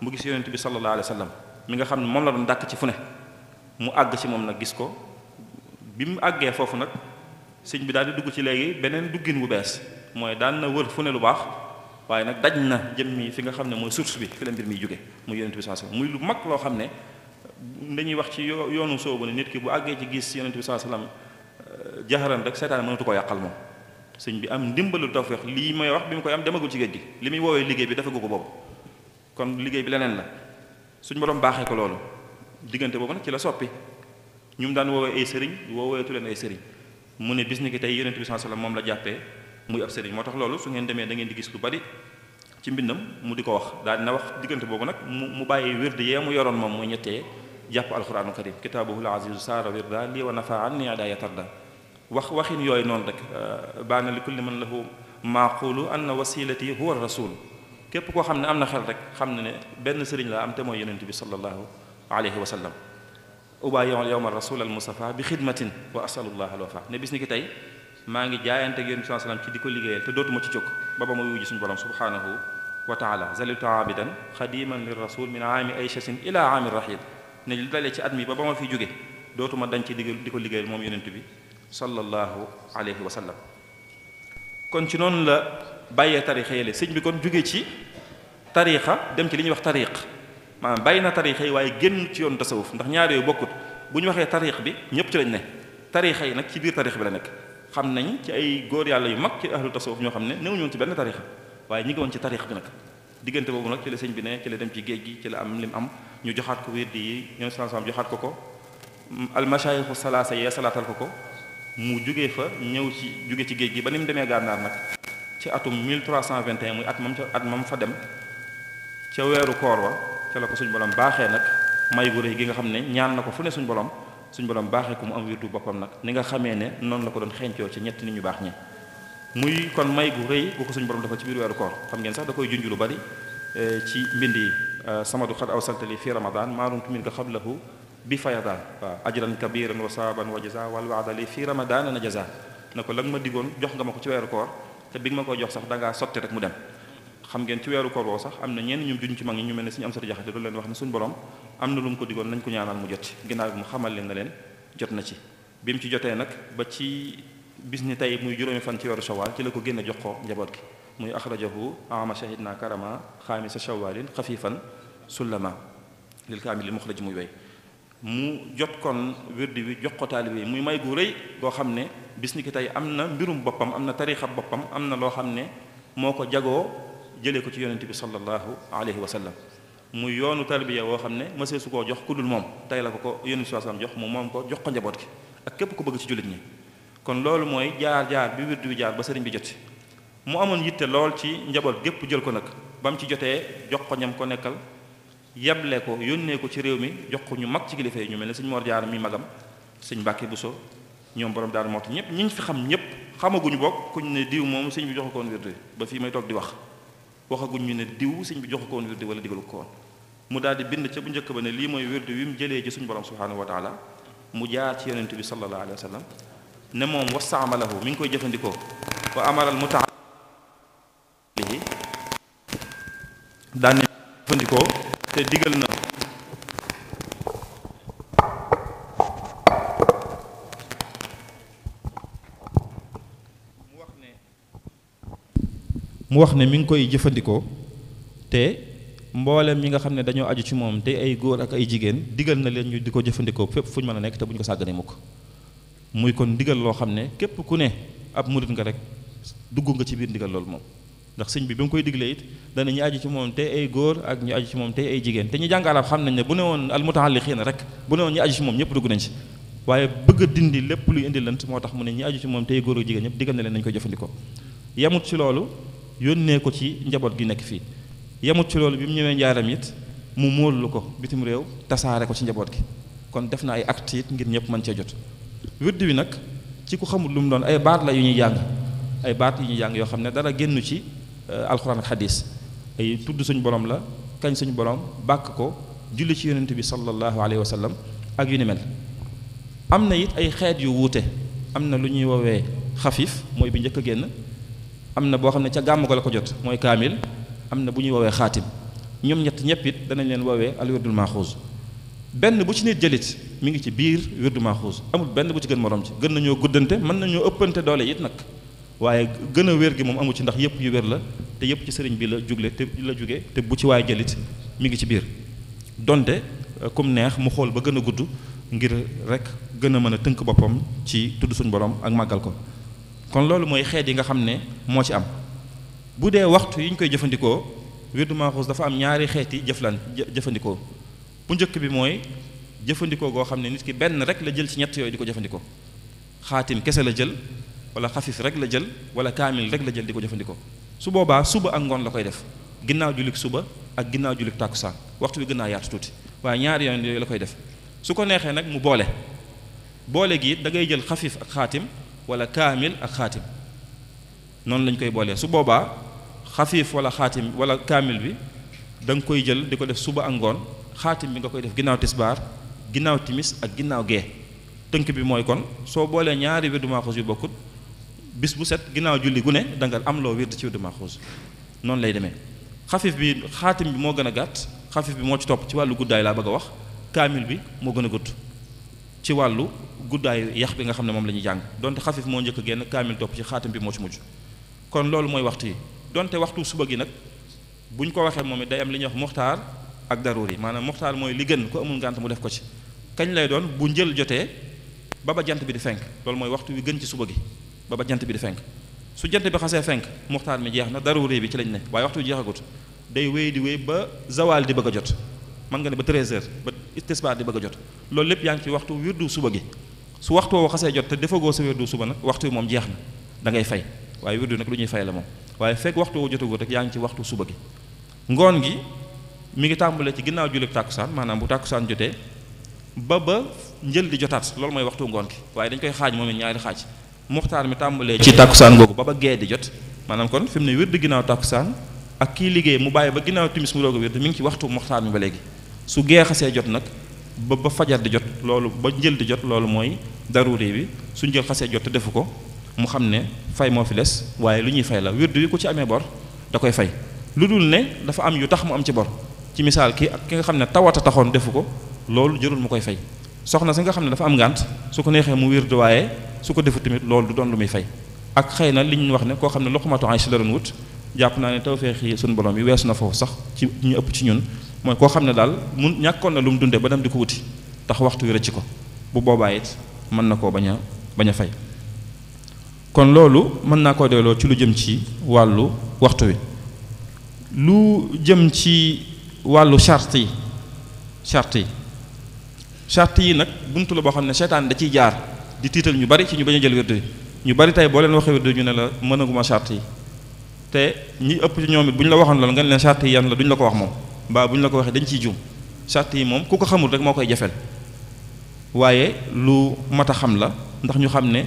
mu gis bi sallallahu alayhi wa sallam mi nga xam ne moom la doon dàkk ci fu mu àgg ci moom nag gis ko bi mu àggee foofu nag sëñ bi daal di dugg ci léegi beneen duggin bu bees mooy daan na wër fu ne lu baax waaye nag daj na jëm mi fi nga xam ne mooy source bi fi la mbir mi jóge muy yonente bi saa sallam muy lu mag loo xam ne dañuy wax ci yoonu soobu ne nit ki bu àggee ci gis yonente bi saa sallam jaxaran rek seetaan mënatu ko yàqal moom sëñ bi am ndimbalu tawfeex lii may wax bi mu koy am demagul ci géej gi li muy woowee liggéey bi dafa gu ko boobu kon liggéey bi leneen la suñ borom baaxee ko loolu diggante boobu nag ci la soppi ñum daan woowee ay sëriñ woowee tu leen ay sëriñ mu ne bis ni ki tey yonent bi sallallahu alayhi wasallam moom la jàppee muy ab sëriñ moo tax loolu su ngeen demee da ngeen di gis lu bari ci mbindam mu di ko wax daal dina wax diggante boobu nag mu mu bàyyi wérde yee mu yoroon moom muy ñettee jàpp alquranu karim azizu saara wirda lii wa ni wax waxin yooyu noonu rek baana li kulli man lahu maqulu anna wasilati huwa rasul képp koo xam ne am na xel rek xam ne ne benn sëriñ la am te mooy yonent bi sallallahu alayhi wa sallam ubaayi'u al-yawma rasuula al-Mustafaa bi xidmatin wa asalu llaah al-wafaa ne bis ni ki tey maa ngi jaayante ak Yonent bi salaam ci di ko liggéeyal te dootuma ci jóg ba ba ma wuyu ji suñu borom subhaanahu wa taala zaliltu aabidan xadiman li rasul min aami aychasin ila aami rahid ne li dalee ci at mi ba ba ma fi jóge dootuma dañ ci digg di ko liggéeyal moom Yonent bi sallallahu alayhi wa sallam kon ci noonu la bàyyee tarixa yële sëñ bi kon jóge ci tarixa dem ci li ñuy wax tariq manam bayina na tariixa yi waaye génn ci yoon tasawuf ndax ñaar yooyu bokut bu waxe tariikh bi ñëpp ci lañ ne tariixa yi nag ci biir tariikh bi la nek xamnañ ci ay góor yàlla yu mag ci ahlu tasawuf ño xamne ne ñoon ci benn tariikh waaye ñi ngi woon ci tariikh bi nak digënté bobu nak ci la sëñ bi ne ci la dem ci géej gi ci la am lim am ñu joxat ko wérdi yi ñoom sansam joxat ko ko al mashayikh salasa ya salatal ko ko mu jógee fa ñëw ci jóge ci géej gi ba nim démé demee gànnaar nag ci atum 1321 muy at mam ci at mam fa dem ci wëru koor wa te la ko suñ borom baaxee nag may gu rëy gi nga xam ne ñaan na ko fu ne suñ borom suñ borom baaxee ko mu am wirdu boppam nag ni nga xamee ne noonu la ko doon xencoo ci ñetti nit ñu baax ñi muy kon may gu rëy gu ko suñ borom dafa ci biir weeru koor xam ngeen sax da koy junj lu bari eh, ci mbind yi eh, samadu xad awsaltali fi ramadan maalumtu min ko xablahu bi fayadaan waaw ajran kabiran wa saaban wa jaza wal waadali fi ramadan na jaza na ko la nga ma digoon jox nga ma ko ci weeru koor te bi nga ma ko jox sax da ngaa rek mu dem xam ngeen ci weeru koor sax am na ñenn ñum duñ ci mag ñi ñu mel ne suñu am satu jaxate loolu leen wax ne suñu borom am na lu mu ko digoon jot na ci bi mu ci jotee nag ba ci bis ni tey muy juróomi fan ci weeru shawal ci la ko génne jox ko njaboot gi muy axrajahu ama shahidna karama xaamisa shawalin xafifan sullama lil kaamil muxraj muy way mu jot kon wirdi wi jox ko taalibe muy may gu rëy xam ne bis tey am na mbirum boppam am na tarixa boppam am na loo xam ne moo ko jagoo jëlee ko ci yonent bi sallallahu alayhi wa sallam muy yoonu tarbiya woo xam ne mësee su koo jox ku dul moom tey la ko ko yonent bi sallam jox mu moom ko jox ko njaboot gi ak képp ku bëgg ci jullit ñi kon loolu mooy jaar jaar bi wirdu bi jaar ba sëriñ bi jot mu amoon yitte lool ci njaboot gépp jël ko nag ba mu ci jotee jox ko ñam ko nekkal yeble ko yónnee ko ci réew mi jox ko ñu mag ci kilifa yi ñu mel ne sëñ Mor Jaar mi magam sëñ Mbàkke Buso ñoom borom daara moo tax ñëpp ñi ñu fi xam ñëpp xamaguñu bokk kuñ ne diw moom sëñ bi jox ko woon wirdu ba fii may toog di wax waxaguñ ñu ne diw sëñ bi jox ko woon wirde wala digal ko woon mu daal di bind ca bu njëkk ba ne lii mooy wirde wi mu jëlee ci suñu borom subhanahu wa taala mu jaar ci yonent bi sallallahu alayhi wa sallam ne moom wastaamalahu mi ngi koy jëfandikoo wa amaral mu taxal daan jëfandikoo te digal na mu wax ne mi ngi koy jëfandikoo te mboolem ñi nga xam ne dañoo aju ci moom te ay góor ak ay jigéen digal na leen ñu di ko jëfandikoo fépp fu ñu mën a nekk te bu ñu ko sàgganee mukk muy kon ndigal loo xam ne képp ku ne ab murit nga rek dugg nga ci biir ndigal loolu moom ndax sëñ bi ba mu koy diglee it dana ñu aju ci moom te ay góor ak ñu aju ci moom te ay jigéen te ñu jàng xam nañ ne bu ne woon al mutaalliqiina rek bu ne woon ñu aju ci moom ñëpp dugg nañ ci waaye bëgg a dindi lépp luy indi lënt moo tax mu ne ñu aju ci moom tey góor ak jigéen ñëpp diggal na leen nañu koy jëfandikoo yemut ci loolu yónnee ko ci njaboot gi nekk fii yemut ci loolu bi mu ñëwee njaaram it mu móollu ko bitim réew tasaare ko ci njaboot gi kon def na ay actes it ngir ñëpp mën cee jot wird wi nag ci ku xamul lu mu doon ay baat la yu ñuy jàng ay baat yu ñuy jàng yoo xam ne dara génn ci euh, alxuraan ak xadiis ay tudd suñu borom la kañ suñu borom bàkk ko julli ci yonent bi sallallahu alayhi wa sallam ak yu ni mel am na it ay xeet yu wuute am na lu ñuy woowee xafiif mooy bi njëkk a génn am na boo xam ne ca gàmm ga la ko jot mooy kaamil am na bu ñuy woowee xaatim ñoom ñett ñëpp it danañ leen woowee al wirdul maaxuus benn bu ci nit jëlit mi ngi ci biir wirdu maaxuus amul benn bu ci gën moroom ci gën nañoo guddante mën nañoo ëppante doole it nag waaye gën a wér gi moom amu ci ndax yëpp yu wér la te yëpp ci sëriñ bi la jugle te la jóge te bu ci waay jëlit mi ngi ci biir donte euh, kum neex mu xool ba gën a gudd ngir rek gën a mën a tënk boppam ci tudd suñu borom ak màggal kon loolu mooy xeet yi nga xam ne moo ci am bu dee waxtu yi ñu koy jëfandikoo wirdu maaxuus dafa am ñaari xeeti jëflan jëfandikoo bu njëkk bi mooy jëfandikoo goo xam ne nit ki benn rek la jël ci ñett yooyu di ko jëfandikoo xaatim kese la jël wala xafif rek la jël wala kaamil rek la jël di ko jëfandikoo su boobaa suba ak ngoon la koy def ginnaaw julik suba ak ginnaaw julik tàkkusaan waxtu bi gën yaatu tuuti waaye ñaari yoon yooyu la koy def su ko neexee nag mu boole boole gi da ngay jël xafif ak xaatim wala kaamil ak xaatim noonu lañ koy boolee su boobaa xafiif wala xaatim wala kaamil bi da nga koy jël di ko def suba ak ngoon xaatim bi nga koy def ginnaaw tisbaar ginnaaw timis ak ginnaaw gee tënk bi mooy kon soo boolee ñaari wirdu maaxuus yu bokkut bis bu set ginnaaw julli gu ne da nga am loo wird ci wirdu maaxuus noonu lay demee xafif bi xaatim bi moo gën a gàtt xafif bi moo ci topp ci wàllu guddaay laa bëgg a wax kaamil bi moo gën a gudd ci wàllu guddaayu yax bi nga xam ne moom la ñuy jàng donte xafif moo njëkk génn kaamil topp ci xaatam bi moo ci mujj kon loolu mooy waxtu yi donte waxtu suba gi nag bu ñu ko waxee moom it day am li ñuy wax muxtaar ak daruur yi maanaam muxtaar mooy li gën ko amul ngànt mu def ko ci kañ lay doon bu njël jotee ba ba jant bi di fenk loolu mooy waxtu wi gën ci suba gi ba ba jant bi di fenk su jant bi xasee fenk muxtaar mi jeex na daruuri bi ci lañ ne waaye waxtu jeexagut day wéy di wéy ba zawaal di bëgg a jot mën nga ne ba 13 heures ba tisbaar di bëgg a jot loolu lépp yaa ngi ci waxtu wirdu suba gi su waxtu woo xasee jot te defagoo sa wirdu suba nag waxtu moom jeex na da ngay fay waaye wirdu nag lu ñuy fay la moom waaye fekk waxtu woo jotagoo rek yaa ngi ci waxtu suba gi ngoon gi mi ngi tàmbalee ci ginnaaw jullit tàkkusaan maanaam bu tàkkusaan jotee ba ba njël di jotaat loolu mooy waxtu ngoon waaye dañ koy xaaj moom it ñaari xaaj muxtaar mi tàmbalee ci tàkkusaan googu ba ba gee di jot maanaam kon fi mu ne wirdu ginnaaw tàkkusaan ak kii liggéey mu bàyyi ba ginnaaw timis mu doog a wirdu mi ngi ci waxtu muxtaar mu ba léegi su gee xasee jot nag ba ba fajar di jot loolu ba jël di jot loolu mooy daruuri bi suñ ko xasee jot te defu ko mu xam ne fay moo fi des waaye lu ñuy fay la wirdu wi ku ci amee bor da koy fay lu dul ne dafa am yu tax mu am ci bor ci misaal ki ak ki nga xam ne tawata taxoon defu ko loolu jërul mu koy fay soxna si nga xam ne dafa am ngànt su ko neexee mu wirdu waaye su ko defu tamit loolu du doon lu muy fay ak xëy na li ñu wax ne koo xam ne luqmatu Aysa la doon wut jàpp naa ne tawfeex yi suñu borom yi weesu na foofu sax ci ñu ëpp ci ñun mooy koo xam ne daal mun ñàkkoon na lu mu dundee ba dem di ko wuti tax waxtu wi rëcc ko bu boobaa it mën na koo bañ a bañ a fay kon loolu mën naa koo delloo ci lu jëm ci wàllu waxtu wi lu jëm ci wàllu charte yi charte yi charte yi nag buntu la boo xam ne seytaan da ciy jaar di tiital ñu bari ci ñu bañ jël wird yi ñu bari tey boo leen waxee wird ñu ne la mënaguma charte yi te ñi ëpp ci ñoom it bu ñu la waxoon loolu nga ne leen charte yi yan la duñ la ko wax moom ba buñ la ko waxe dañ ci juum sart yi ku ko xamul rek moo koy jafel waye lu mata xam la ndax ñu xam ne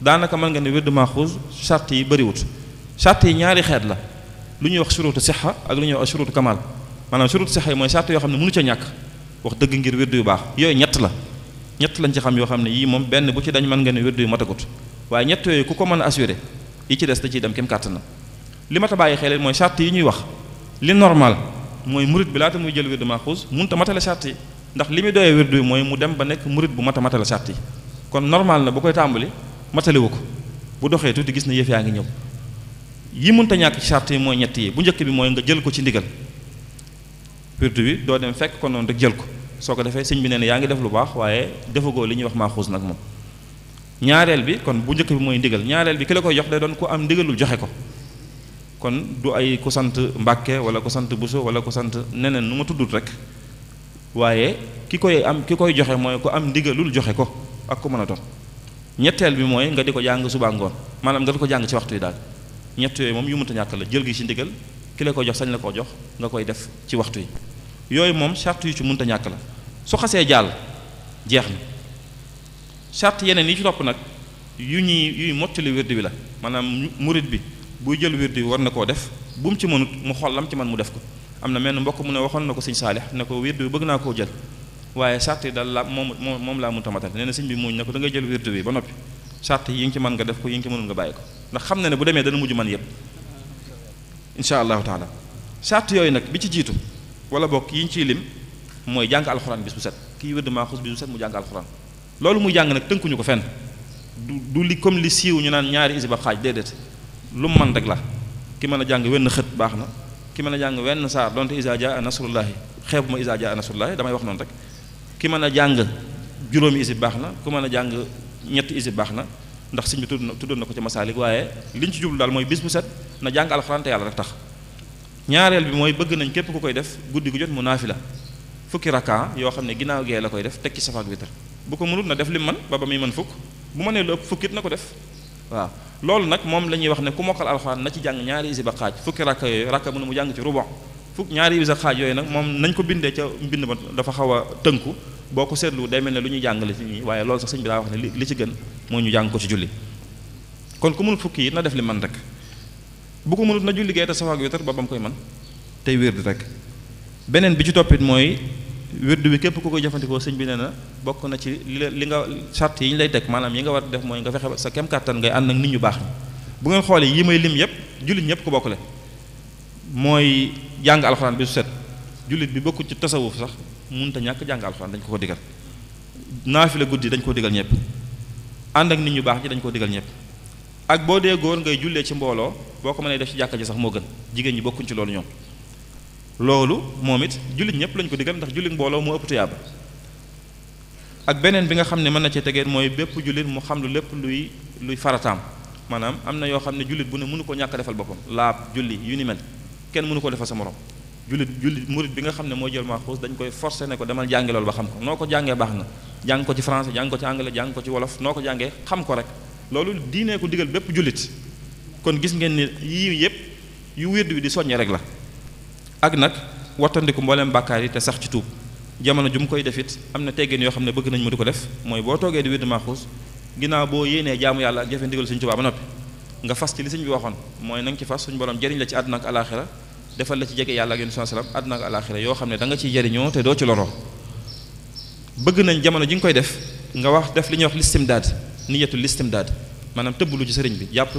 daanaka mën nga ne wérdu maaxuus sart yi bëriwut sart yi ñaari xet la lu ñu wax shurutu sihha ak lu ñu wax shurutu kamal manam shurutu sihha moy mooy yo xamne mënu ca ñak wax deug ngir wedd yu bax yoy ñett la ñett lañ ci xam yo xamne yi mom benn bu ci dañ man nga ne wedd yu gut waye ñett yooyu ku ko mën yi ci dess da ci dem kem kàttan li mata baye xel mooy yi ñuy wax li normal mooy murit bi laata muy jël wirdu maxuus munta matale sart yi ndax li muy doyee wirdu bi mooy mu dem ba nekk murit bu mata matale sart yi kon normal na bu koy tàmbali matalewu ko bu doxee tuuti gis na yëf yaa ngi ñëw yi munta ñàkk ci sart yi mooy ñett yi bu njëkk bi mooy nga jël ko ci ndigal wirdu bi doo dem fekk kon noonu rek jël ko soo ko defee sëñ bi nee na yaa ngi def lu baax waaye defagoo li ñuy wax maxuus nag moom ñaareel bi kon bu njëkk bi mooy ndigal ñaareel bi ki la jox day doon ku am ndigalul joxe ko kon du ay ku sant Mbàkke wala ku sant Buso wala ku sant neneen nu ma tuddut rek waaye ki koy am ki koy joxe mooy ku am ndigalul joxe ko ak ku mën a doon ñetteel bi mooy nga di ko jàng suba ngoon maanaam nga di ko jàng ci waxtu yi daal ñett yooyu moom yu mënta ñàkk la jël ci ndigal ki la ko jox sañ la koo jox nga koy def ci waxtu yi yooyu moom charte yu ci mënta ñàkk la su xasee jàll jeex na sart yeneen yi ci topp nag yu ñuy yuy mottali wérdi bi la maanaam murit bi buy jël wi war na koo def bu mu ci mënut mu xool lam ci man mu def ko am na mel ni mbokk mu ne waxoon na ko sëñ Saalix ne ko wirdu bëgg naa koo jël waaye sart yi daal la moom moom laa mënta matal nee na sëñ bi muuñ ne ko da ngay jël wirdu bi ba noppi sart yi nga ci mën nga def ko yi nga ci mënul nga bàyyi ko ndax xam na ne bu demee dana mujj man yëpp insha allahu taala sart yooyu nag bi ci jiitu wala bokk yi ñu ciy lim mooy jàng alxuraan bis bu set kii wirdu maa xus bis bu set mu jàng alxuraan loolu muy jàng nag tënkuñu ko fenn du li comme li siiw ñu naan ñaari isib xaaj déedéet lu mu man rek la ki mën a jàng wenn xët baax na ki mën a jàng wenn saar donte isa jaa nasrullahi xeebuma isa jaa nasrullahi damay wax noonu rek ki mën a jàng juróomi isib baax na ku mën a jàng ñetti isib baax na ndax sëñ bi tudd na tuddoon na ko ci masaalik waaye liñ ci jublu daal mooy bis bu set na jàng alxuraan yàlla rek tax ñaareel bi mooy bëgg nañ képp ku koy def guddi gu jot mu la fukki rakka yoo xam ne ginnaaw gee la koy def teg ci safaak witar bu ko mënul na def li man ba ba muy mën fukk bu ma nee na ko def waaw loolu nag moom la ñuy wax ne ku mokkal alxuraan na ci jàng ñaari ba xaaj fukki rakka yooyu rakka mu ne mu jàng ci rubu fukk ñaari isiba xaaj yooyu nag moom nañ ko bindee ca mbind ma dafa xaw tënku boo ko seetlu day mel ne lu ñuy jàngale ci ñi waaye lool sax sëñ bi daa wax ne li ci gën moo ñu jàng ko ci julli kon ku mënul fukki yi na def li man rek bu ko mënut na julli gee te safaak witar ba ba mu koy man tey wér di rek beneen bi ci toppit mooy wird bi képp ku ko jëfandikoo sëñ bi nee na bokk na ci li li nga charte yi ñu lay teg maanaam yi nga war def mooy nga fexe sa kem kàttan ngay ànd ak nit ñu baax ñi bu ngeen xoolee yi may lim yëpp jullit ñëpp ko bokkale mooy jàng alxuraan bi su set jullit bi bokku ci tasawuf sax mënut a ñàkk jàng alxuraan dañ ko ko digal naafila guddi dañ ko digal ñëpp ànd ak nit ñu baax ñi dañ ko digal ñëpp ak boo dee góor ngay jullee ci mbooloo boo ko mënee def ci jàkka ji sax moo gën jigéen ñi bokkuñ ci loolu ñoom lolu momit, julit ñep lañ ko digal ndax julit mbolo mo ëpp tiyaba ak benen bi nga xamne ne na cee tegeet mooy mu xam lu lepp luy luy faratam manam amna na xamne julit bu ne mënu ko Ken defal bopam la julli yu ni mel ken mënu ko defal sa morom julit julit mourid bi nga xamne mo jël ma xoss dañ koy forcer ne ko demal jàngi loolu ba xam ko noko na jàng ko ci français jàng ko ci anglais jàng ko ci wolof noko ko xam ko rek lolu diiné ko digal julit kon gis ngeen ni yi yëpp yu wérdu bi di rek la ak nag wattandiku mbollem bakari te sax ci tuub jamono jum koy defit amna teggene yo xamne xam bëgg nañ mu diko def moy bo toge di wird maaxuus ginaaw bo yene jaamu yàlla ak jafe ndigal suñ Tuubaa ba nopi nga fas ci li suñ bi waxon moy nang ci fas suñu borom jëriñ la ci àdduna ak defal la ci jégué yàlla ak yunus sallam alayhi ak da nga ci jëriñoo te do ci loro bëgg nañ jamono jing koy def nga wax def li ñuy wax listimdad niyatul listimdad manam tebbulu ci sëriñ bi jàpp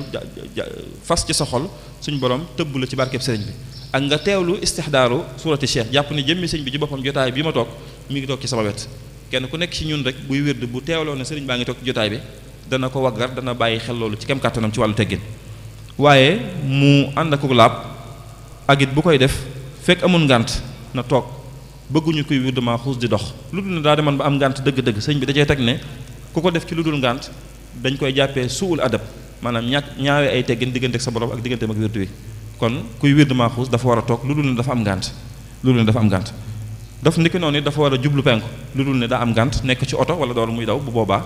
fas ci sa xol suñu borom tebbulu ci barkeb sëriñ bi ak nga tewlu istihdaru surati sheikh jàpp ni jëmmi sëñ bi ci bopam jotaay bi ma tok mi ngi tok ci sama wet kenn ku nek ci ñun rek buy wérd bu tewlo ne sëriñ baa ngi toog ci jotaay bi dana ko waggar dana bàyyi xel lolu ci kem kàttanam ci walu teggine waye mu ànd ak laab ak it bu koy def fek amun ngànt na toog bëgguñu koy wérd maa xuus di dox lu dul ne daa demoon ba am ngant deug deug sëñ bi da cey tek ne ku ko def ci lu dul ngànt dañ koy jappé suul adab manam ñàkk ñaawe ay teggine digënté ak sa borom ak digënté mak wérd wi kon kuy wird maaxuus dafa war a toog lu dul ne dafa am ngànt lu dul ne dafa am ngànt daf ni ki dafa war a jublu penku lu dul ne daa am ngànt nekk ci oto wala doolu muy daw bu boobaa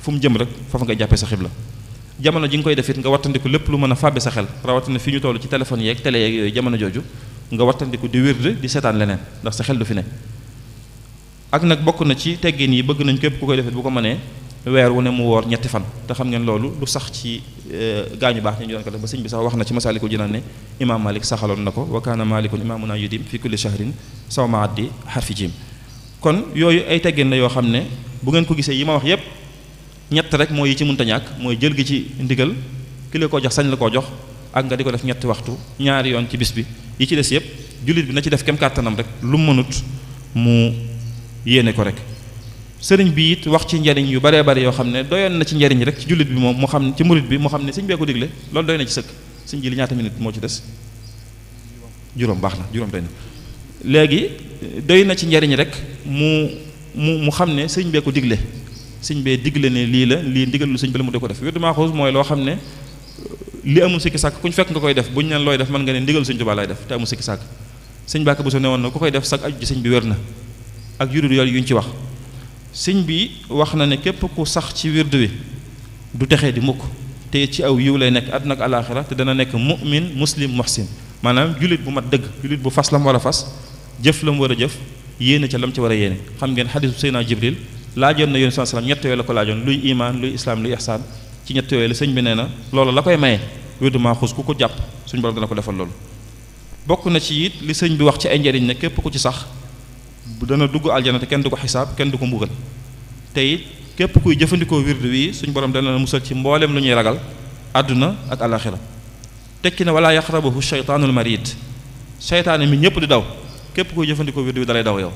fu mu jëm rek foofu ngay jàppee sa la jamono ji nga koy def it nga wattandiku lépp lu mën a fàbbi sa xel rawatina fi ñu toll ci téléphone yeeg télé yeeg yooyu jamono jooju nga wattandiku di wird di seetaan leneen ndax sa xel du fi ne ak nag bokk na ci teggin yi bëgg nañ képp ku koy defit bu ko mënee weer wu ne mu woor ñetti fan te xam ngeen loolu lu sax ci euh, gaañu baax ñu doon ko def ba sëñ bi sax wax na ci masaliku jinaan ne imaam malik saxaloon na ko wa kaana malikun imaamuna yudim fi kulli shahrin saw ma addi xarfi jim kon yooyu ay teggin la yoo xam ne bu ngeen ko gisee yi ma wax yépp ñett rek mooy yi ci munta ñàkk mooy jël gi ci ndigal ki koo jox sañ la koo jox ak nga di ko def ñetti waxtu ñaari yoon ci bis bi yi ci des yépp jullit bi na ci def kem kàttanam rek lu mënut mu yéene ko rek sëriñ bi it wax ci njariñ yu baree bari yoo xam ne doyan na ci njariñ rek ci jullit bi moom mu xam ci murit bi mu xam ne sëñ bee ko digle loolu doy na ci sëkk sëñ moo ci des juróom baax na juróom léegi doy na ci njariñ rek mu mu mu xam ne sëñ bee ko digle sëñ digle ne lii la lii ndigal lu sëñ bi la mu di ko def wirdu maaxuus mooy loo xam ne li amul sikki sàkk ku ñu fekk nga koy def bu ñu leen looy def mën nga ne ndigal sëñ Tuubaa lay def te amul sikki sàkk sëñ Bàkke bu so ne woon na ku koy def sag aju ci sëñ bi wér na ak yurud yool yu ñu ci wax sëñ bi wax na ne képp ku sax ci wird wi du texee di mukk te ci aw yiw lay nekk àdduna ak alaaxira te dana nekk mu'min muslim muhsin maanaam jullit bu mat dëgg jullit bu fas la mu war a fas jëf la mu war a jëf yéene ca la mu ci war a yéene xam ngeen xadisu Seydina Jibril laajoon na yónni sallam ñett yooyu la ko laajoon luy iman luy islaam luy ihsaan ci ñett yooyu la sëñ bi nee na loolu la koy maye wirdu maaxuus ku ko jàpp suñ borom dana ko defal loolu bokk na ci it bi wax ci ay njariñ ne képp ku ci sax dana dugg aljana te kenn du ko xisaab kenn du ko mbugal tey képp kuy jëfandikoo wirdu wi suñ borom dana la musal ci mbooleem lu ñuy ragal àdduna ak alaxira tekki na wala yaqrabuhu shaytaanul marid seytaane mi ñëpp di daw képp kuy jëfandikoo wirdu wi dalay daw yow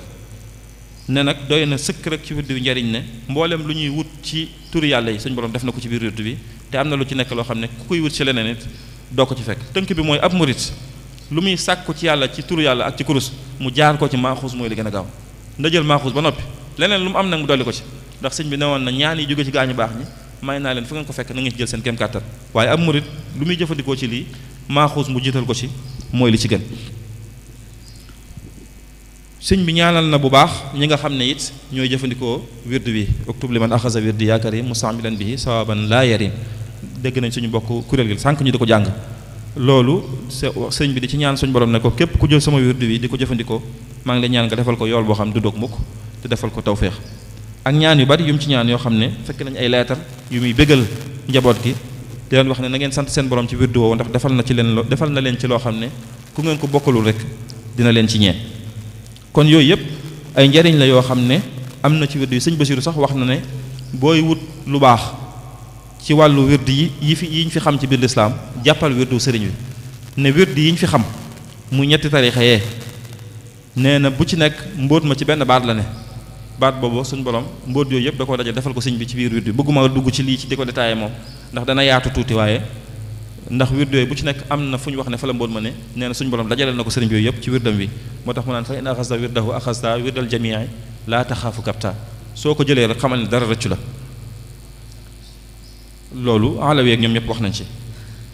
ne nag doy na sëkk rek ci wirdu wi njariñ ne mbooleem lu ñuy wut ci turi yàlla yi suñ borom def na ko ci biir wirdu bi te am na lu ci nekk loo xam ne ku koy wut ci leneen it doo ko ci fekk tënk bi mooy ab murit lu muy sàkku ci yàlla ci turu yàlla ak ci kurus mu jaar ko ci maaxuus mooy li gën a gaaw nda jël maaxuus ba noppi leneen lu mu am nag mu dolli ko ci ndax sëñ bi newoon na ñaan jóge ci gaañu baax ñi may naa leen fu ko fekk na ngeen ci jël seen kéem kàttan waaye lu muy jëfandikoo ci lii maaxuus mu jiital ko ci mooy li ci gën sëñ bi ñaanal na bu baax ñi nga xam ne it ñooy jëfandikoo wirdu bi uktub liman axasa wirdi yaakaar yi musaamilan bihi sawaban laa yarim dégg nañ suñu bokk kuréel gi sànq ñu di ko jàng loolu se sëñ bi di ci ñaan suñu borom ne ko képp ku jël sama wirdu wi di ko jëfandikoo maa ngi lay ñaan nga defal ko yool boo xam du dog mukk te defal ko tawféex ak ñaan yu bari yu ci ñaan yoo xam ne fekk nañ ay leetar yu muy bégal njaboot gi di wax ne nangeen sant seen borom ci wirdu woowu ndax defal na ci leen defal na leen ci loo xam ne ku ngeen ko bokkalul rek dina leen ci ñee kon yooyu yëpp ay njariñ la yoo xam ne am na ci wirdu yi sëñ Basiru sax wax na ne booy wut lu baax ci walu wird yi fi yiñ fi xam ci biir lislaam jàppal wirdu serign wi ne wird yiñ fi xam mu ñetti tariixa ye neena bu ci nek mbóot ma ci benn baat la ne baat bobo suñ borom mbóot yooyu yeb da ko dajje defal ko sëñ bi ci bir wird bëgguma dugg ci li ci diko detaay mom ndax dana yaatu tuti waye ndax wirdu yooyu bu ci nek amna fuñ wax ne fa la mbóot ma ne neena suñ borom dajaleel na ko sëriñ bi yooyu yeb ci wirdam wi motax mu nan fa in axasta wirdahu axasta wirdal jamii la takhafu kapta soko jele rek xamal ne dara rëccu la loolu alawi ak ñoom ñëpp wax nañ ci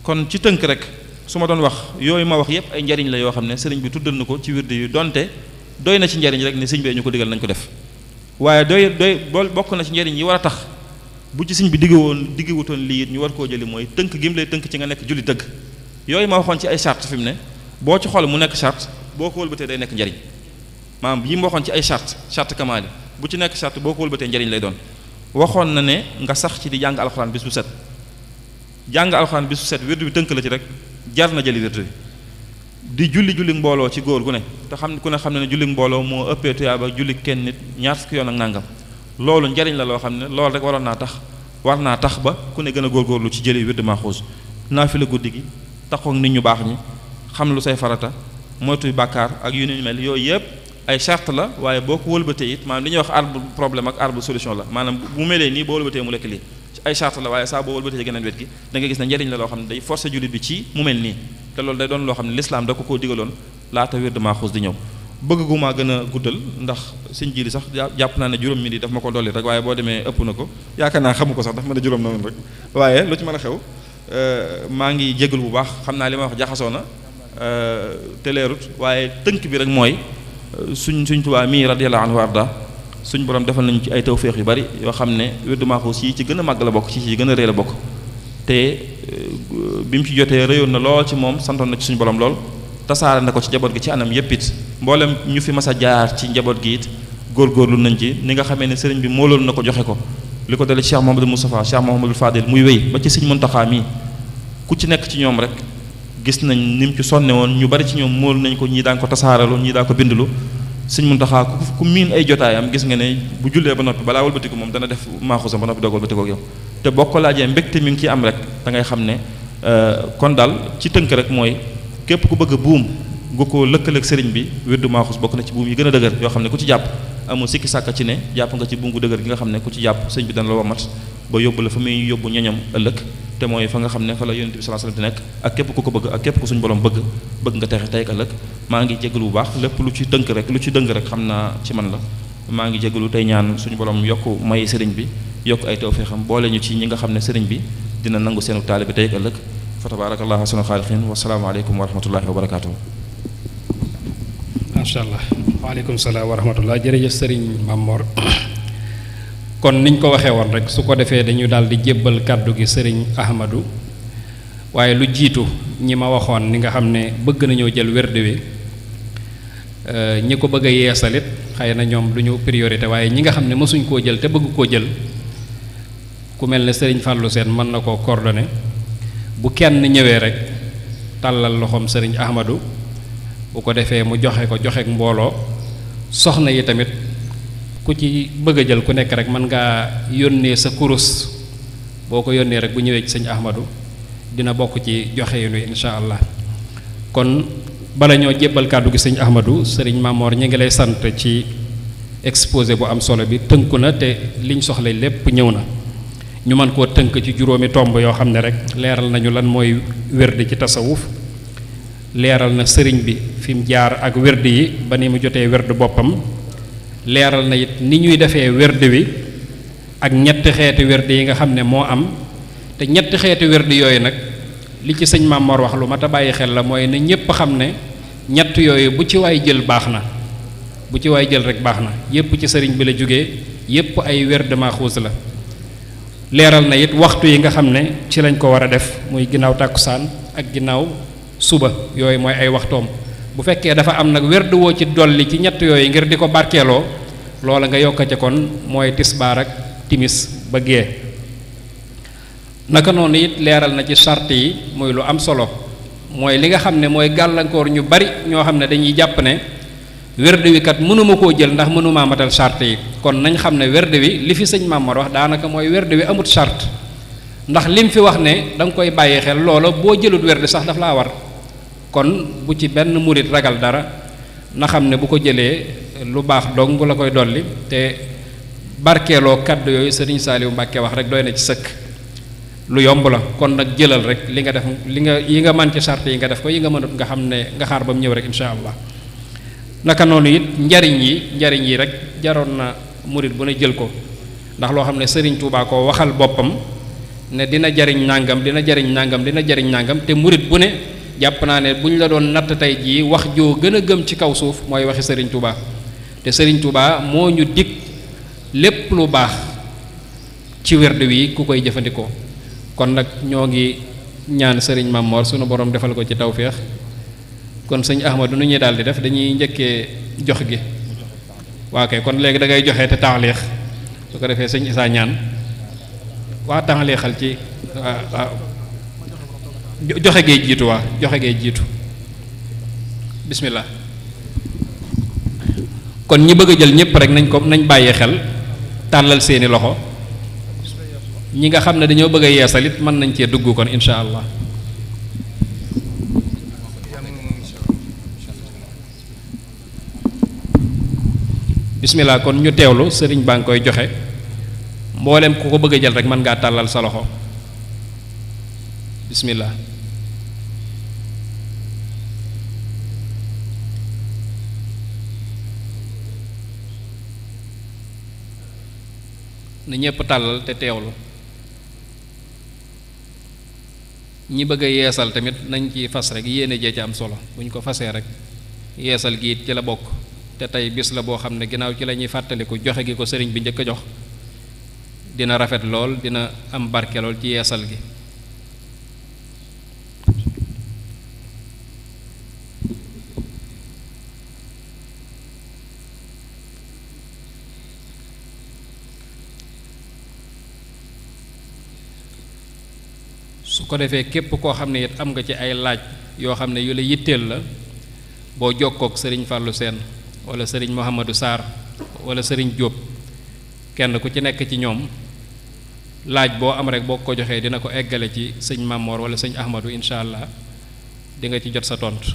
kon ci tënk rek su ma doon wax yooyu ma wax yëpp ay njariñ la yoo xam ne sëriñ bi tuddal na ko ci wirde yu donte doy na ci njariñ rek ne sëñ bee ñu ko digal nañ ko def waaye doy doy bokk na ci njariñ yi war a tax bu ci sëñ bi digg woon diggiwutoon lii it ñu war koo jëli mooy tënk gim lay tënk ci nga nekk julli dëgg yooyu ma waxoon ci ay charte fi mu ne boo ci xool mu nekk charte boo ko wëlbatee day nekk njariñ maanaam yi mu ci ay charte charte kamaali bu ci nekk charte boo ko wëlbatee njariñ lay doon waxoon na ne nga sax ci di jàng alxuraan bis bu set jàng alxuraan bis bu set wird wi tënk la ci rek jar na jëli wird bi di julli julli mbooloo ci góor gu ne te xam ku ne xam ne ne julli mbooloo moo ëppee tuyaaba julli kenn nit ñaar fukki yoon ak nangam loolu njariñ la loo xam ne loolu rek waroon naa tax war naa tax ba ku ne gën a góor góorgóorlu ci jëli wird maaxuus naafila guddi gi taxoog nit ñu baax ñi xam lu say farata moytuy bàkkaar ak yu ni mel yooyu yëpp ay charte la waaye boo ko wëlbatee it maanaam li ñuy wax arbre problème ak arbre solution la maanaam bu melee nii boo wëlbatee mu lekk lii ay charte la waaye saa boo wëlbatee ci geneen wet gi da nga gis ne njariñ la loo xam ne day forcer jullit bi loo xam ne lislaam da ko koo digaloon laata wér de maaxuus di ñëw bëgg gu maa gën a guddal ndax sëñ ji li sax jàpp naa ne juróom mi di daf ma ko dolli rek waaye boo demee ëpp na ko yaakaar naa xamu ko sax daf ma ne juróom na woon rek waaye lu ci mën a xew euh, maa ngi jégalu bu baax xam naa li ma wax jaxasoo na euh, te leerut waaye tënk bi rek mooy suñ suñ tubaa mii radiyallahu anhu warda suñ borom defal nañu ci ay tawféex yu bari yoo xam ne wirdu Maxuus yi ci gën a màgg la bokk ci ci gën a rëy la bokk te euh, bi mu ci jotee rëyoon na lool ci moom santoon na ci suñ borom lool tasaare na ko ci njaboot gi ci anam yépp it mboolem ñu fi mas a jaar ci njaboot gi it góorgóorlu nañ ci ni nga xamee ne sëriñ bi mooloon na ko joxe ko li ko dalee Cheikh Mouhamadou Moustapha Cheikh Mouhamadou Fadil muy wéy ba ci sëñ Muntaxa mii ku ci nekk ci ñoom rek gis nañ ni mu ci sonne woon ñu bari ci ñoom mool nañ ko ñii daan ko tasaaralu ñii daan ko bindalu sëñ Muntaxa ku miin ay jotaayam gis nga ne bu jullee ba noppi balaa walbatiku moom dana def maaxusam ba noppi doog walbatikook yow te boo ko laajee mbégte mi ngi ciy am rek da ngay xam ne euh, kon daal ci tënk rek mooy képp ku bëgg a buum nga ko lëkkaleeg sëriñ bi wirdu maaxus bokk na ci buum yi gën a dëgër yoo xam ne ku ci jàpp amul sikki sàkka ci ne nga ci buum gu dëgër gi nga ne ku ci jàpp sëñ bi dana la wamat ba yóbbu la fa muy yóbbu ñoñam ëllëg té moy fa nga xamné fa la yoonte bi sallallahu alayhi wasallam nek ak képp ku ko bëgg ak képp ku suñu borom bëgg bëgg nga texe tay ak ëllëg maa ngi jégalu bu baax lépp lu ci dëng rek lu ci dëng rek xamna ci man la ma ngi jégalu tay ñaan suñu borom yokku may sëriñ bi yokku ay tawféexam boole ñu ci ñi nga xamné sëriñ bi dina nangu seenu talib tay ak ëllëg fa tabarakallahu sunu wa salaamu alaykum wa rahmatullahi wa barakatuh inshallah wa alaykum salaam wa rahmatullah jërëjëf sëriñ Mamor kon niñ ko waxee woon rek su ko defee dañu daal di jébbal kàddu gi sëriñ Ahmadou waaye lu jiitu ñi ma waxoon ni nga xam ne bëgg nañoo jël werd wi euh, ñi ko bëgg a yeesalit xëy na ñoom du ñu priorité waaye ñi nga xam ne mësuñ koo jël te bëgg koo jël ku mel ne sëriñ Fallou seen mën na koo coordonné bu kenn ñëwee rek tàllal loxoom sëriñ Ahmadou bu ko defee mu joxe ko joxeek mbooloo soxna yi tamit ku ci bëgg a jël ku nekk rek mën ngaa yónnee sa kurus boo ko yónnee rek bu ñëwee ci sëñ Ahmadu dina bokk ci joxe yu nuy incha allah kon bala ñoo jébbal kàddu gi sëñ Ahmadu sëriñ Mamor ñu ngi lay sant ci exposé bu am solo bi tënku na te liñ soxla lépp ñëw na ñu mën koo tënk ci juróomi tomb yoo xam ne rek leeral nañu lan mooy wérdi ci tasawuf leeral na sëriñ bi fi mu jaar ak wérd yi ba ni mu jotee wérdu boppam leeral na it ni ñuy defee werd wi ak ñetti xeeti werd yi nga xam ne moo am te ñetti xeeti werd yooyu nag li ci sëñ Maam wax lu mat a bàyyi xel la mooy ne ñépp xam ne ñett yooyu bu ci waay jël baax na bu ci waay jël rek baax na yépp ci sëriñ bi la jógee yépp ay werd Maaxuus la leeral na it waxtu yi nga xam ne ci lañ ko war a def muy ginnaaw tàkkusaan ak ginnaaw suba yooyu mooy ay waxtoom bu fekkee dafa am nag wérdu woo ci dolli ci ñett yooyu ngir di ko barkeeloo loola nga yokkate kon mooy tisbaar ak timis ba gee naka noonu it leeral na ci sart yi muy lu am solo mooy li nga xam ne mooy gàllankoor ñu bari ñoo xam ne dañuy jàpp ne wérde wi kat mënuma koo jël ndax mënumaa matal charte yi kon nañ xam ne wérde wi li fi sëñ Mamar wax daanaka mooy wérde wi amut charte ndax lim fi wax ne da nga koy bàyyi xel looloo boo jëlut wérde sax daf laa war kon bu ci ben mourid ragal dara na xamne ne bu ko lubah lu bax dong la koy dolli te barkelo lokat yoy serigne sali Mbàkke wax rek doyna ci seuk lu yomb la kon nak jëlal rek li nga def li nga yi nga man ci charte yi nga def ko yi nga nga xamne ne nga xaar bam ñew rek inshallah naka nonu yit njariñ yi njariñ yi rek jaron na murid bu ne jël ko ndax lo xamne ne touba ko waxal bopam ne dina jariñ nangam dina jariñ nangam dina jariñ nangam te murid bu ne jàpp naa ne bu ñu la doon natt tey jii wax joo gën a gëm ci kaw suuf mooy waxi Serigne Touba te sëriñ Touba moo ñu dikk lépp lu baax ci werd wii ku koy jëfandikoo kon nag ñoo ngi ñaan Serigne Mamor sunu borom defal ko ci tawféex kon sëñ Ahmadu nu ñuy daal di def dañuy njëkkee jox gi waa kay kon léegi da ngay joxe te taxleex su ko defee sëñ saa ñaan waa taxleexal ci waaw. joxe gee jiitu waa joxe gee jiitu bismillah kon ñi bëgg a jël ñëpp rek nañ ko nañ bàyyi xel tàllal seeni loxo ñi nga xam ne dañoo bëgg a yeesalit mën nañ cee dugg kon insha allah bismillah kon ñu teewlu sëriñ baa ngi koy joxe mboolem ku ko bëgg a jël rek mën ngaa tàllal sa loxo bismillah na ñépp tàllal te teewlu ñi bëgg a yeesal tamit nañ ci fas rek yéene jee ci am solo bu ko fasee ya rek yeesal gi it ci la bokk te tey bis la boo ham. ne ginnaaw ci la ñuy ko joxe gi ko sëriñ bi njëkk jox dina rafet lool dina am barke lool ci yeesal gi ko defee képp koo xam ne it am nga ci ay laaj yoo xam ne yu la yitteel la boo jokkook sëriñ Fallou seen wala sëriñ Mouhamadou Sarr wala sëriñ Diop kenn ku ci nekk ci ñoom laaj boo am rek boo ko joxee dina ko eggale ci sëñ Mamor wala sëñ Ahmadou incha allah di ci jot sa tontu.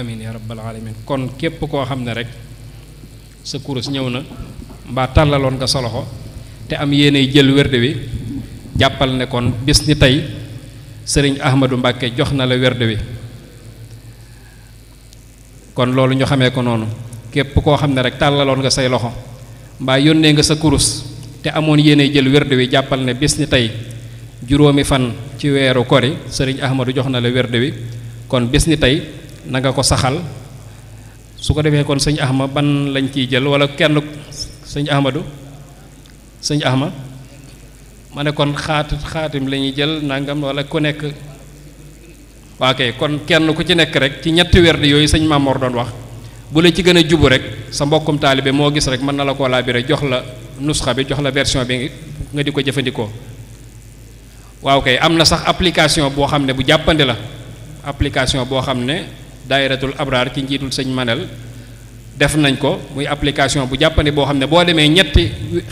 amin ya rabbal alamin kon kep ko xamne rek sa kurus ñëw na nga sa te am yene jël werde wi jappal ne kon bis ni tay serigne ahmadou mbake joxna la werde wi kon lolu ñu xamé ko nonu kep ko xamne rek talalon nga say loxo ba yonne nga sa kurus te amone yene jël werde wi jappal ne bis ni tay juromi fan ci wéru kori sëriñ ahmadu jox la werde wi kon bis ni tay Naga ko saxal su ko defee kon Seigne ahma ban lañ ciy jël wala kenn Seigne ahmadu Seigne ahma ma kon xaat xaatim la ñuy jël nangam wala ku nekk waa kay kon kenn ku ci nekk rek ci ñetti werd yooyu sëñ Mamor doon wax bu la ci gën a jubu rek sa mbokkum taalibe moo gis rek mën na la koo laabire jox la nusxa bi jox la version bi nga di ko jëfandikoo waaw kay am na sax application boo xam ne bu jàppandi la application boo xam ne daayiratul abraar ci njiitul sëñ Manel def nañ ko muy application bu jàppandi boo xam ne boo demee ñetti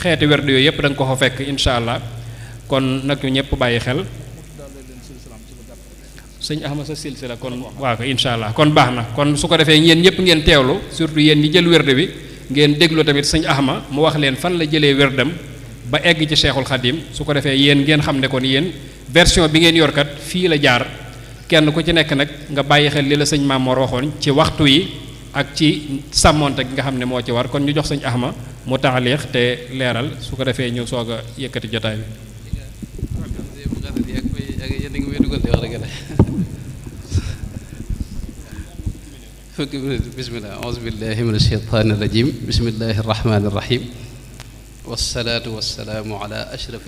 xeeti werdu yooyu yëpp danga ko ko fekk incha allah kon nag ñu ñëpp bàyyi xel sëñ Ahmad sa silsila kon waa ko incha allah kon baax na kon su ko defee yéen ñëpp ngeen teewlu surtout yéen ñi jël wérde bi ngeen déglu tamit sëñ Ahmad mu wax leen fan la jëlee wérdam ba egg ci Cheikhul Khadim su ko defee yéen ngeen xam ne ko ni yéen version bi ngeen yorkat fii la jaar kenn ku ci nekk nag nga bàyyi xel li la sañ Maamoor waxoon ci waxtu yi ak ci sàmmoonte gi nga xam ne moo ci war kon ñu jox sëñ Axma mu taxaliix te leeral su ko defee ñëw soog a yëkkati jotaay bi. fukki minute bismillah auzu billahi min asheytaani rajim bismillahi rahmaani rahim wasalaatu wasalaamu ala ashraf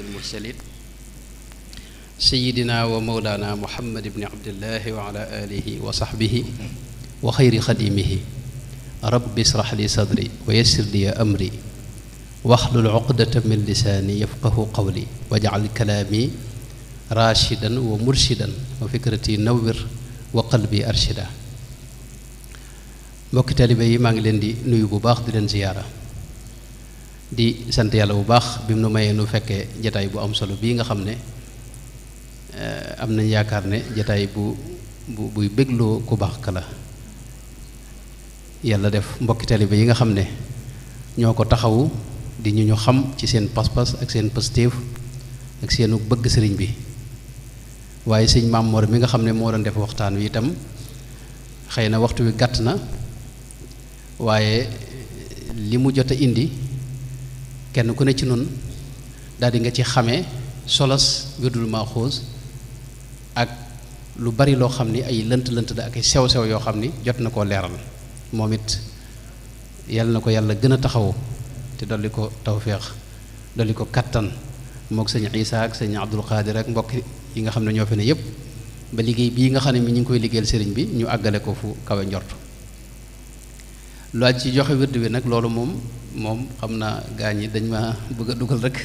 سيدنا ومولانا محمد بن عبد الله وعلى آله وصحبه وخير خديمه رب اشرح لي صدري ويسر لي أمري واحلل عقدة من لساني يفقه قولي واجعل كلامي راشدا ومرشدا وفكرتي نور وقلبي أرشدا مكتالي بي مانجلين دي ngi leen دي زيارة دي سنتيالو باخ بمنو ziyaara di sant yàlla bu baax Eh, am nañ yaakaar ne jataay bu bu buy bégloo ku baax ka la yàlla def mbokki taalibe yi nga xam ne ñoo ko taxawu di ñu ñu xam ci seen pas ak seen positif ak seenu bëgg sëriñ bi waaye sëñ Maam Mor mi nga xam ne moo doon def waxtaan wi itam xëy na waxtu wi gàtt na waaye li mu jot a indi kenn ku ne ci noonu daal di nga ci xame solos wirdul Maxuus ak lu bari lo xamni ay leunt leunt da ak ay sew-sew yo xamni jot na koo leeral moom it yàlla na ko taxaw te daliko ko daliko katan mok kattan Isa ak sëñ Abdul Qadir, ak mbok yi nga xamni ño fi ne yeb ba liggey bi nga xamni ñing koy liggéeyal sëriñ bi ñu àggale ko fu kawé ñort lu ci joxe wird bi nak lolu mom mom xamna gañi dañ ma bëgg duggal rek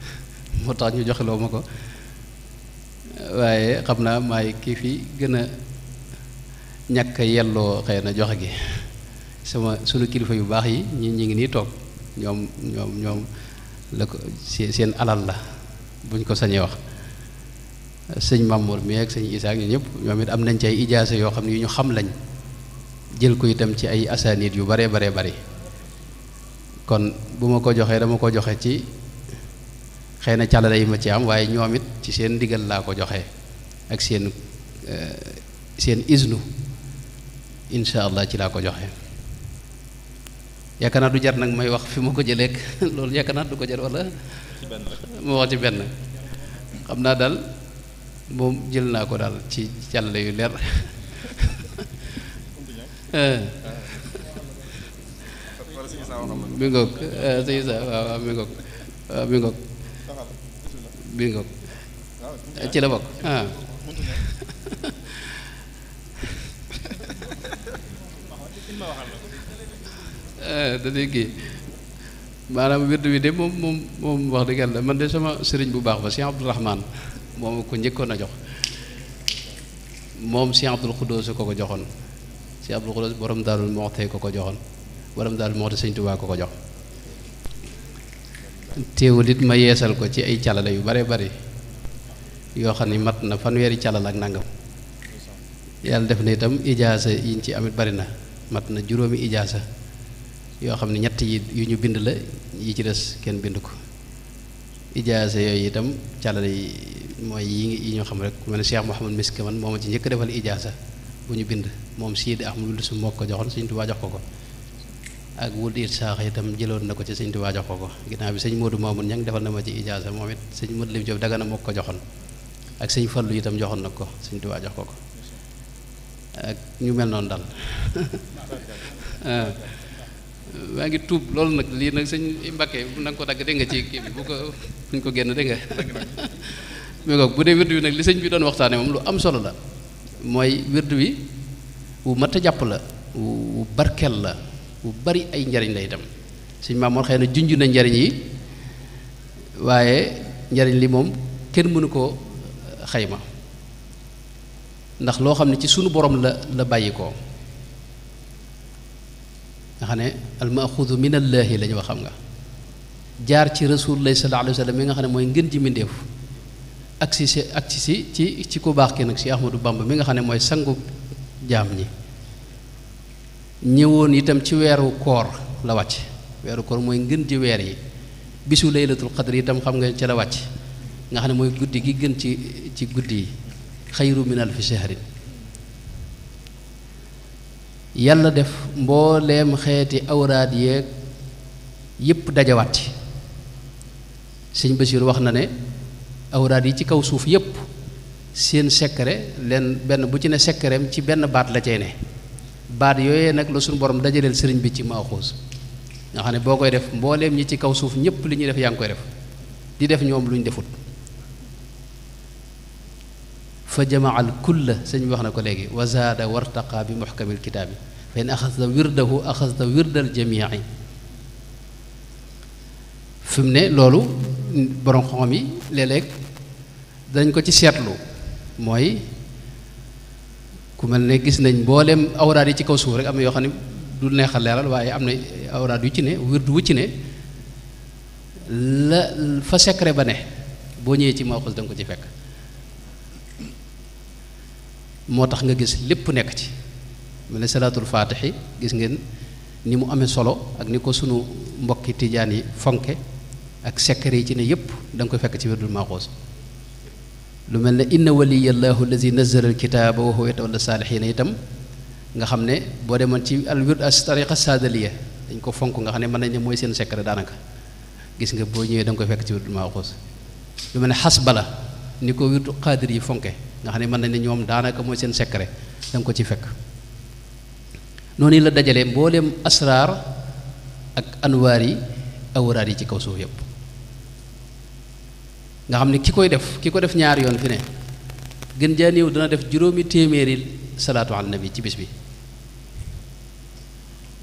[LAUGHS] motax ñu joxe mako waaye xam naa maay kii fi gën a ñàkk yelloo xëy na joxe gi sama sunu kilifa yu baax yi ñi ñi ngi nii toog ñoom ñoom la ko seen alal la buñ ko sañee wax sëñ Mamour mi ak sëñ Issa ak ñun ñëpp ñoom it am nañ ci ay ijaasa yoo xam ne yu ñu xam lañ jël ko itam ci ay asaanit yu bare baree bari kon bu ma ko joxee dama ko joxe ci xëy na càllale yi ma ci am waaye ñoom it ci seen ndigal laa ko joxe ak seen eh, seen isnu incha allah ci laa ko joxe yaakaar naa du jar nag may wax fi ma ko jëleek [LAUGHS] loolu yaakaar naa du ko jar wala [LAUGHS] mu wax ci benn xam naa daal moom jël naa ko daal ci càllale yu leer [LAUGHS] eh. mi ngoog eh, si sa waaw waaw mi ngoog waaw mi ngoog bi ngoog eh, ci la bokk ah eh, dañuy kii maanaam wird wi de moom moom moom wax dëgg yàlla man de sama sëriñ bu baax ba Cheikh Abdou Rahman moom ko njëkkoon a jox moom Cheikh Abdou Khoudous ko ko joxoon Cheikh Abdou Khoudous borom Daarul Moxte ko ko joxoon borom Daarul Moxte Sëñ Tuubaa ko ko jox teewul ma yeesal ko ci ay calala yu bare bari yoo xam ne mat na fanweeri calal ak nangam yàlla def na itam ijaasa yiñ ci amit bari na mat na juróomi ijaasa yoo xam ne ñett yi yu ñu bind la yi ci des kenn bind ko ijaasa yooyu itam calal yi mooy yi ñu xam rek ku mel ne Cheikh Mouhamad Miski man moom ma ci njëkk defal ijaasa bu ñu bind moom Sidi Ahmadou su moo ko joxoon Sëriñ Tuubaa jox ko ko ak wul diir sax itam jëlon nako ci seigne touba jox ko bi seigne Modou Mamoun ñang defal na ma ci ijaza momit seigne Modou Lim Diop daga na moko joxon ak seigne Fallu itam joxon nako seigne touba Tuubaa ko ak ñu mel non dal [LAUGHS] ah. maa tuub lool nak li nak seigne mbacke na nang ko dag de nga ci ki bu ko buñ ko genn de nga mais [LAUGHS] ko bu de wirdu nak li seigne bi doon waxtane mom lu am solo la moy wirdu wi wu mat japp la wu barkel la bu bari ay njariñ lay dem señ maamoor mor na junj na njariñ yi waye njariñ li mom kenn mënu ko euh, xeyma ndax lo xamni ci sunu borom la la bayiko xane al maaxudu min allah lañ wax xam nga jaar ci rasulullahi sallallahu alayhi wasallam nga xane moy ngeen ci mindeef ak si ak si si ci ci ku bax ki nak si ahmadu bamba mi nga xane moy sangu ñëwoon itam ci weeru koor la wàcc weeru koor mooy ngën ji weer yi bisu laylatul xadr tam xam nga ci la wàcc nga xam ne mooy guddi gi gën ci ci guddi yi xayru min alfi shahrin yàlla def mbooleem xeeti awraad yeeg yépp dajawaat ci sëñ Basiir wax na ne awraad yi ci kaw suuf yépp seen secret leen benn bu ci ne secretam ci benn baat la cay ne baat yooyee nag la suñu borom dajaleel sëriñ bi ci maaxuus nga xam ne boo koy def mbooleem ñi ci kaw suuf ñëpp li ñuy def yaa ngi koy def di def ñoom luñ defut fa jamaal kulla sëñ bi wax na ko léegi wa zaada wartaqa bi muxkamil kitaabi fa in axasta wirdahu axasta wirdal jamii fi mu ne loolu borom xam yi léeg-léeg dañ ko ci seetlu mooy ku mel ne gis nañ mboolem awraad yi ci kaw suuf rek am yoo xam ne du neexal leeral waaye am na awraad yu ci ne wirdu wu ci ne la fa secret ba ne boo ñëwee ci mawxus da nga ko ci fekk moo tax nga gis lépp nekk ci mel ne salaatul faatixi gis ngeen ni mu amee solo ak ni ko sunu mbokki tiijaan yi fonke ak secret yi ci ne yépp da nga koy fekk ci wirdul mawxus lu mel ne inna waliya allahu allazi nazala alkitaaba wa huwa yatawalla saalihiina itam nga xam ne boo demoon ci al wird as tariqa saadaliya dañ ko fonk nga xam ne mën nañ ne mooy seen secret daanaka gis nga boo ñëwee da nga ko fekk ci wird maaxuus lu mel ne xasbala ni ko wirdu qaadir yi fonke nga xam ne mën nañ ne ñoom daanaka mooy seen secret da nga ko ci fekk noonu yi la dajalee mboolem asraar ak anwaar yi awraar yi ci kaw suuf yëpp nga xamni kiko def kiko def ñaar yoon fi ne gën ja néew dana def juróomi téméril salatu al nabi ci bis bi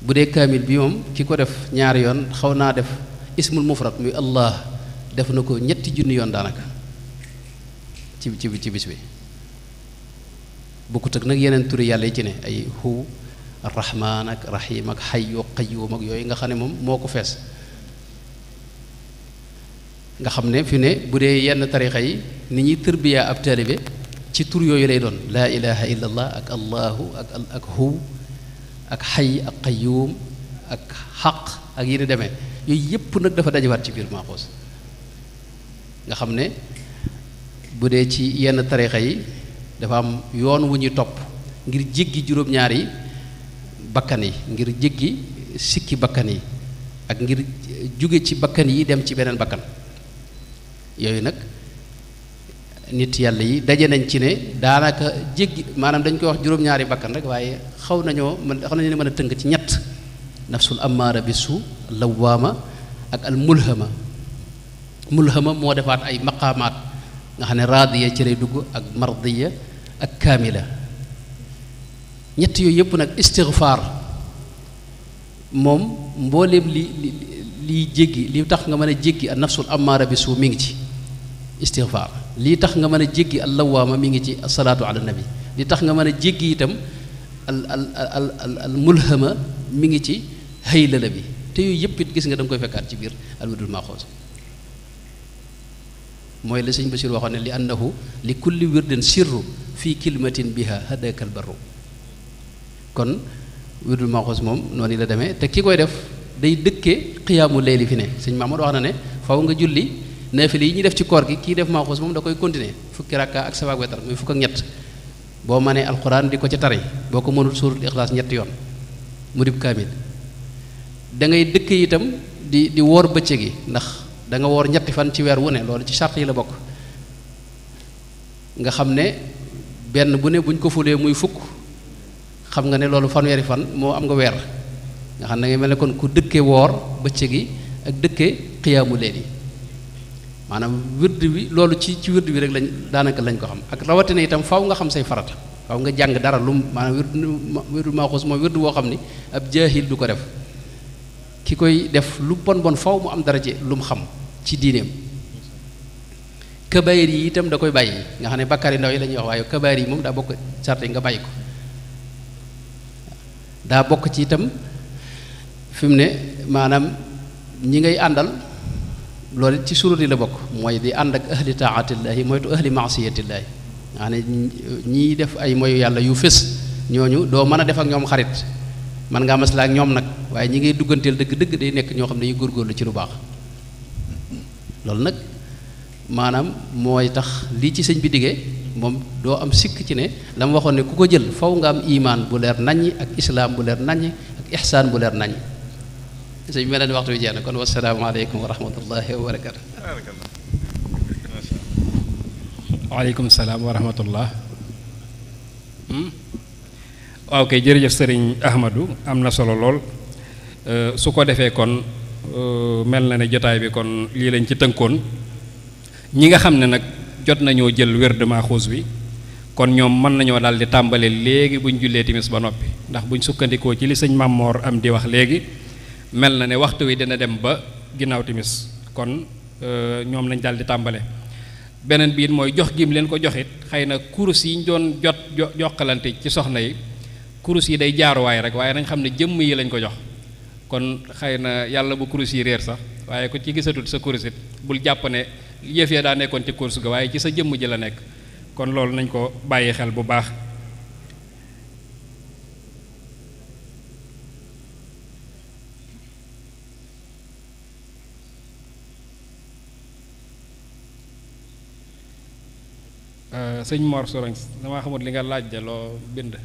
bu dee kaamil bi mom kiko def ñaar yoon xawna def ismul mufrad muy allah def nako ñetti junni yoon danaka ci ci ci bis bi ko tek nak yenen turu yàlla ci ne ay hu rahmaan ak rahim ak xayu nga xam mom moko fess nga xam ne fi ne bu dee yenn tarixa yi ni ñuy tërbiyaa ab taalibe ci tur yooyu lay doon laa ilaha illa allah ak allahu ak ak hu ak xay ak qayyum ak xaq ak yi ni demee yooyu yëpp nag dafa dajewaat ci biir maaxoos nga xam ne bu dee ci yenn tarixa yi dafa am yoon wu ñuy topp ngir jéggi juróom-ñaar bakkan yi ngir jéggi sikki bakkan yi ak ngir jóge ci bakkan yi dem ci beneen bakkan yooyu nag nit yàlla yi daje nañ ci ne daanaka jéggi maanaam dañ koy wax juróom-ñaari bakkan rek waaye xaw nañoo mën xaw nañu mën a tënk ci ñett nafsul amaara bi su lawaama ak al mulhama mulhama moo defaat ay maqaamaat nga xam ne raadiya ci dugg ak mardiya ak kaamila ñett yooyu yëpp nag istigfaar moom mbooleem li li liy jéggi li tax nga mën a jéggi an nafsul amaara bi su mi ngi ci istigfaar lii tax nga mën a jéggi al lawaama mi ngi ci asalaatu ala nabi tax nga mën a jéggi al al al mulhama mi ngi ci haylala bi te yooyu yëpp gis nga da koy fekkaat ci biir alwadul maaxoos la sëñ Basiir waxoon ne li annahu li kulli fii kilimatin biha hadakal barru kon wirdul maaxoos moom noonu la demee te ki koy def day dëkkee xiyaamu leyli fi ne sëñ Maamadu wax na ne faw nga julli nafil yi ñuy def ci koor gi kii def maaxuus moom da koy continuer fukki rakka ak sabaak wetar muy fukk ak ñett boo manee alquran di ko ca tari boo ko mënul suuratul ixlaas ñett yoon mu da ngay dëkk itam di di woor bëccë gi ndax da nga woor ñetti fan ci weer wu ne loolu ci charte yi la bokk nga xam ne benn bu ne buñ ko fulee muy fukk xam nga ne loolu fanweeri fan moo am nga weer nga xam da ngay mel ne kon ku dëkke woor bëccë gi ak dëkke xiyaamu leen maanaam wird wi loolu ci ci wird wi rek lañ daanaka lañ ko xam ak rawatina itam faw nga xam say farata faw nga jàng dara lu maanaam wird wirdu maaxuus mooy wird woo xam ne ak jaahil du ko def ki koy def lu bon bon faw mu am dara ci lu xam ci diineem kabaayir yi itam da koy bàyyi nga xam ne bakkaar yi ndaw yi lañuy ñuy wax waaye kabaayir yi moom daa bokk sarte yi nga bàyyi ko daa bokk ci itam fi mu ne maanaam ñi ngay àndal loolu ci surut yi la bokk mooy di ànd ak ahli taatillaahi moytu ahli maasiyatillaahi nga xam ne ñiy def ay moyu yàlla yu fës ñooñu doo mën a def ak ñoom xarit man ngaa maslaa ak ñoom nag waaye ñi ngay dugganteel dëgg-dëgg day nekk ñoo xam ne dañuy góorgóorlu ci lu baax loolu nag maanaam mooy tax lii ci sëñ bi moom doo am sikk ci ne la mu waxoon ne ku ko jël faw nga am imaan bu leer naññ ak islaam bu leer nañ ak ihsaan bu leer nañ sëñ bi leen waxtu bi jeex na kon wasalaamaaleykum wa rahmatullahi wa barakatu waaleykum salaam wa rahmatullah waaw hmm? kay jërëjëf sëriñ ahmadu am na solo lool euh, su ko defee kon euh, mel na ne jotaay bi kon lii lañ ci tënkoon ñi nga xam ne jot nañoo jël wérdu Maaxuus bi kon ñoom mën nañoo daal di tàmbale léegi buñ jullee timis ba noppi ndax buñ sukkandikoo ci li sëñ Màmmoor am di wax léegi mel na ne waxtu wi dina dem ba ginnaaw timis kon euh, ñoom lañ daal di tàmbale beneen bi mooy jox gim leen ko joxit xëy na kurus yi ñu doon jot jokkalante ci soxna yi kurus yi day jaaruwaay rek waaye nañ xam ne jëmm yi lañ ko jox kon xëy na yàlla bu kurus yi réer sax waaye ko ci gisatul sa kurus bul jàpp ne yëf ya daa nekkoon ci kurus ga waaye ci sa jëmm ji la nekk kon loolu nañ ko bàyyi xel bu baax sëñ Mor Sourang damaa xamut li nga laaj de loo bind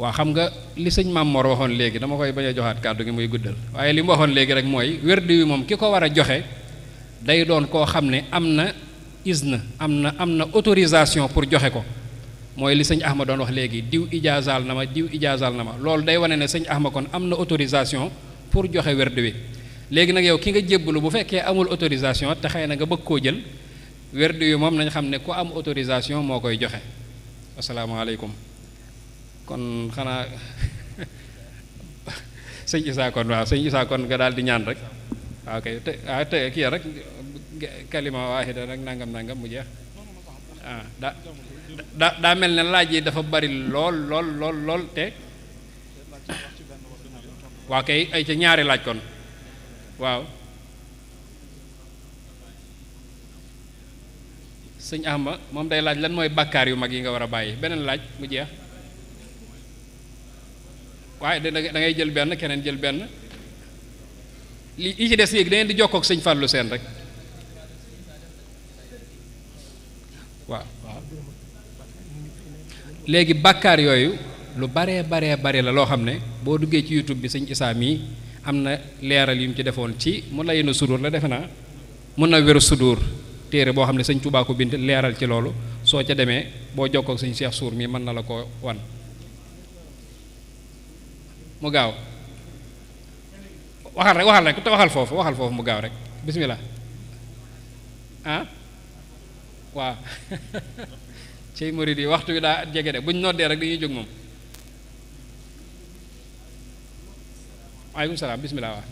waa xam nga li sëñ Maam Mor waxoon léegi dama koy bañ a joxaat kàddu gi muy guddal waaye li mu waxoon léegi rek mooy wérdi wi moom ki ko war a joxe day doon koo xam ne am na izna am na am na autorisation pour joxe ko mooy li sëñ Ahma doon wax léegi diw ijaazaal na ma diw ijaazaal na ma loolu day wane ne sëñ Ahma kon am na autorisation pour joxe werd wi léegi nag yow ki nga jébbalu bu fekkee amul autorisation te xëy na nga bëgg koo jël werdu yu moom nañ xam ne ku am autorisation moo koy joxe asalaamaaleykum kon xanaa [LAUGHS] sëñ Issa kon waaw sëñ Issa nga daal di ñaan rek waaw kay te ah te nangam mu jeex ah daa mel ne laaj yi dafa bari lool lool lool lool ay ca ñaari laaj kon. Wow. sëñ Ahma mom day laaj lan moy bàkkaar yu mag yi nga wara a Benen laaj mu jeex waaye da ngay jël benn keneen jël benn li yi ci dess yi da ngeen di jokk ak sëñ Fallou Sen rek waaw waaw léegi yoyu lu bare bare bare la lo xamne ne duggé ci YouTube bi sëñ Issa mi am na leeral yu mu ci defoon ci mun la yenu sudur la defe naa mun na weru sudur téere boo xam ne sañ Tuubaa ko bind leeral ci loolu soo ca demee boo jokkoo ak sëñ Cheikh Suur mi mën na la ko wan mu gaaw waxal rek waxal rek te waxal foofu waxal foofu mu gaaw rek bismillah ah waaw [LAUGHS] cey murid yi waxtu wi daa jege de buñ noddee rek dañuy jóg moom Waalaikumsalam. Ah, Bismillah.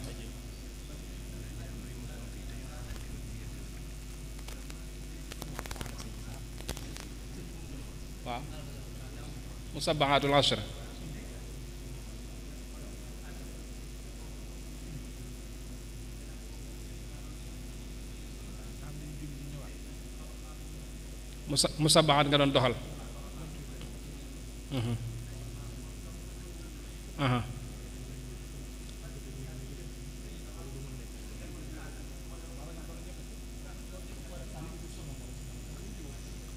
Wah. Musabahatul Ashr. musabahat nga doon doxal mhm. aha aha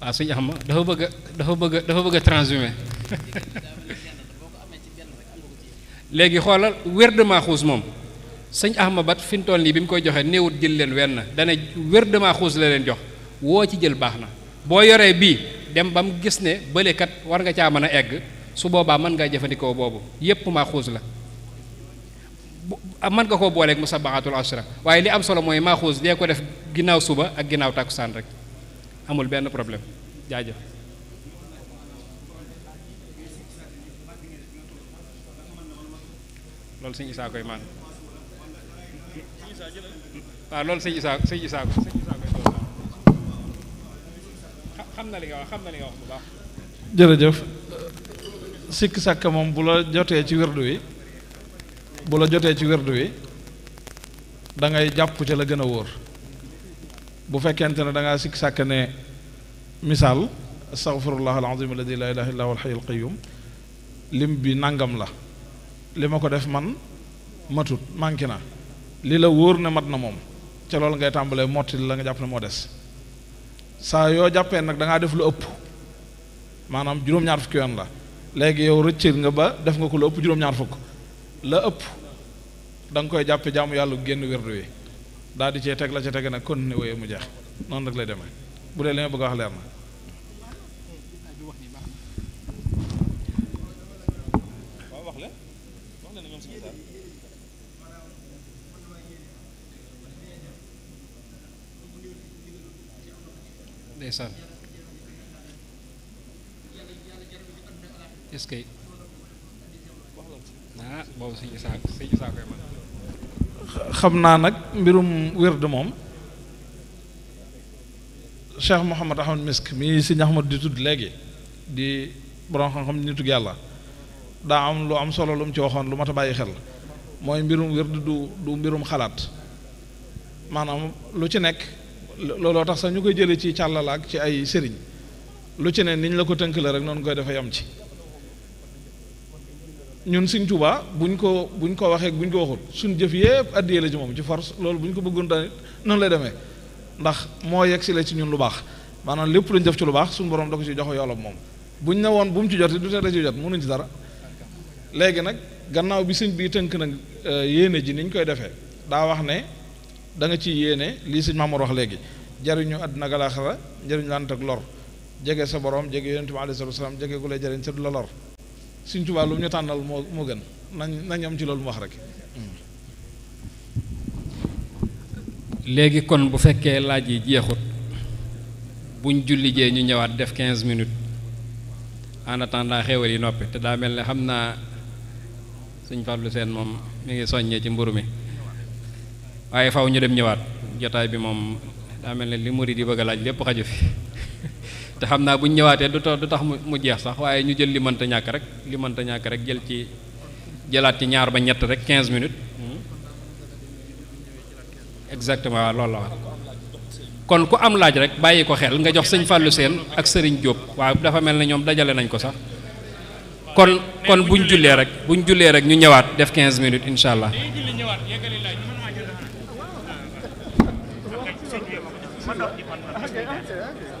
Asa suñu am dafa bëgg dafa bëgg dafa bëgg a transhumer léegi xoolal wér de maaxuus moom sëñ ahmabat fi mu toll nii bi mu koy joxe néewut jël leen wenn dana wér de maaxuus la leen jox woo ci jël baax na boo dem bam mu gis ne bële kat war nga caa egg su boobaa mën ngaa jëfandikoo boobu yépp maaxuus la mën nga koo booleeg asra waaye li am solo mooy dia dee ko def ginnaaw suba ak ginnaaw rek amul benn problème jaajëf loolu sëñ Isaa koy maan waaw loolu sëñ Isaa sëñ Isaa ko sëñ Isaa koy xam na sikk sàkk moom bu la jotee ci werdu wi bu la jotee ci werdu wi dangay ngay jàpp ca la gën a wóor bu fekkente ne da nga sik sàkk ne misaal astaghfirullah alazim alladi la ilaha illa huwa alxayu alqayum lim bi nangam la li ma ko def man matut manqué na li la wóor ne mat na moom ca loolu ngay tàmbalee motti la nga jàpp ne moo des saa yoo jàppee nag da ngaa def lu ëpp maanaam juróom-ñaar fukki yoon la léegi yow rëccër nga ba def nga ko lu ëpp juróom-ñaar fukk la ëpp da nga koy jàppe jaamu yàlla génn wérdu wi daal di cee teg la ca teg nag continué wooyee mu jeex noonu rek lay demee bu dee li bëgg a wax leer na. ndeysaan est-ce que ah boobu sëñ Isaa sëñ Isaa koy man xam naa nag mbirum wird moom Cheikh Mouhamad Ahmad Misk mi sëñ Ahmad di tudd léegi di borom xam-xam ni tugg yàlla daa am lu am solo lu mu ci waxoon lu mat a bàyyi xel mooy mbirum wérd du du mbirum xalaat maanaam lu ci nekk looloo tax sax ñu koy jëlee ci càllalaak ci ay sëriñ lu ci ne ñu la ko tënk la rek noonu koy dafa yam ci ñun Sëñ Tuubaa buñ ko buñ ko waxee buñ ko waxul suñ jëf yépp addiyee la ci moom ci force loolu bu ñu ko bëggoon tamit noonu lay demee ndax moo yegg si la ci ñun lu baax maanaam lépp luñ def ci lu baax suñu borom da ko ci jox yoolam moom buñ ne woon bu mu ci jot du te da ci jot mënuñ ci dara léegi nag gannaaw bi sëñ bii tënk nag euh, yéene ji niñ koy defee daa wax ne da ci yéene lii sëñ Mamour wax léegi jariñu àddina ak àllaaxira jariñu lant ak lor jege sa borom jege yonent bi alayhi salaam jege ku lay jariñ sa du la lor suñ Tuubaa lu ñu tànnal moo moo gën nañ nañ am ci loolu mu wax rek. léegi kon bu fekkee laaj yi jeexut buñ julli jee ñu ñëwaat def 15 minutes en attendant xéewal yi noppi te daa mel ne xam naa Sëriñ Fallou Sène moom mu ngi soññee ci mburu mi waaye faw ñu dem ñëwaat jotaay bi moom daa mel ne li murid di bëgga laaj lépp xaju fi. [LAUGHS] te xamna naa bu ñu du tax du tax mu jeex sax waye ñu jël li ta ñak rek li ta ñak rek jël ci jëlat ci ñaar ba ñett rek 15 minutes exactement lool la kon ku am laaj rek bayyi ko xel nga jox seigne fallu sen ak sëriñ Diop wa dafa melni ñom dajale nañ ko sax kon kon buñ jullee rek buñ jullee rek ñu ñëwaat def 15 minutes inshallah allah.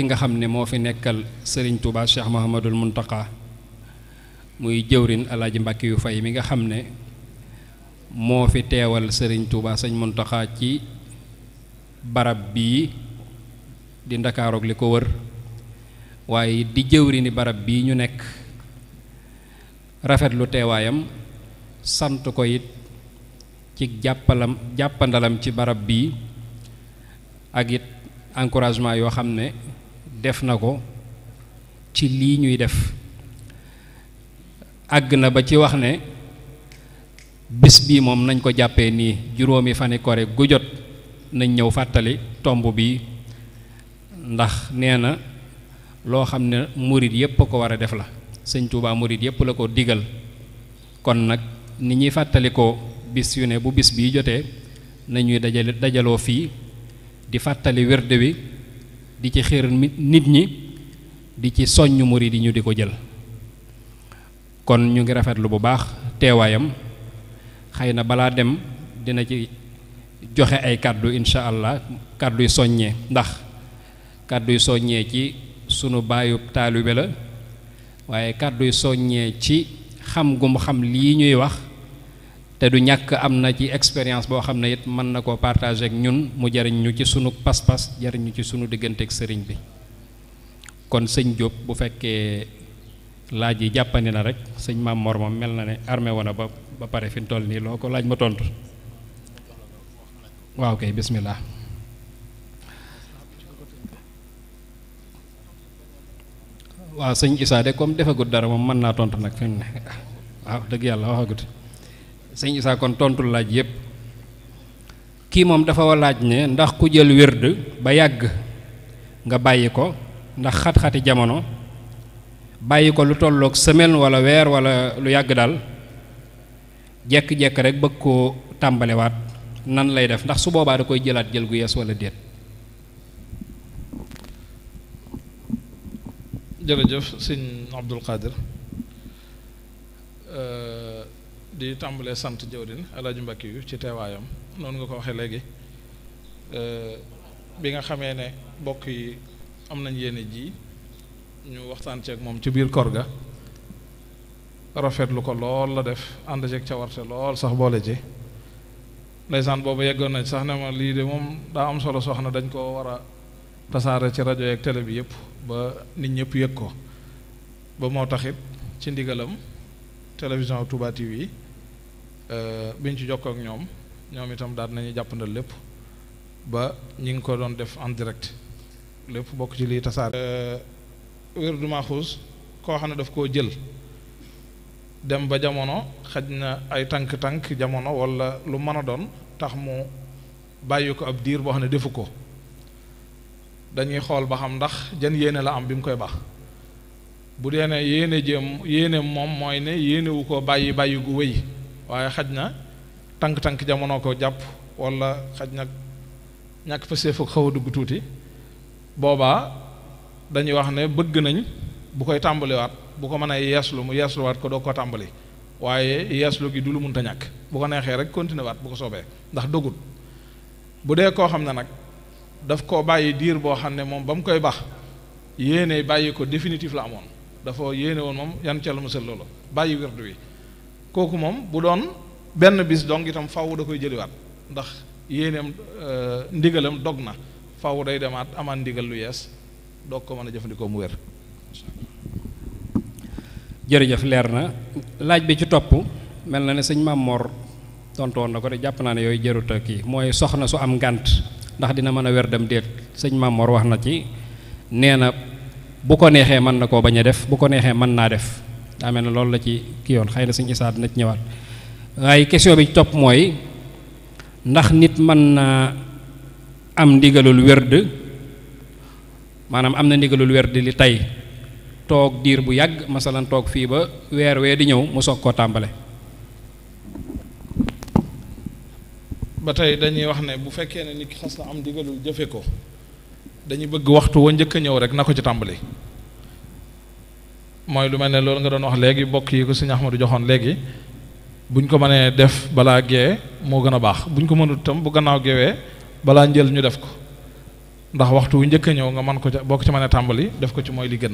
ki nga xamne mo fi nekkal serigne Touba Cheikh Mouhamadul Muntaka muy jëwrin alaaji Mbàkke yu fay mi nga xamne ne fi teewal serigne Touba serigne Muntaka ci barab bi di ndakaaroog wër waye di jëwri barab bi ñu nekk lu teewaayam sant ko it ci jappalam jappandalam ci barab bi ak encouragement yo xamne def na ko ci lii ñuy def àgg na ba ci wax ne bis bii moom nañ ko jàppee nii juróomi fani gu jot nañ ñëw fàttali tomb bi ndax nee na loo xam ne murit yépp ko war a def la sëñ Tuubaa murit yépp la ko digal kon nag ni ñuy fàttalikoo bis yu ne bu bis bii jotee nañuy dajale dajaloo fii di fàttali wérde wi di ci xiir nit ñi di ci soññ murid yi ñu di ko jël kon ñu ngi rafetlu bu baax teewaayam xëy na balaa dem dina ci joxe ay kàddu incha allah kàdduy soññee ndax kàdduy soññee ci sunu baayub taalibe la waaye kàdduy soññee ci xam gu mu xam lii ñuy wax te du ñàkk am na ci expérience boo xam ne it mën na koo partager ak ñun mu jariñ ñu ci sunu pas-pas jariñ ñu ci sunu diggante ak sëriñ bi kon sëñ Diop bu fekkee laaj yi jàppandi na rek sëñ maam Mor mel na ne armé wana ba ba pare fi toll nii loo ko laaj ma tontu waaw kay bismillah waaw sëñ Issa de comme defagut dara moom mën naa tontu nag fi mu ne waaw dëgg yàlla waxagut. sëñ Isaa kon tontu laaj yépp kii moom dafa laaj ne ndax ku jël wérd ba yàgg nga bàyyi ko ndax xat-xati jamono bàyyi ko lu tolloog semaine wala weer wala lu yàgg daal jekk-jekk rek bëgg koo tàmbaliwaat nan lay def ndax su boobaa da koy jëlaat jël gu yees walla déet jërëjëf di tàmbalee sant jëwdin alaaji mbakki yu ci teewaayam noonu nga ko waxee léegi bi nga xamee ne bokk yi am nañ yéene ji ñu waxtaan ceeg moom ci biir kor ga rafetlu ko lool la def ànd ceeg ca warte lool sax boole ci ndeysaan boobu yeggoon nañ sax ne ma lii de moom daa am solo soxna dañ ko war a tasaare ci rajo yeeg télé bi yépp ba nit ñëpp yëg ko ba moo taxit ci ndigalam télévision Touba TV Euh, biñ ci jokkoo ak ñoom ñoom itam daal nañu jàppandal lépp ba ñu ngi ko doon def en direct lépp bokk ci lii tasaare. Euh, wirdu Maxuus koo xam ne daf koo jël dem ba jamono xaj na ay tànk-tànk jamono walla lu mën a doon tax mu bàyyi ko ab diir boo xam ne defu ko dañuy xool ba xam ndax jan yéene la am bi mu koy baax bu dee ne yéene jëm yéene moom mooy ne yéene wu ko bàyyi bàyyi gu wéy. waye xajna tank tank jamono ko japp wala xajna ñak fa sefu xaw a dugg tuuti boobaa dañuy wax ne bëgg nañ bu koy wat bu ko mëna yeslu mu mu wat ko do ko tàmbali waye yeslu gi du lu munta ñak bu ko nexé rek continue wat bu ko sobé ndax dogut bu dé ko xamna ne daf ko bayyi dir bo xamne ne bam koy bax yene bàyyi ko définitif la amone dafo yene won mom yan ci la musal loolu bàyyi wirdu wi koku mom bu don ben bis dong itam faawu da koy wat ndax yéeneem euh, ndigalam dogna faawu day demat amaat ndigal lu yes doog ko meuna jefandiko mu wer jërëjëf leer laaj bi ci top melna ne seigne mam Mor tonto nako ko de jàpp naa ne yooyu jërut a soxna su am gant ndax dina meuna wer dem déet seigne mam Mor wax na ci neena bu ko nexe man nako baña def bu ko nexe man na def. daa mel ne loolu la ci ki yoon xëy na si isaa dina ci ñëwaat waaye question bi topp mooy ndax nit mën naa am ndigalul werd maanaam am na ndigalul werd li tey toog diir bu yàgg masalan toog fii ba weer wee di ñëw mu soog koo tàmbale ba tey dañuy wax ne bu fekkee ne nit ki xas na am ndigalul jëfe ko dañuy bëgg waxtu wa njëkk ñëw rek na ko ci tàmbali mooy lu mel ne loolu nga doon wax léegi bokk yi ko si ma du joxoon léegi buñ ko mënee def balaa gee moo gën a baax buñ ko mënut tam bu gannaaw gewee balaa njël ñu def ko ndax waxtu wu njëkk ñëw nga mën ko ca boo ko ci mënee tàmbali def ko ci mooy li gën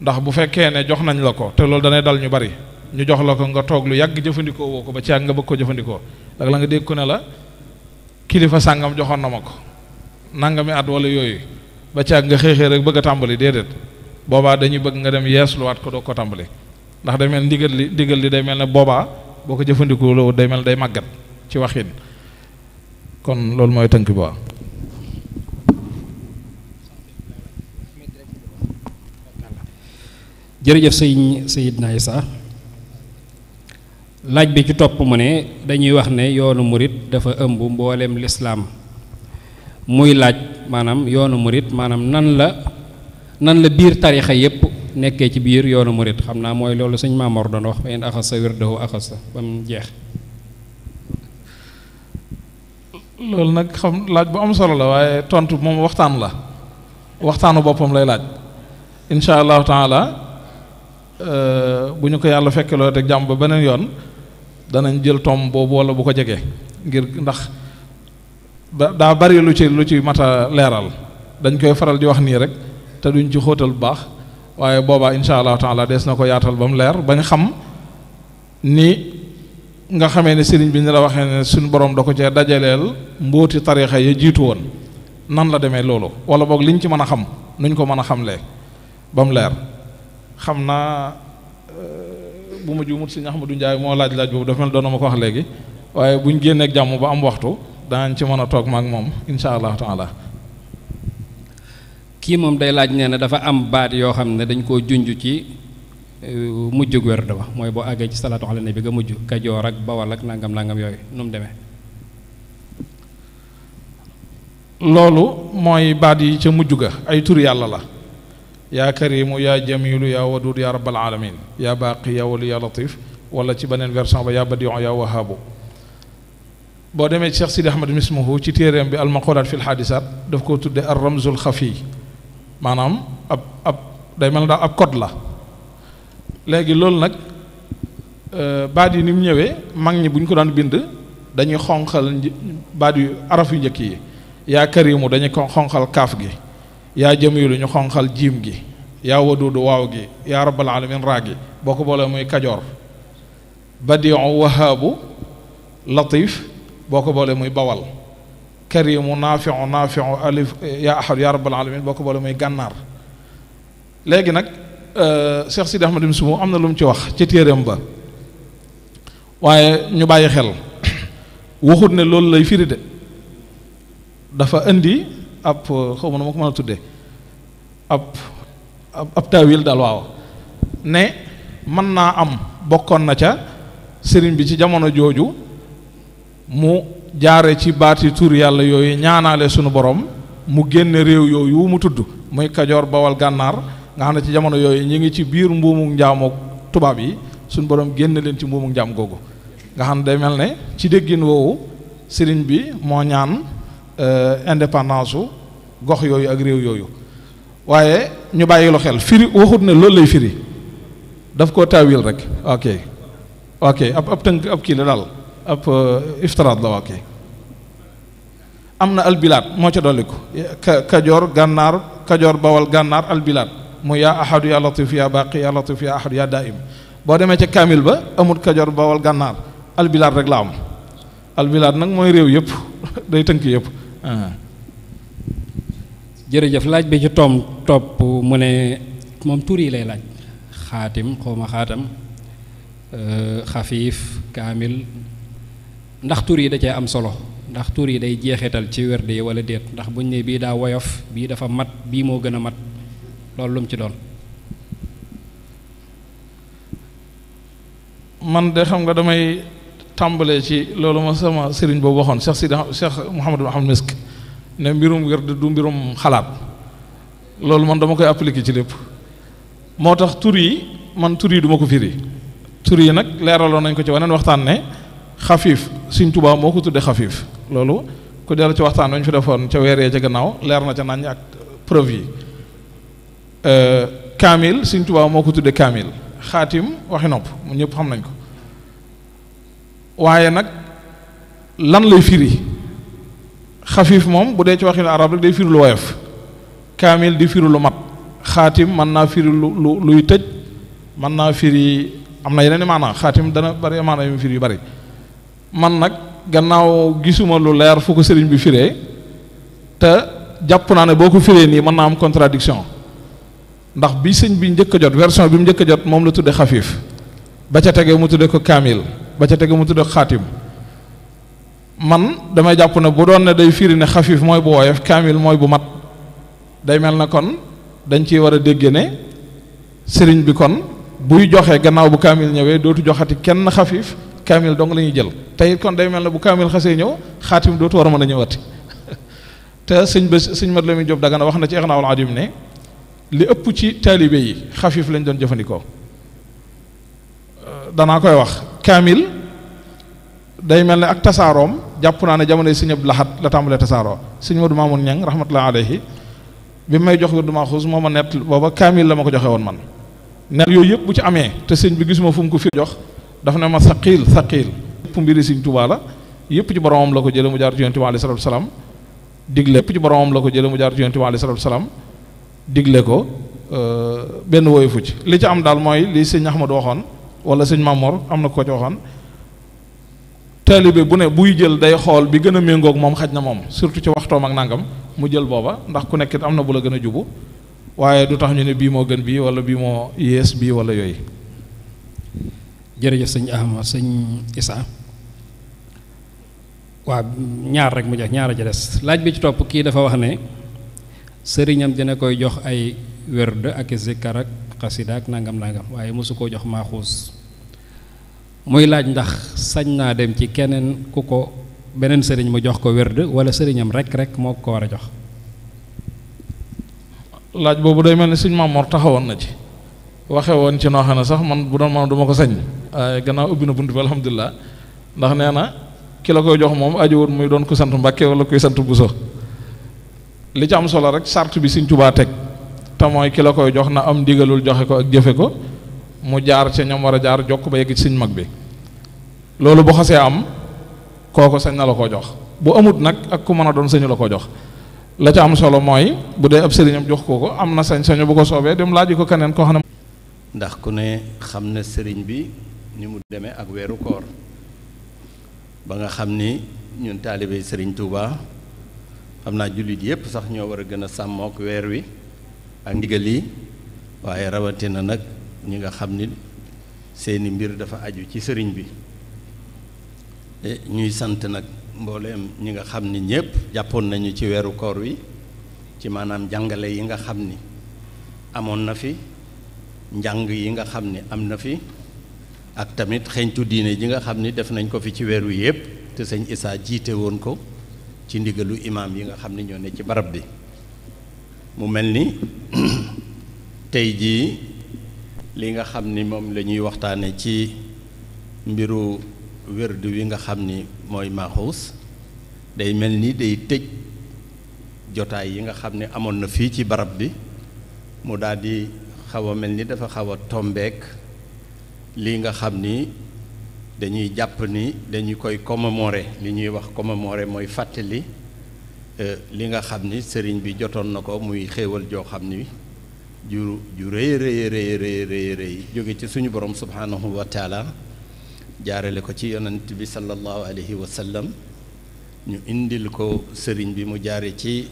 ndax bu fekkee ne jox nañ la ko te loolu danay dal ñu bari ñu jox la ko nga toog lu yàgg jëfandikoo woo ko ba ci yàgg nga bëgg ko jëfandikoo ak la nga dégg ko ne la kilifa sàngam joxoon na ma ko nangami yooyu ba ci nga xëy rek bëgg a tàmbali déedéet boobaa dañuy bëgg nga dem yeesluwaat ko doo ko tàmbali ndax day mel ndigal li ndigal li day mel ne boobaa boo ko jëfandikoo loolu day mel day màggat ci waxin kon loolu mooy tënk bi waa jërëjëf sëñ Seydina Issa laaj bi ci topp mu ne dañuy wax ne yoonu murit dafa ëmb mbooleem lislaam muy laaj maanaam yoonu murit maanaam nan la nan la biir tarixa yépp nekkee ci biir yoonu murit xam naa mooy loolu suñ maamoor doon wax fa in sa wirdahu axas sa ba mu jeex loolu nag xam laaj bu am solo la waaye tontu moom waxtaan la waxtaanu boppam lay laaj insha allahu taala euh, bu ñu ko yàlla fekkee loo teg jàmm ba beneen yoon danañ jël tom boobu wala bu ko jege ngir ndax daa bari lu ci lu ci mat a leeral dañ koy faral di wax nii rek te duñ ci xóotal bu baax waaye boobaa incha allahu taala des na ko yaatal ba mu leer bañ xam ni nga xamee ne sëriñ bi ñu la waxee ne suñu borom da ko cee dajaleel mbooti tarixa ya jiitu woon nan la demee loolu wala boog liñ ci mën a xam nuñ ko mën a xamlee ba mu leer xam naa euh, bu ma juumut sëñ du Ndiaye moo laaj laaj boobu dafa mel doon na ma ko wax léegi waaye buñ génneeg jàmm ba am waxtu danañ ci mën a toog maak moom incha allahu taala kii moom day laaj nee na dafa am baat yoo xam ne dañ koo junj ci eh, mujj werd wa mooy boo àggee ci salaatu ala nabi nga mujj kajoor ak bawal ak nangam nangam yooyu nu mu demee. loolu mooy baat yi ca mujj ga ay tur yàlla la. yaa karimu yaa jamilu yaa waduud yaa rabbal alamin yaa baaqi yaa wali yaa latif wala ci beneen version ba yaa badiu yaa wahaabu boo demee Cheikh Sidi Ahmad mismahu ci téeréem bi al maqoolaat fi lxaadisaat daf koo tudde ar ramzul xafi maanaam ab ab day mel ne daal ab code la léegi loolu nag euh, baat yi ni mu ñëwee mag ñi bu ñu ko daan bind dañuy xonqal baat yu araf yu njëkk yi yaa karimu dañuy ko xonqal kaaf gi yaa lu ñu xonqal jiim gi yaa wadudu waaw gi yaa rabbal alamin raa gi boo ko boolee muy kajoor badiu wahaabu latif boo ko boolee muy bawal كريم نافع نافع الف يا احد يا رب العالمين بوكو بولو مي غنار لغي نك آه، شيخ سيدي احمد مسمو امنا لوم تي واخ تي تيرم با واي ني باي خيل وخوت ني لول لاي فيري دي دا فا اندي اب خوما ما كمال تودي اب اب, أب تاويل دال واو ني من نا ام بوكون نا تيا سيرين بي سي جامونو جوجو مو jaare ci baati tuur yàlla yooyu ñaanaale sunu borom mu génne réew yooyu mu tudd muy kajoor bawal gànnaar nga xam ne ci jamono yooyu ñi ngi ci biir mbuumu njaamu tubaab yi sunu borom génne leen ci mbuumu njaam googu nga xam ne day mel ne ci déggin woowu sëriñ bi moo ñaan euh, indépendance su gox yooyu ak réew yooyu waaye ñu bàyyi lu xel firi waxut ne loolu lay firi daf ko taawil rek ok ok ab ab tënk ab kii la daal ab euh, iftiraat la waa am na albilaat moo ca dolliku kajoor gànnaar kajoor bawal gànnaar albilaat mu yaa ahadu yaa latif yaa baqi yaa latif yaa ahadu yaa daim boo demee ca kaamil ba amul kajoor bawal gànnaar albilaat rek la am albilaat nag mooy réew yëpp [LAUGHS] day tënk yëpp ah. jërëjëf laaj bi ci toom topp mu ne moom tur yi lay laaj xaatim xawma xaatam euh, xafiif kaamil ndax turi yi da cee am solo ndax tur yi day jeexeetal ci werd yi wala déet ndax buñ ne bii daa woyof bii dafa mat bii moo gën a mat loolu lu ci doon man de xam nga damay tàmbalee ci loolu ma sama sëriñ boobu waxoon Cheikh Sidi Cheikh Mouhamadou Ahmad Misk ne mbirum werd du mbirum xalaat loolu man dama koy appliquer ci lépp moo tax tur yi man turi duma ko firi tur yi nag leeraloon nañ ko ci waneen waxtaan ne xafiif Sëñ Tuubaa moo ko tudde xafiif loolu ku dellu ci waxtaan wi ñu fi defoon ca weer yee ca gannaaw leer na ca nañ ak preuve yi kaamil Sëñ Tuubaa moo ko tudde kaamil xaatim waxi nopp mu ñëpp xam nañ ko waaye nag lan lay firi xafiif moom bu dee ci waxi arab rek day firi lu woyof kaamil di firi lu mat xaatim mën naa firi lu lu luy tëj mën naa firi am na yeneen i maanaa xaatim dana bari maanaa yu firi yu bari man nag gannaaw gisuma lu leer fu ko sëriñ bi firee te jàpp naa ne boo ko firee nii man naa am contradiction ndax bi sëñ bi njëkk a jot version bi mu njëkk jot moom la tudde xafiif ba ca tege mu tudde ko kaamil ba ca tege mu tudde ko xaatim man damay jàpp ne bu doon ne day firi ne xafiif mooy bu woyof kaamil mooy bu mat day mel na kon dañ ciy war a dégge ne sëriñ bi kon buy joxe gannaaw bu kaamil ñëwee dootu joxati kenn xafiif kaamil dong lañuy jël tey kon day mel ne bu kaamil xasee ñëw xaatim dootu war a mën a ñëwati te sëñ ba sëñ Mat Lamin Jóob Dagana wax na ci Ixnaawul Adim ne li ëpp ci taalibe yi xafiif lañ doon jëfandikoo danaa koy wax kaamil day mel ne ak tasaaroom jàpp naa ne jamonoy sëñ Abdu Lahat la tàmbalee tasaaroo sëñ Madu Maamun Ñang rahmatullahi alayhi bi may jox du maaxuus moo ma nett booba kaamil la ma ko joxe woon man nett yooyu yëpp bu ci amee te sëñ bi gisuma fu mu ko fi jox daf ne ma saqiil saqiil mbiri Sëriñ Tuubaa la yëpp ci boromam la ko jële mu jaar ci yonent bi alayhi salaatu salaam digle yëpp la ko jële mu jaar ci yonent bi alayhi ko euh, benn woyofu ci li ci am daal mooy li sëñ Ahmad waxoon wala sëñ Mamor am na ko ci waxoon taalibe bu ne buy jël day xool bi gën a méngoog moom xaj na moom surtout ci waxtoom ak nangam mu jël booba ndax ku nekkit am na bu gën a jubu waaye du tax ñu ne bii moo gën bii wala bii moo yées bii wala yooyu jërëjëf sëñ Ahmad Isaa waaw ñaar rek mu jeex ñaar a des laaj bi ci topp kii dafa wax ne sëriñam dina koy jox ay werd ak zikkar ak xasida ak nangam nangam waaye mosu koo jox maaxuus muy laaj ndax sañ naa dem ci keneen ku ko beneen sëriñ mu jox ko werd wala sëriñam rek rek moo ko war a jox. laaj boobu day mel ni suñ maam moo taxawoon na ci waxe woon ci noo xam ne sax man bu doon man duma ko sañ gannaaw ubbi na bunt bi alhamdulilah ndax nee na ki la koy jox moom ajuwut muy doon ko sant Mbàkke wala kuy sant Buso li ci am solo rek sart bi Sëriñ Tuubaa teg te mooy ki la koy jox na am ndigalul joxe ko ak jëfe ko mu jaar ca war a jaar jokk ba yegg ci mag bi loolu bu xasee am kooku sañ koo jox bu amut nag ak ku mën a doon sañu la ko jox la ca am solo mooy bu dee ab sëriñam jox ko ko am na sañ-sañu bu ko soobee dem laaji ko keneen koo xam ne. ndax ku ne xam ne sëriñ bi ni mu demee ak weeru koor. ba nga xam ni ñun taalibe Serigne Touba xam naa jullit yépp sax ñoo war a gën a sàmmook weer wi ak ndigal yi waaye rawatina nag ñi nga xam ni seeni mbir dafa aju ci sëriñ bi e ñuy sant nag mbooleem ñi nga xam ni ñépp jàppoon nañu ci weeru koor wi ci maanaam jàngale yi nga xam ni amoon na fi njàng yi nga xam ni am na fi ak tamit xeeñtu diine ji nga xam ni def nañ ko fi ci weer wi yëpp te sëñ Issa jiite woon ko ci ndigalu imaam yi nga xam ni ñoo ne ci barab bi mu mel ni [CLEARS THROAT] tey jii li nga xam ni moom la ñuy waxtaane ci mbiru wérdu wi nga xam ni mooy maaxuus day mel ni day tëj jotaay yi nga xam ne amoon na fii ci barab bi mu daldi di xaw a mel ni dafa xaw a tombeek linga nga xam ni dañuy jàpp ni dañu koy commémorer li ñuy wax commémorer mooy fàttali li nga xam ni sëriñ bi jotoon na ko muy xéewal joo xam ni ju ju rëy rëy rëy rëy rëy rëy jóge ci suñu borom subhaanahu wa taala jaarale ko ci yonent bi salallahu alayhi wa sallam ñu indil ko sëriñ bi mu jaare ci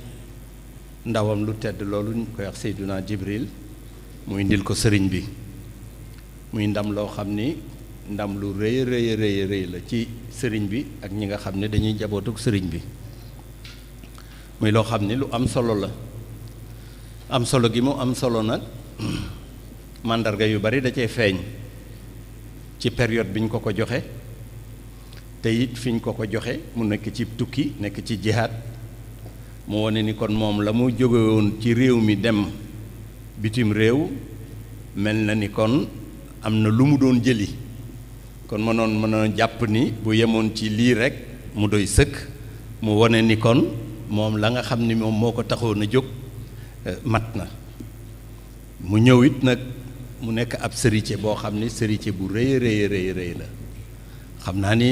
ndawam lu tedd loolu ñu koy wax Jibril mu indil ko sëriñ bi muy ndam loo xam ni ndam lu rëy rëy rëy rëy la ci sëriñ bi ak ñi nga xam ne dañuy jabootuk sëriñ bi muy loo xam ni lu am solo la am solo gi mu am solo nag [CLEARS THROAT] màndarga yu bari da cee feeñ ci période bi ñu ko ko joxe te it fi ñu ko ko joxe mu nekk ci tukki nekk ci jihaat mu wane ni kon moom la mu jóge ci réew mi dem bitim réew mel na ni kon am na lu mu doon jëli kon mënoon mën a jàpp ni bu yemoon ci lii rekk mu doy sëkk mu wone ni kon moom la nga xam ni moom moo ko taxoon a jóg eh, mat na mu ñëw it nag mu nekk ab sërice boo xam ni sërice bu rëy rëy rëy rëy la xam naa ni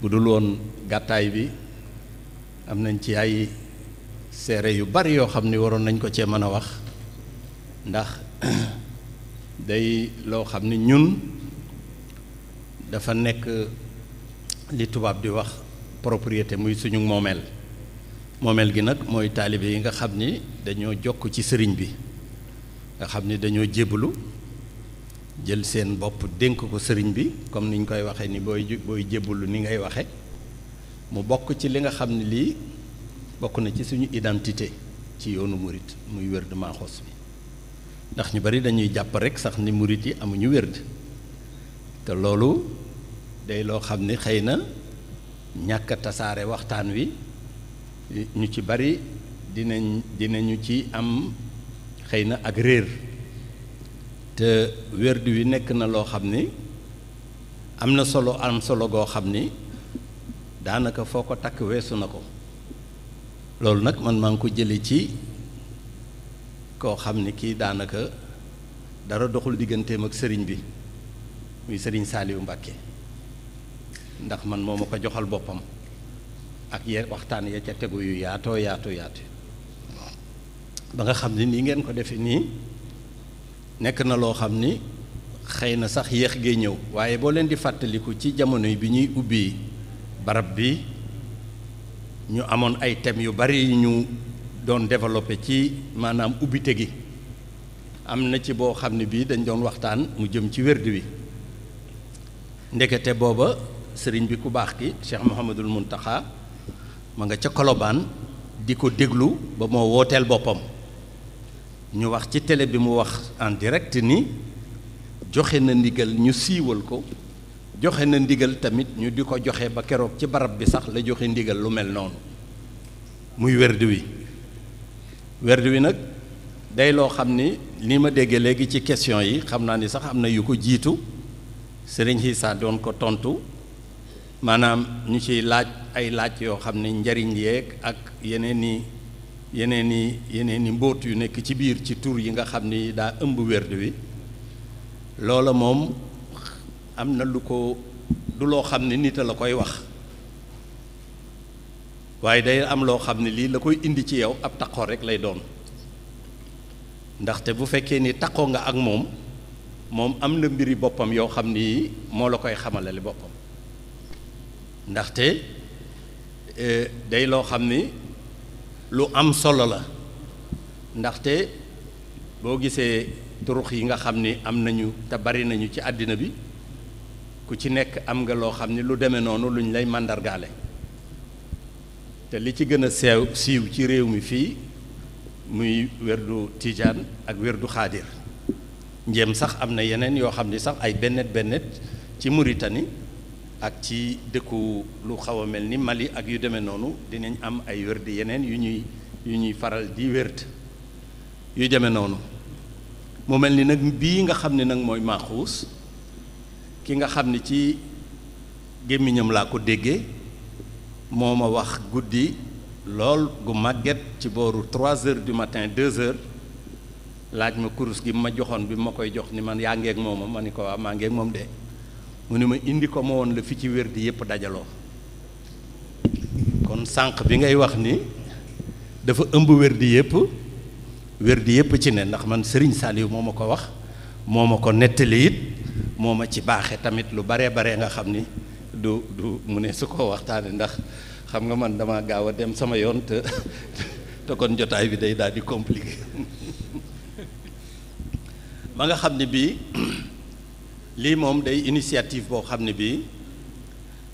bu dul woon gàttaay bi am nañ ci ay seere yu bari yoo xam ni waroon nañ ko cee mën a wax ndax [CLEARS THROAT] day loo xam ne ñun dafa nekk li tubaab di wax propriété muy suñu moomeel moomeel gi nag mooy taalibe yi nga xam ni dañoo jokk ci sëriñ bi nga xam ni dañoo jébbalu jël seen bopp dénk ko sëriñ bi comme ni ñu koy waxee ni booy booy jébbalu ni ngay waxe mu bokk ci li nga xam ne lii bokk na ci suñu identité ci yoonu murit muy wér de Maaxoos bi ndax ñu bari dañuy jàpp rek sax ni murit yi amuñu wérd te loolu day loo xam ni xëy na ñàkk tasaare waxtaan wi ñu ci bari dinañ dinañu ci am xëy na ak réer te wérd wi nekk na loo xam ni am na solo am solo goo xam ni daanaka foo ko takk weesu na ko loolu nag man maa ngi ko jële ci ko xamni ki danaka dara doxul digeunte mak serigne bi muy serigne Saaliwu mbacke ndax man momako joxal bopam ak ye waxtan ya ca teggu yu yaato yaato yaati ba nga xamni ni ngeen ko defe ni nek na lo xamni xeyna sax yeex ge ñew waye bo len di ci jamono bi ñuy ubbi barab bi ñu ay tem yu bari ñu Don développé ci manam ubité gi am ci bo xamni bi dañ doon waxtaan mu jëm ci wérdu wi ndekete booba serigne bi ku bax ki cheikh mohamadul muntaha ma nga ci koloban di deglu ba mo wotel bopam ñu wax ci télé bi mu wax en direct ni joxe na ndigal ñu siwol ko joxe na ndigal tamit ñu diko ko joxe ba kérok ci barab bi sax la joxe ndigal lu mel non muy wérdu wi werd wi nag day loo xam ni lii ma déggee léegi ci question yi xam naa ni sax am na yu ko jiitu sëriñ Issa doon ko tontu maanaam ñu ciy laaj ay laaj yoo xam ne njariñ yeeg ak yeneen i yeneen i yeneen i mbóot yu nekk ci biir ci tur yi nga xam ni daa ëmb werd wi loola moom am na lu ko du loo xam ne nit a la koy wax waaye day am loo xam ne lii la koy indi ci yow ab taqoo rek lay doon ndaxte bu fekkee ni taqoo nga ak moom moom am na mbiri boppam yoo xam ni moo la koy xamalale boppam ndaxte e, day loo xam ne lu am solo la ndaxte boo gisee turux yi nga xam ni am nañu te bari nañu ci àddina bi ku ci nekk am nga loo xam ni lu demee noonu luñ lay màndargaale li ci gën a seew siiw ci réew mi fii muy werdu tijaan ak werdu xaadir njéem sax am na yeneen yoo xam ni sax ay bennet bennet ci muritani ak ci dëkku lu xaw a mel ni Mali ak yu demee noonu dinañ am ay werdi yeneen yu ñuy yu ñuy faral di wérd yu demee noonu mu mel ni nag bii nga xam ne nag mooy maaxuus ki nga xam ne ci gémmiñam laa ko déggee moma wax goudi lol gu màgget ci boru 3h du matin 2h laaj ma kurus gi ma joxone bi ma koy jox ni man yaa ak moma maniko wa ko ak mom de indi ko mo won le fi ci werdi di yépp kon sank bi ngay wax ni dafa ëmb werdi di yépp wér di yépp ci ne ndax man Serigne saliw moma ko wax moma ko nettali it ci baxé tamit lu baree bare nga xamni du du mu ne su ko waxtaane ndax xam nga man dama gaaw a dem sama yoon te te kon jotaay bi day daal di compliqué [LAUGHS] ba nga xam ne bii [CLEARS THROAT] lii moom day initiative boo xam ne bii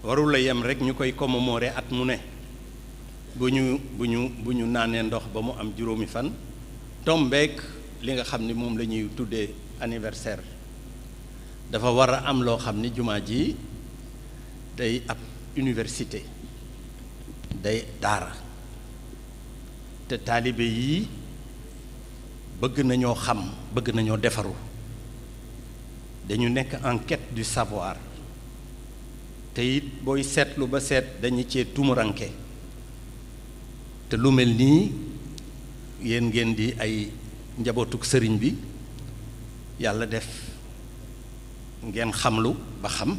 warul la yem rek ñu koy commémorer at mu ne bu ñu bu ñu bu ñu naanee ndox ba mu am juróomi fan tombeek li nga xam ni moom la ñuy tuddee anniversaire dafa war a am loo xam ni jumaa ji day université day dara te taalibe yi bëgg nañu xam bëgg nañu défaru dañu nekk en quête du savoir te it ba sét dañu ci tumuranké te lu mel nii yéen di ay bi def ngeen xamlu ba xam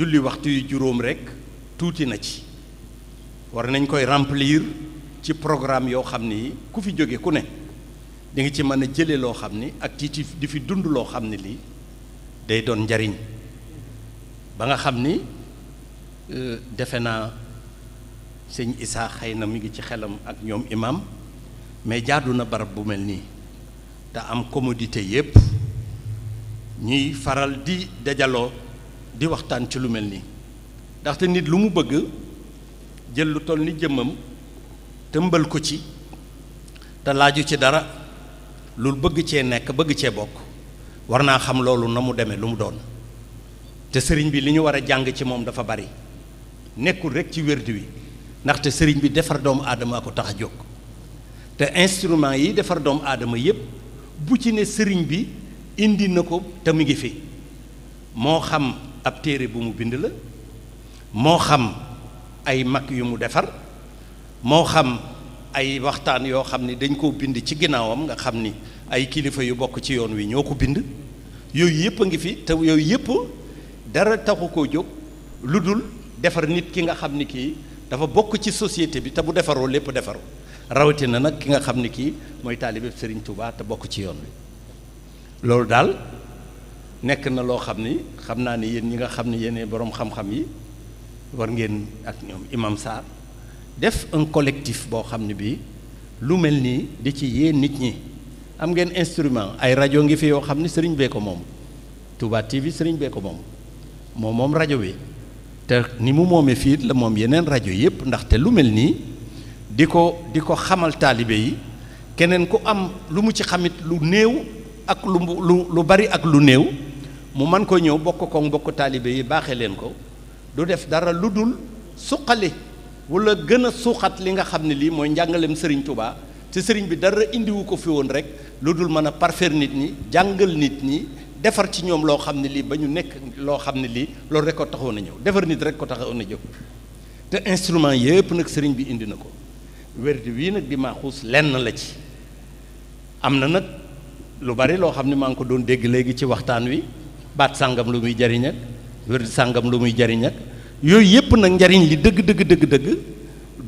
julli waxtu yu juróom rekk tuuti na ci war nañ koy remplir ci programme yoo xam ni ku fi jóge ku ne di ci mën a jële loo xam ni ak ci di fi dund loo xam ne lii day doon njariñ ba nga xam ni euh, defe naa sëñ Isaa xëy na mu ngi ci xelam ak ñoom imaam mais jaadu na barab bu mel nii te am commodité yépp ñuy faral di dajaloo di waxtaan ci lu mel nii ndaxte nit lu mu bëgg jël lu toll ni jëmmam tëmbal ko ci te laaju ci dara lu bëgg cee nekk bëgg cee bokk war naa xam loolu na mu demee lu mu doon te sëriñ bi li ñu war a jàng ci moom dafa bari nekkul rek ci wérdu wi ndaxte sëriñ bi defar doomu aadama ko tax a jóg te instrument yi defar doomu aadama yépp bu ci ne sëriñ bi indi na ko te mu ngi fi moo xam ab téere bu mu bind la moo xam ay mag yu mu defar moo xam ay waxtaan yoo xam ni dañ koo bind ci ginnaawam nga xam ni ay kilifa yu bokk ci yoon wi ñoo ko bind yooyu yëpp a ngi fi te yooyu yëpp dara taxu ko jóg lu dul defar nit ki nga xam ni kii dafa bokk ci société bi te bu defaroo lépp defaroo rawatina nag ki nga xam ni kii mooy taalibe sëriñ Touba te bokk ci yoon wi loolu daal nekk na loo xam ni xam naa ni yéen ñi nga xam ni yéen boroom xam-xam yi war ngeen ak ñoom imam Sarr def un collectif boo xam ne bii lu mel nii di ci yee nit ñi am ngeen instrument ay rajo ngi fi yoo xam ni sëriñ bee ko moom Touba TV sëriñ bee ko moom moom moom rajo bi te ni mu moomee fii la moom yeneen rajo yépp ndaxte lu mel diko di ko di ko xamal taalibe yi keneen ku am lu mu ci xamit lu néew ak lu lu lu bari ak lu néew mu man ko ñëw bokk koom mbokk taalibe yi baaxee leen ko du def dara lu dul suqali wala gën a suuxat li nga xam ne lii mooy njàngaleem sëriñ Touba te sëriñ bi dara indiwu ko fi woon rek lu dul mën a parfaire nit ñi jàngal nit ñi defar ci ñoom loo xam ne lii ba ñu nekk loo xam ne lii loolu rek ko taxoon a ñëw defar nit rek ko taxoon a jóg te instrument yëpp nag sëriñ bi indi na ko werdi wii nag di maaxuus lenn la ci am na nag lu bari loo xam ne maa ngi ko doon dégg léegi ci waxtaan wi baat sàngam lu muy jariñ ak wér sàngam lu muy jariñ yooyu yépp nag njariñ li dëgg dëgg dëgg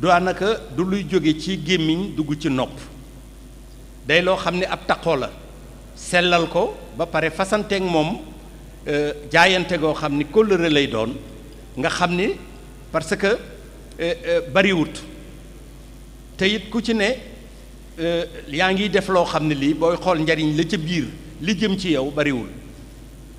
daanaka du luy jóge ci gémmiñ dugg ci nopp day loo xam ne ab taqoo la sellal ko ba pare fasanteek moom euh, jaayante goo xam ni kóllëre lay doon nga xam ni parce que euh, euh, bariwut te it ku ci ne yaa ngi def loo xam ne lii booy xool njariñ la ca biir li jëm ci yow bariwul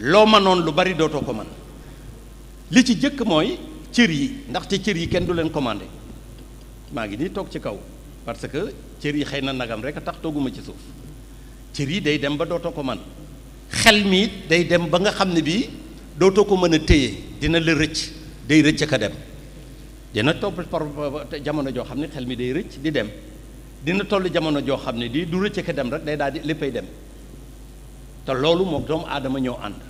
loo mënoon lu bari dootoo ko man li ci jëkk mooy cër yi ndax ndaxte cër yi kenn du leen commandé maa ngi nii toog ci kaw parce que cër yi xëy na nagam rek a tax tooguma ci suuf cër yi day dem ba dootoo ko man xel mi day dem ba nga xam ne bii dootoo ko mën a téye dina la rëcc day rëcc ka dem dina topp par jamono joo xam ne xel mi day rëcc di dem dina toll jamono joo xam ne di du rëcc ka dem rek day daal di léppay dem te loolu moom doomu aadama ñëw ànd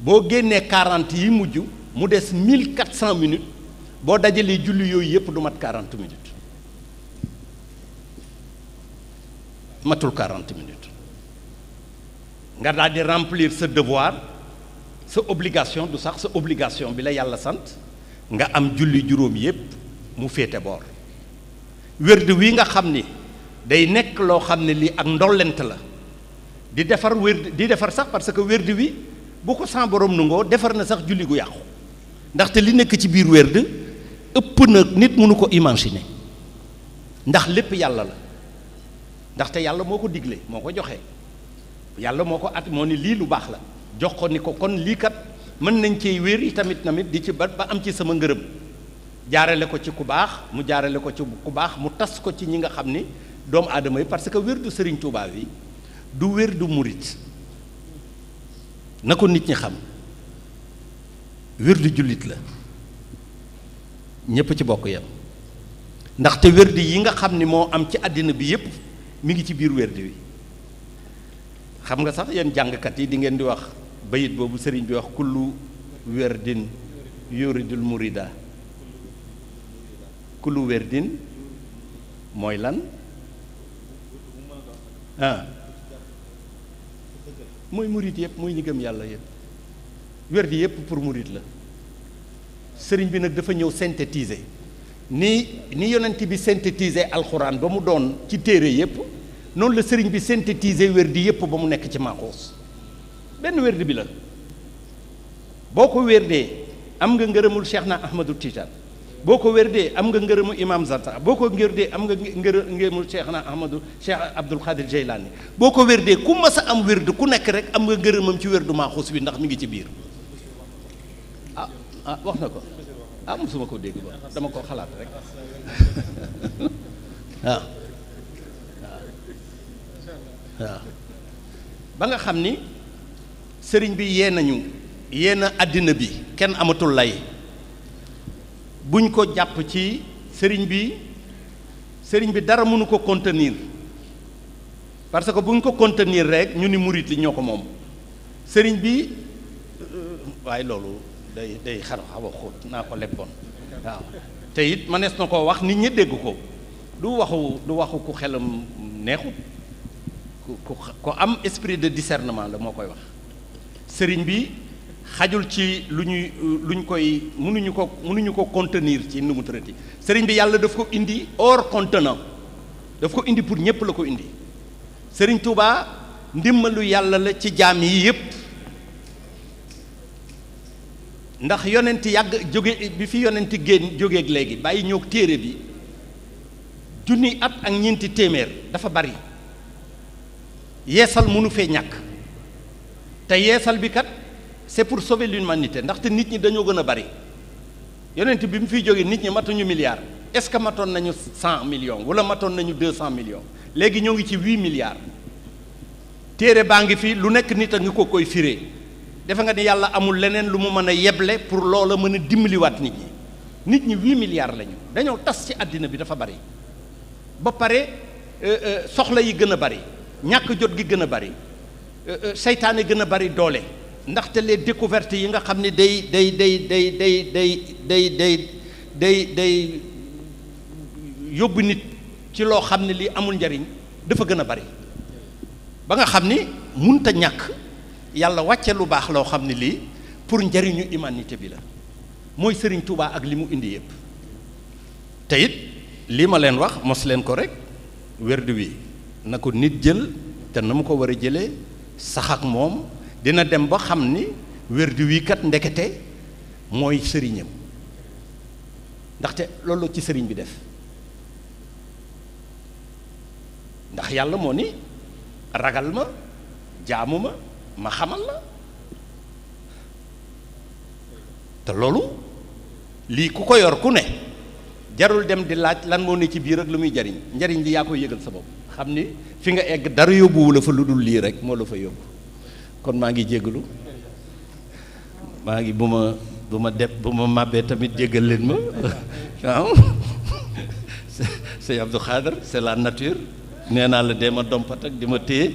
vous avez 40 yi mujj mu dess 1400 minutes boo dajalee julli yooyu du mat 40 minutes matul 40 minutes nga remplir ce devoir cette obligation du sax obligation bi la yalla sante nga am julli mu wi nga day ak la di di sax parce que wi bu ko sans borom nungo defar na sax julli gu ndax te li nek ci bir werd epp na nit munu ko imaginer ndax lepp yalla la ndax te yalla ko digle moko ko yalla moko at moni ni li lu bax la jox ko ni ko kon li kat man nañ ci wër tamit tamit di ci ba am ci sama ngeureum jaarale ko ci ku bax mu jaarale ko ci ku bax mu tass ko ci ñi nga xamni ni adamay parce que wër du Serigne Touba wi du wër du murit Nakun nit ñi xam wirdu julit la ñepp ci bokk yam te wirdu yi nga xam ni mo am ci adina bi yépp mi ngi ci biir wirdu wi xam nga sax jang kat yi di ngeen di wax bayit bobu sëriñ bi wax kullu wirdin yuridul murida kullu wirdin moy lan ah mooy murit yëpp mooy ñi gëm yàlla yëpp werd yëpp pour murit la sëriñ bi nag dafa ñëw synthétiser ni ni yonent bi synthétiser alxuraan ba mu doon ci téere yëpp noonu la sëriñ bi synthétiser werdi yëpp ba mu nekk ci maaxoos benn werdi bi la boo ko werdee am nga ngërëmul Cheikh na Ahmadou tiitaan boo ko wérdee am nga ngërëmu imam Zanta boo ko ngérdee am nga ngërë ngërëmu cheikh na ahmadou cheikh abdul xadir jeylaani boo ko wérdee ku mas a am wérdu ku nekk rek am nga ngërëmam ci wér wérdu maaxuus bi ndax mi ngi ci biir ah ah wax na ko ah mosuma ko dégg ba dama ko xalaat rek waaw [LAUGHS] ah. waaw ah. ah. ba nga xam ni sëriñ bi yee nañu yee na àddina bi kenn amatul lay buñ ko jàpp ci sëriñ bi sëriñ bi dara mënu ko contenir parce que buñ ko contenir rek ñu ni murit li ñoo ko moom sëriñ bi euh, waaye loolu day day xar xaw xóot naa ko lebboon waaw te it manees na koo wax nit ñi dégg ko du waxu du waxu ku xelam neexut ku ku am esprit de discernement la moo koy wax sëriñ bi xajul ci lu ñuy luñ koy mënuñu ko mënuñu ko contenir ci nu mu tërati sëriñ bi yàlla daf ko indi or contenant daf ko indi pour ñépp la ko indi sëriñ Touba ndimbalu yàlla la ci jaam yi yépp ndax yonent yàgg jóge bi fi yonent génn jógeek léegi bàyyi ñoog téere bi junni at ak ñeenti téeméer dafa bari yeesal mënu fee ñàkk te yeesal bi kat c'est pour sauver l'humanité Nous nit ñi que nous avons bari avons bi mu fiy milliards est-ce que 100 millions wala avons nañu 200 millions Nous nous ngi milliards Nous bangi fi lu nous nit ak ko koy firé defe nga ni yalla amul leneen lu mu pour loola nous dimbali wat nit ñi nit ñi milliards lañu dañu tass ci adina bi dafa bari ba euh, euh soxla yi bari jot gi ndaxte les découvertes yi nga xam ni day day day day day day day day day day yóbbu nit ci loo xam ne lii amul njariñ dafa gën a bari ba nga xam ni munta ñàkk yàlla wàcce lu baax loo xam ne lii pour njariñu humanité bi la mooy Sëriñ Tuubaa ak li mu indi yëpp te it lii ma leen wax mos leen ko rek werd wi na ko nit jël te na mu ko war a jëlee sax ak moom dina dem ba xam ni wérdi wii kat ndekete mooy sëriñam ndaxte loolu ci sëriñ bi def ndax yàlla moo ni ragal ma jaamu ma ma xamal la te loolu lii ku ko yor ku ne jarul dem di laaj lan moo ni ci biir ak lu muy jariñ njariñ li yaa koy yëgal sa bopp xam ni fi nga egg dara yóbbuwu la fa lu dul lii rek moo la fa yóbbu kon maa ngi jégalu maa ngi bu buma bu ma def bu ma tamit jégal leen ma waaw Abdou Khader c'est la nature nee naa la dee ma dompat ak di ma téye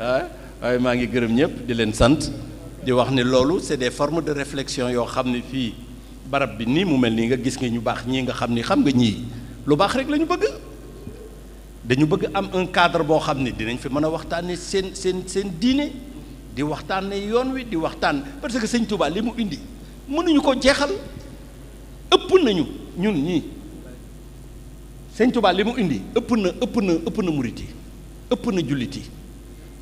ah waaye maa ngi gërëm ñëpp di leen sant di wax ni loolu c'est des formes de réflexion yo xam fi, fii barab bi nii mu mel nii nga gis nga ñu baax ñii nga xam ni xam nga ñii lu baax rek la bëgg dañu bëgg am un cadre boo xam ne dinañ fi mën a sen seen seen seen di waxtaan ne yoon wi di waxtaan parce que sëñ Touba li mu indi mënuñu koo jeexal ëpp nañu ñun ñii sëñ Touba li mu indi ëpp na ëpp na ëpp na murit yi ëpp na jullit yi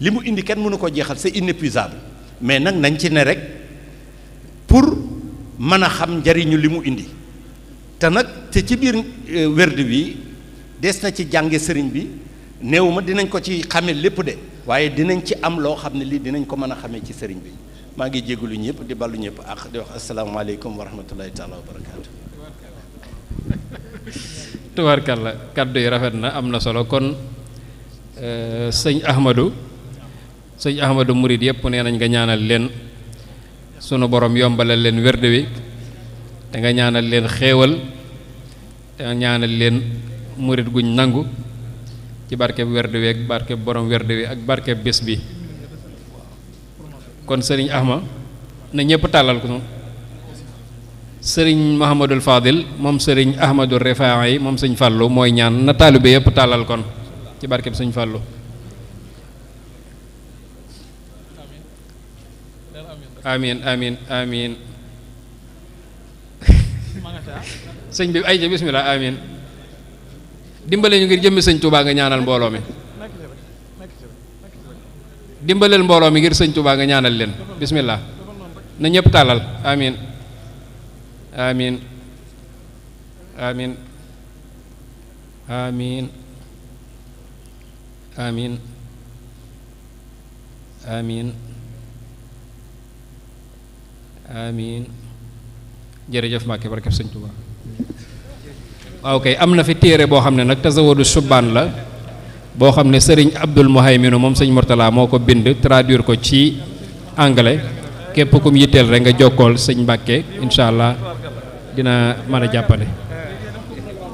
li mu indi kenn mënu koo jeexal c'est inépuisable mais nag nañ ci ne rek pour mën a xam njariñu li mu indi te nag te ci biir euh, werd wi des na ci jànge sëriñ bi néew dinañ ko ci xame lépp de waye dinañ ci am lo xam li dinañ ko mëna xamé ci sëriñ bi ma ngi jégalu ñëpp di ballu ñëpp ak di wax alaykum wa rahmatullahi taala wa barakatuh tubaarkàlla kaddu yi rafet na am solo kon eh, sëñ Ahmadou sëñ Ahmadou murid yëpp nenañ nga ñaanal leen suñu borom yombalal len wérde wi da nga ñaanal leen xéewal da nga ñaanal leen murid guñ nangu. ci barkeb werd wi ak barkeb borom werd wi ak barkeb bés bi kon sëriñ Ahma na ñëpp tàllal ko sëriñ Mouhamadul Fadil moom sëriñ Ahmadul Rifaay moom sëñ Fallou mooy ñaan na taalibe yëpp tàllal kon ci barkeb sëñ Fallou amin amin amin [LAUGHS] sëñ bi ay ja bismillah amin dimbalé ñu ngir jëmmi sëñ Touba nga ñaanal mbolo mi dimbalé mbolo mi ngir sëñ Touba nga ñaanal leen bismillah na ñëpp talal amin amin amin amin amin amin amin jërëjëf Mbàkke barke sëñ Touba waaw kay am na fi téere boo xam ne nag tasawadu subbaan la boo xam ne sëriñ Abdul Muhayminu moom sëñ Mortala moo ko bind traduire ko ci anglais képp kum yitteel rek nga jokkool sëñ Mbàkke incha allah dina mën a jàppale